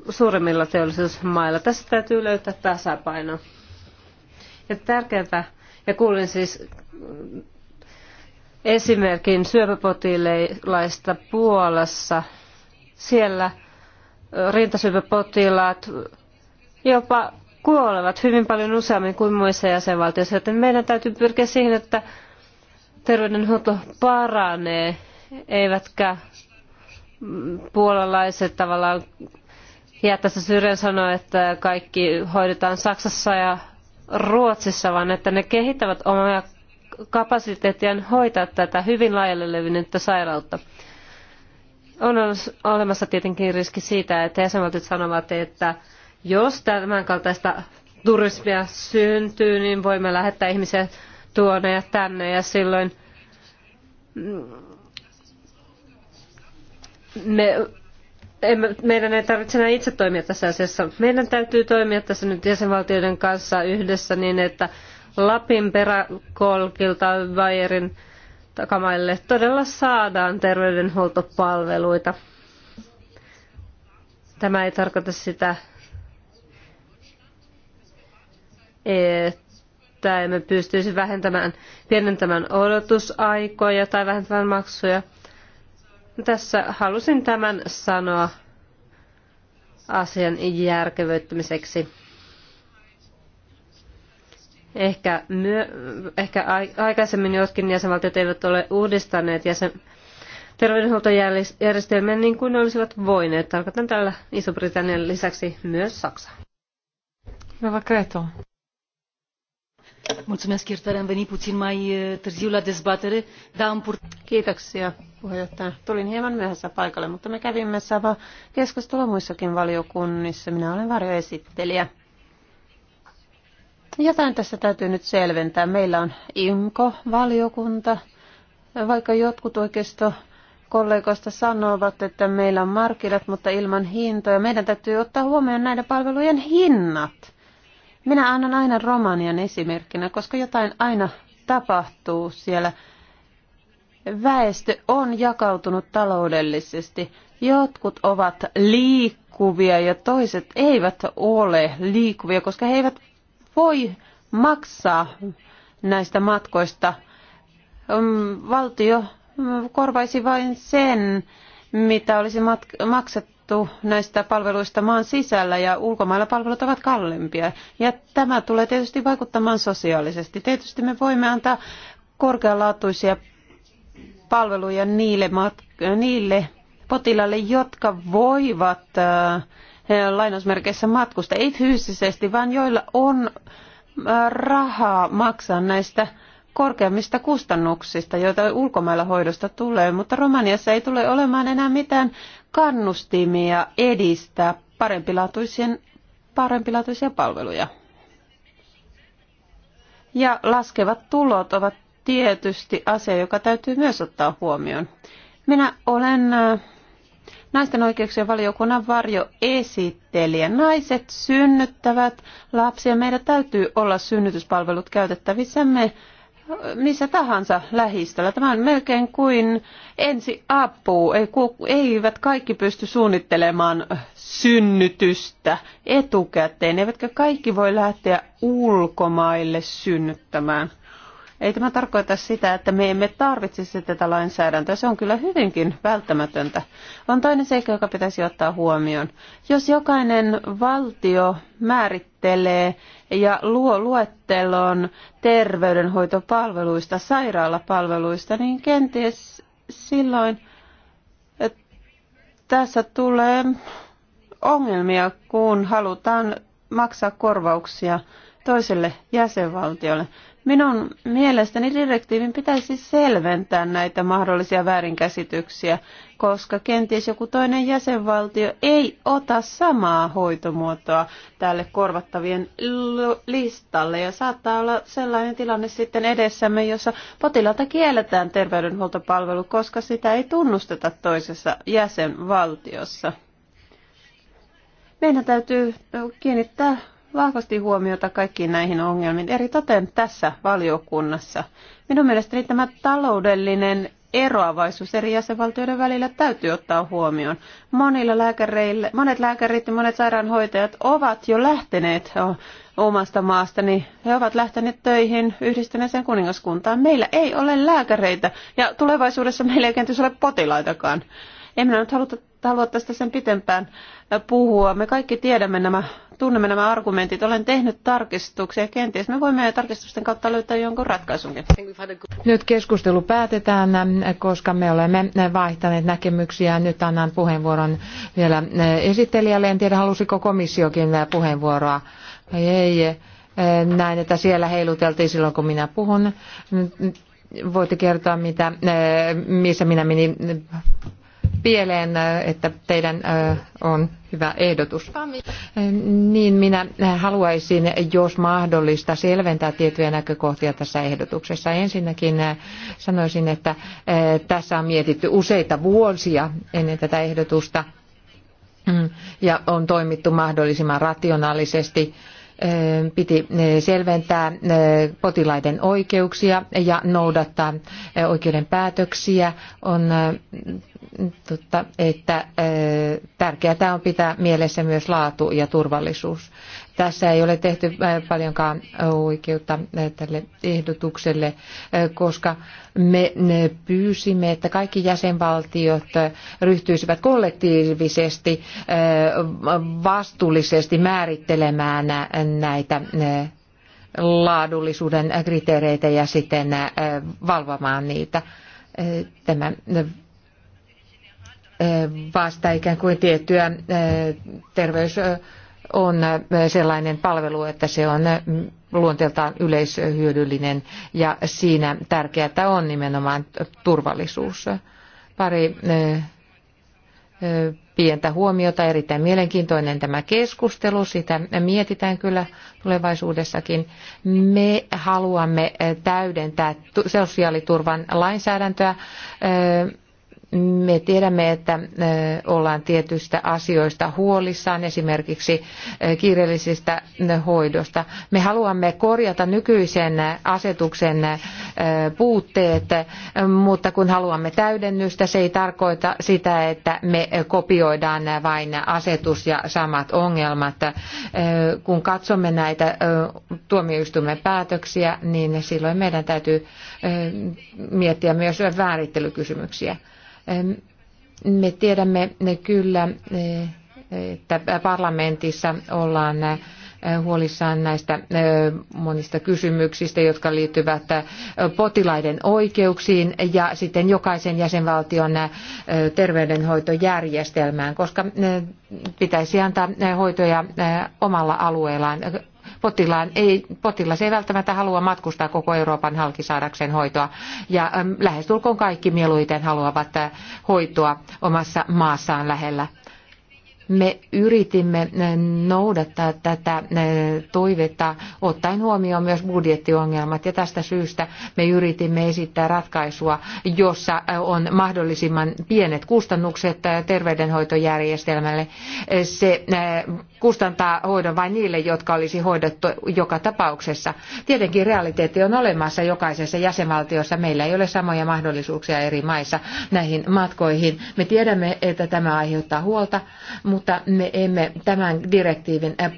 suurimmilla teollisuusmailla. Tässä täytyy löytää tasapaino. Ja tärkeintä, ja kuulin siis esimerkin syöpäpotilaista Puolassa. Siellä rintasyöpäpotilaat jopa kuolevat hyvin paljon useammin kuin muissa jäsenvaltioissa, joten meidän täytyy pyrkiä siihen, että terveydenhuolto paranee, eivätkä puolalaiset tavallaan jää tässä syrjään sanoa, että kaikki hoidetaan Saksassa ja Ruotsissa, vaan että ne kehittävät omaa kapasiteettiaan hoitaa tätä hyvin laajalle levinnyttä sairautta. On olemassa tietenkin riski siitä, että jäsenvaltiot sanovat, että jos tämän kaltaista turismia syntyy, niin voimme lähettää ihmisiä tuonne ja tänne ja silloin mm, me, emme, meidän ei tarvitse enää itse toimia tässä asiassa. Meidän täytyy toimia tässä nyt jäsenvaltioiden kanssa yhdessä niin, että Lapin peräkolkilta Bayerin takamaille todella saadaan terveydenhuoltopalveluita. Tämä ei tarkoita sitä, että emme pystyisi vähentämään, pienentämään odotusaikoja tai vähentämään maksuja. Tässä halusin tämän sanoa asian järkevöittämiseksi. Ehkä, myö, ehkä aikaisemmin jotkin jäsenvaltiot eivät ole uudistaneet jäsen, terveydenhuoltojärjestelmiä niin kuin ne olisivat voineet. Tarkoitan tällä Iso-Britannian lisäksi myös Saksaa. Hyvä Kreto. Mulțumesc, iertare, am venit puțin mai e, târziu la dezbatere, dar am purtat... Kiitoksia, puheenjohtaja. Tulin hieman myöhässä paikalle, mutta me kävimme sama keskustelua muissakin valiokunnissa. Minä olen varjoesittelijä. Jotain tässä täytyy nyt selventää. Meillä on IMKO-valiokunta, vaikka jotkut oikeisto kollegoista sanovat, että meillä on markkinat, mutta ilman hintoja. Meidän täytyy ottaa huomioon näiden palvelujen hinnat. Minä annan aina Romanian esimerkkinä, koska jotain aina tapahtuu siellä. Väestö on jakautunut taloudellisesti. Jotkut ovat liikkuvia ja toiset eivät ole liikkuvia, koska he eivät voi maksaa näistä matkoista. Mm, valtio mm, korvaisi vain sen, mitä olisi maksettu maksettu näistä palveluista maan sisällä ja ulkomailla palvelut ovat kalliimpia. Ja tämä tulee tietysti vaikuttamaan sosiaalisesti. Tietysti me voimme antaa korkealaatuisia palveluja niille, niille potilaille, jotka voivat äh, lainausmerkeissä matkusta, ei fyysisesti, vaan joilla on äh, rahaa maksaa näistä korkeammista kustannuksista, joita ulkomailla hoidosta tulee, mutta Romaniassa ei tule olemaan enää mitään kannustimia edistää parempilaatuisen, parempilaatuisia palveluja. Ja laskevat tulot ovat tietysti asia, joka täytyy myös ottaa huomioon. Minä olen naisten oikeuksien valiokunnan varjoesittelijä. Naiset synnyttävät lapsia. Meidän täytyy olla synnytyspalvelut käytettävissämme missä tahansa lähistöllä. Tämä on melkein kuin ensi apu. Eivät kaikki pysty suunnittelemaan synnytystä etukäteen, eivätkä kaikki voi lähteä ulkomaille synnyttämään. Ei tämä tarkoita sitä, että me emme tarvitsisi tätä lainsäädäntöä. Se on kyllä hyvinkin välttämätöntä. On toinen seikka, joka pitäisi ottaa huomioon. Jos jokainen valtio määrittelee ja luo luettelon terveydenhoitopalveluista, sairaalapalveluista, niin kenties silloin tässä tulee ongelmia, kun halutaan maksaa korvauksia toiselle jäsenvaltiolle. Minun mielestäni direktiivin pitäisi selventää näitä mahdollisia väärinkäsityksiä, koska kenties joku toinen jäsenvaltio ei ota samaa hoitomuotoa tälle korvattavien listalle. Ja saattaa olla sellainen tilanne sitten edessämme, jossa potilaalta kielletään terveydenhuoltopalvelu, koska sitä ei tunnusteta toisessa jäsenvaltiossa. Meidän täytyy kiinnittää vahvasti huomiota kaikkiin näihin ongelmiin, eri toten tässä valiokunnassa. Minun mielestäni tämä taloudellinen eroavaisuus eri jäsenvaltioiden välillä täytyy ottaa huomioon. Monilla lääkäreillä, monet lääkärit ja monet sairaanhoitajat ovat jo lähteneet omasta maastani. He ovat lähteneet töihin yhdistyneeseen kuningaskuntaan. Meillä ei ole lääkäreitä ja tulevaisuudessa meillä ei kenties ole potilaitakaan. En minä nyt haluta halua tästä sen pitempään puhua. Me kaikki tiedämme nämä, tunnemme nämä argumentit. Olen tehnyt tarkistuksia. Kenties me voimme tarkistusten kautta löytää jonkun ratkaisunkin. Nyt keskustelu päätetään, koska me olemme vaihtaneet näkemyksiä. Nyt annan puheenvuoron vielä esittelijälle. En tiedä, halusiko komissiokin puheenvuoroa Ei, ei. Näin, että siellä heiluteltiin silloin, kun minä puhun voitte kertoa, mitä, missä minä menin pieleen, että teidän on hyvä ehdotus. Niin minä haluaisin, jos mahdollista, selventää tiettyjä näkökohtia tässä ehdotuksessa. Ensinnäkin sanoisin, että tässä on mietitty useita vuosia ennen tätä ehdotusta mm, ja on toimittu mahdollisimman rationaalisesti piti selventää potilaiden oikeuksia ja noudattaa oikeuden päätöksiä. On totta, että tärkeää on pitää mielessä myös laatu ja turvallisuus. Tässä ei ole tehty äh, paljonkaan äh, oikeutta äh, tälle ehdotukselle, koska me pyysimme, että kaikki jäsenvaltiot ryhtyisivät kollektiivisesti vastuullisesti määrittelemään näitä laadullisuuden kriteereitä ja sitten valvomaan niitä. Tämä vastaa ikään kuin tiettyä terveys on sellainen palvelu, että se on luonteeltaan yleishyödyllinen ja siinä tärkeää on nimenomaan turvallisuus. Pari pientä huomiota. Erittäin mielenkiintoinen tämä keskustelu. Sitä mietitään kyllä tulevaisuudessakin. Me haluamme täydentää sosiaaliturvan lainsäädäntöä me tiedämme, että ollaan tietystä asioista huolissaan, esimerkiksi kiireellisestä hoidosta. Me haluamme korjata nykyisen asetuksen puutteet, mutta kun haluamme täydennystä, se ei tarkoita sitä, että me kopioidaan vain asetus ja samat ongelmat. Kun katsomme näitä tuomioistuimen päätöksiä, niin silloin meidän täytyy miettiä myös määrittelykysymyksiä. Me tiedämme kyllä, e, että parlamentissa ollaan e, huolissaan näistä e, monista kysymyksistä, jotka liittyvät potilaiden oikeuksiin ja sitten jokaisen jäsenvaltion terveydenhoitojärjestelmään, koska pitäisi antaa hoitoja omalla alueellaan Potilaan ei, potilas ei välttämättä halua matkustaa koko Euroopan halki saadakseen hoitoa. Ja lähestulkoon kaikki mieluiten haluavat hoitoa omassa maassaan lähellä me yritimme eh, noudattaa tätä eh, toivetta ottaen huomioon myös budjettiongelmat ja tästä syystä me yritimme esittää ratkaisua, jossa eh, on mahdollisimman pienet kustannukset terveydenhoitojärjestelmälle. Se kustantaa hoidon vain niille, jotka olisi hoidettu joka tapauksessa. Tietenkin realiteetti on olemassa jokaisessa jäsenvaltiossa. Meillä ei ole samoja mahdollisuuksia eri maissa näihin matkoihin. Me tiedämme, että tämä aiheuttaa huolta, mutta mutta me emme tämän direktiivin äh,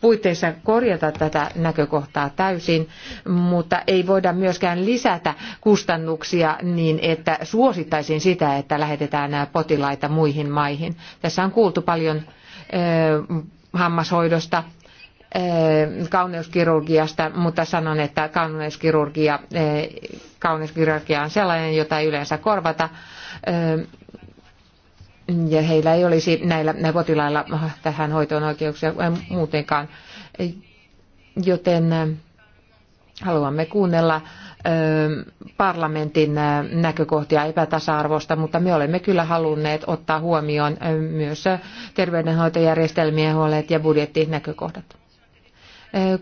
puitteissa korjata tätä näkökohtaa täysin, mutta ei voida myöskään lisätä kustannuksia niin, että suosittaisiin sitä, että lähetetään äh, potilaita muihin maihin. Tässä on kuultu paljon äh, hammashoidosta, kauneuskirurgiasta, mutta sanon, että kauneuskirurgia, kauneuskirurgia on sellainen, jota ei yleensä korvata ja heillä ei olisi näillä potilailla tähän hoitoon oikeuksia muutenkaan. Joten äh, haluamme kuunnella äh, parlamentin äh, näkökohtia epätasa-arvosta, mutta me olemme kyllä halunneet ottaa huomioon myös terveydenhoitojärjestelmien huolet ja budjettinäkökohdat.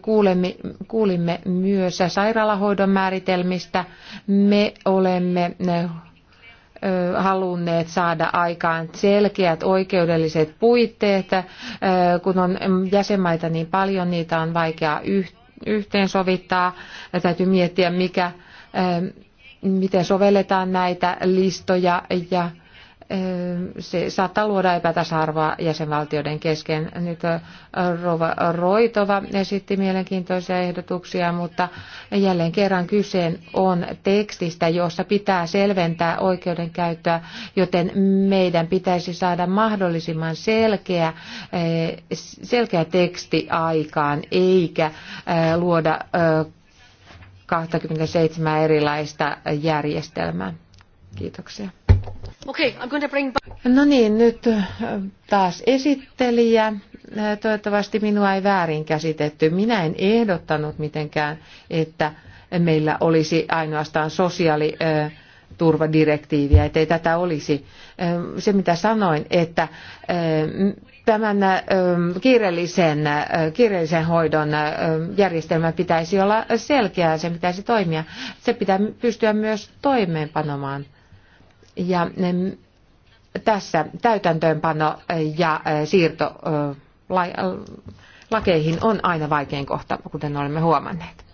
Kuulemme, kuulimme myös sairaalahoidon määritelmistä. Me olemme halunneet saada aikaan selkeät oikeudelliset puitteet. Kun on jäsenmaita niin paljon, niitä on vaikea yhteensovittaa. Täytyy miettiä, mikä, miten sovelletaan näitä listoja ja se saattaa luoda epätasa-arvoa jäsenvaltioiden kesken. Nyt Rova Roitova esitti mielenkiintoisia ehdotuksia, mutta jälleen kerran kyse on tekstistä, jossa pitää selventää oikeudenkäyttöä, joten meidän pitäisi saada mahdollisimman selkeä, selkeä teksti aikaan, eikä luoda 27 erilaista järjestelmää. Kiitoksia. No niin, nyt äh, taas esittelijä. Äh, toivottavasti minua ei väärin käsitetty. Minä en ehdottanut mitenkään, että meillä olisi ainoastaan sosiaaliturvadirektiiviä, äh, ettei tätä olisi. Se mitä sanoin, että tämän kiireellisen, kiireellisen hoidon järjestelmä pitäisi olla selkeä, se pitäisi toimia. Se pitää pystyä myös toimeenpanomaan. Ja tässä täytäntöönpano ja e, siirto lakeihin on aina vaikein kohta, kuten olemme huomanneet.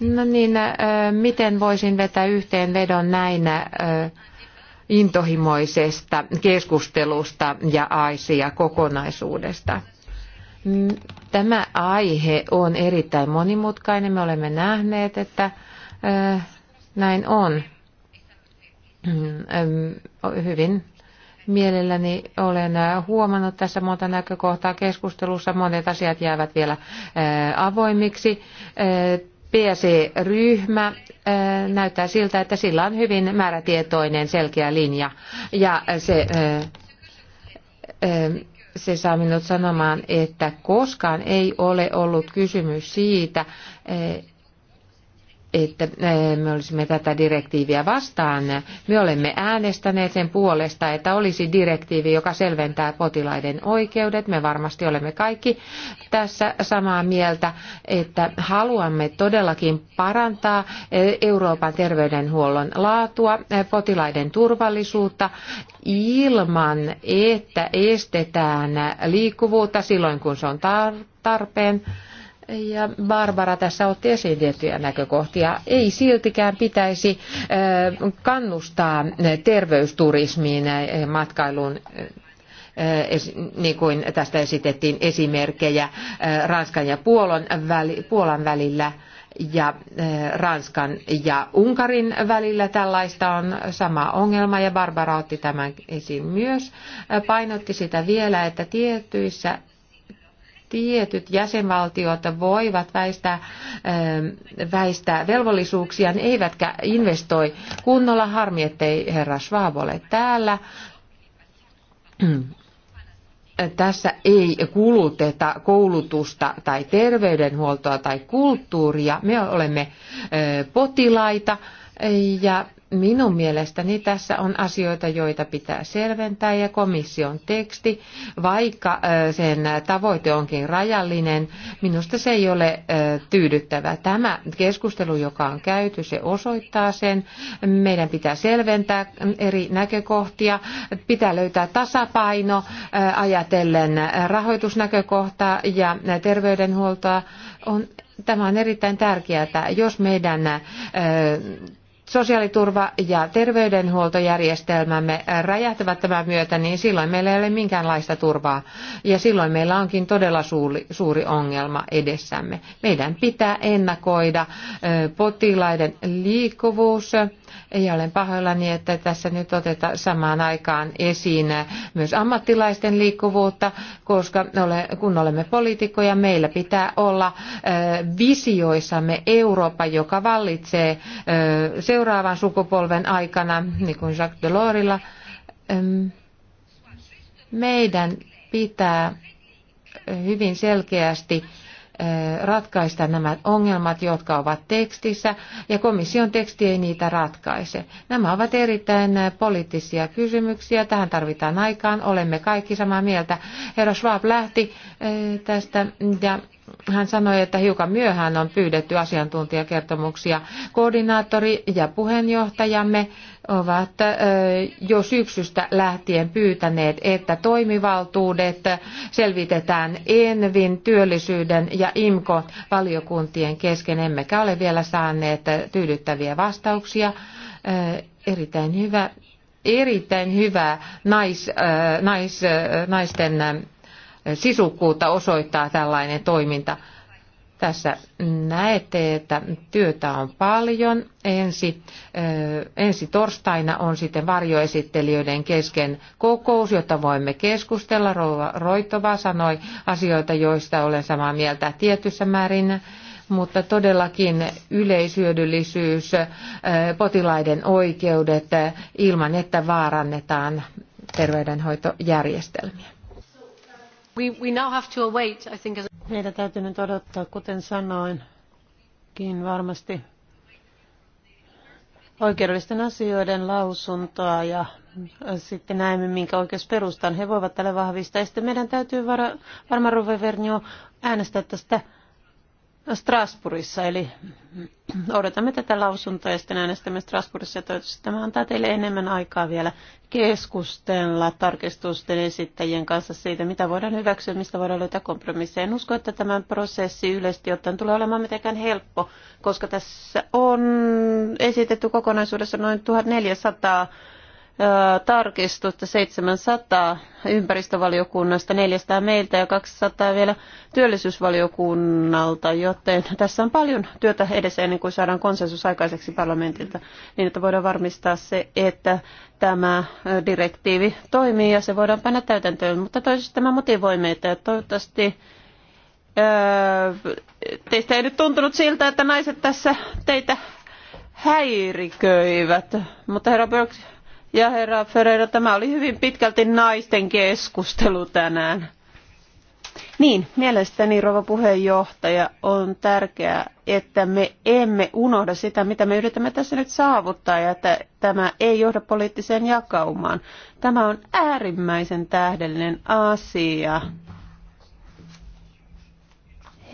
No niin, e, miten voisin vetää vedon näinä e, intohimoisesta keskustelusta ja aisia kokonaisuudesta? Tämä aihe on erittäin monimutkainen. Me olemme nähneet, että näin on hyvin mielelläni olen huomannut tässä monta näkökohtaa keskustelussa. Monet asiat jäävät vielä avoimiksi. PSE-ryhmä näyttää siltä, että sillä on hyvin määrätietoinen selkeä linja ja se, se saa minut sanomaan, että koskaan ei ole ollut kysymys siitä, että me olisimme tätä direktiiviä vastaan. Me olemme äänestäneet sen puolesta, että olisi direktiivi, joka selventää potilaiden oikeudet. Me varmasti olemme kaikki tässä samaa mieltä, että haluamme todellakin parantaa Euroopan terveydenhuollon laatua, potilaiden turvallisuutta ilman, että estetään liikkuvuutta silloin, kun se on tarpeen ja Barbara tässä otti esiin tiettyjä näkökohtia. Ei siltikään pitäisi kannustaa terveysturismiin matkailuun niin kuin tästä esitettiin esimerkkejä Ranskan ja Puolan välillä ja Ranskan ja Unkarin välillä tällaista on sama ongelma ja Barbara otti tämän esiin myös. Painotti sitä vielä, että tietyissä tietyt jäsenvaltiot voivat väistää, ähm, väistää velvollisuuksia, eivätkä investoi kunnolla. Harmi, ettei herra Schwab ole täällä tässä ei kuluteta koulutusta tai terveydenhuoltoa tai kulttuuria. Me olemme äh, potilaita ja Minun mielestäni tässä on asioita, joita pitää selventää ja komission teksti, vaikka sen tavoite onkin rajallinen, minusta se ei ole tyydyttävä. Tämä keskustelu, joka on käyty, se osoittaa sen. Meidän pitää selventää eri näkökohtia, pitää löytää tasapaino ajatellen rahoitusnäkökohtaa ja terveydenhuoltoa. On, tämä on erittäin tärkeää, jos meidän sosiaaliturva- ja terveydenhuoltojärjestelmämme räjähtävät tämän myötä, niin silloin meillä ei ole minkäänlaista turvaa. Ja silloin meillä onkin todella suuri, suuri ongelma edessämme. Meidän pitää ennakoida potilaiden liikkuvuus ja olen pahoillani, että tässä nyt otetaan samaan aikaan esiin myös ammattilaisten liikkuvuutta, koska kun olemme poliitikkoja, meillä pitää olla visioissamme Eurooppa, joka vallitsee seuraavan sukupolven aikana, niin kuin Jacques Delorsilla. Meidän pitää hyvin selkeästi ratkaista nämä ongelmat, jotka ovat tekstissä, ja komission teksti ei niitä ratkaise. Nämä ovat erittäin poliittisia kysymyksiä, tähän tarvitaan aikaan, olemme kaikki samaa mieltä. Herra Schwab lähti tästä, ja hän sanoi, että hiukan myöhään on pyydetty asiantuntijakertomuksia. Koordinaattori ja puheenjohtajamme ovat jo syksystä lähtien pyytäneet, että toimivaltuudet selvitetään Envin, työllisyyden ja IMKO-valiokuntien kesken. Emmekä ole vielä saaneet tyydyttäviä vastauksia. Erittäin hyvä, erittäin hyvä nais, nais, naisten sisukkuutta osoittaa tällainen toiminta. Tässä näette, että työtä on paljon. Ensi, ensi torstaina on sitten varjoesittelijöiden kesken kokous, jotta voimme keskustella. Roitova sanoi asioita, joista olen samaa mieltä tietyssä määrin mutta todellakin yleisyödyllisyys, potilaiden oikeudet ilman, että vaarannetaan terveydenhoitojärjestelmiä. Meidän täytyy nyt odottaa, kuten sanoinkin varmasti oikeudellisten asioiden lausuntoa ja sitten näemme, minkä oikeusperustan he voivat tälle vahvistaa. Ja sitten meidän täytyy varmaan Rove Vernio äänestää tästä Strasbourgissa, eli odotamme tätä lausuntoa ja sitten äänestämme Strasbourgissa. Toivottavasti tämä antaa teille enemmän aikaa vielä keskustella tarkistusten esittäjien kanssa siitä, mitä voidaan hyväksyä, mistä voidaan löytää kompromisseja. En usko, että tämän prosessi yleisesti ottaen tulee olemaan mitenkään helppo, koska tässä on esitetty kokonaisuudessa noin 1400 tarkistusta 700 ympäristövaliokunnasta, 400 meiltä ja 200 vielä työllisyysvaliokunnalta, joten tässä on paljon työtä edessä ennen kuin saadaan konsensus aikaiseksi parlamentilta, niin että voidaan varmistaa se, että tämä direktiivi toimii ja se voidaan panna täytäntöön, mutta toisaalta tämä motivoi meitä ja toivottavasti teistä ei nyt tuntunut siltä, että naiset tässä teitä häiriköivät, mutta herra Berg, ja herra Ferreira, tämä oli hyvin pitkälti naisten keskustelu tänään. Niin, mielestäni rouva puheenjohtaja on tärkeää, että me emme unohda sitä, mitä me yritämme tässä nyt saavuttaa ja että tämä ei johda poliittiseen jakaumaan. Tämä on äärimmäisen tähdellinen asia.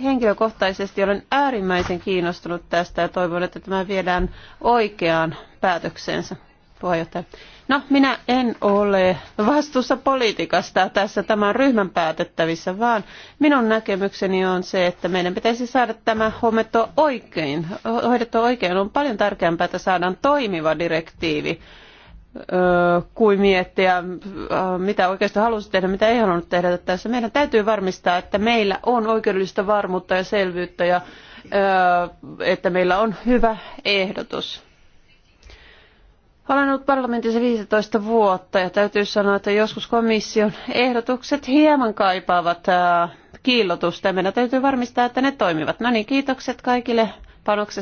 Henkilökohtaisesti olen äärimmäisen kiinnostunut tästä ja toivon, että tämä viedään oikeaan päätökseensä puheenjohtaja. No, minä en ole vastuussa politiikasta tässä. Tämä on ryhmän päätettävissä, vaan minun näkemykseni on se, että meidän pitäisi saada tämä hommettua oikein. Hoidettua oikein on paljon tärkeämpää, että saadaan toimiva direktiivi kuin miettiä, mitä oikeastaan halusi tehdä, mitä ei halunnut tehdä tässä. Meidän täytyy varmistaa, että meillä on oikeudellista varmuutta ja selvyyttä ja että meillä on hyvä ehdotus. Olen ollut parlamentissa 15 vuotta ja täytyy sanoa, että joskus komission ehdotukset hieman kaipaavat äh, kiillotusta ja meidän täytyy varmistaa, että ne toimivat. No niin, kiitokset kaikille panoksesta.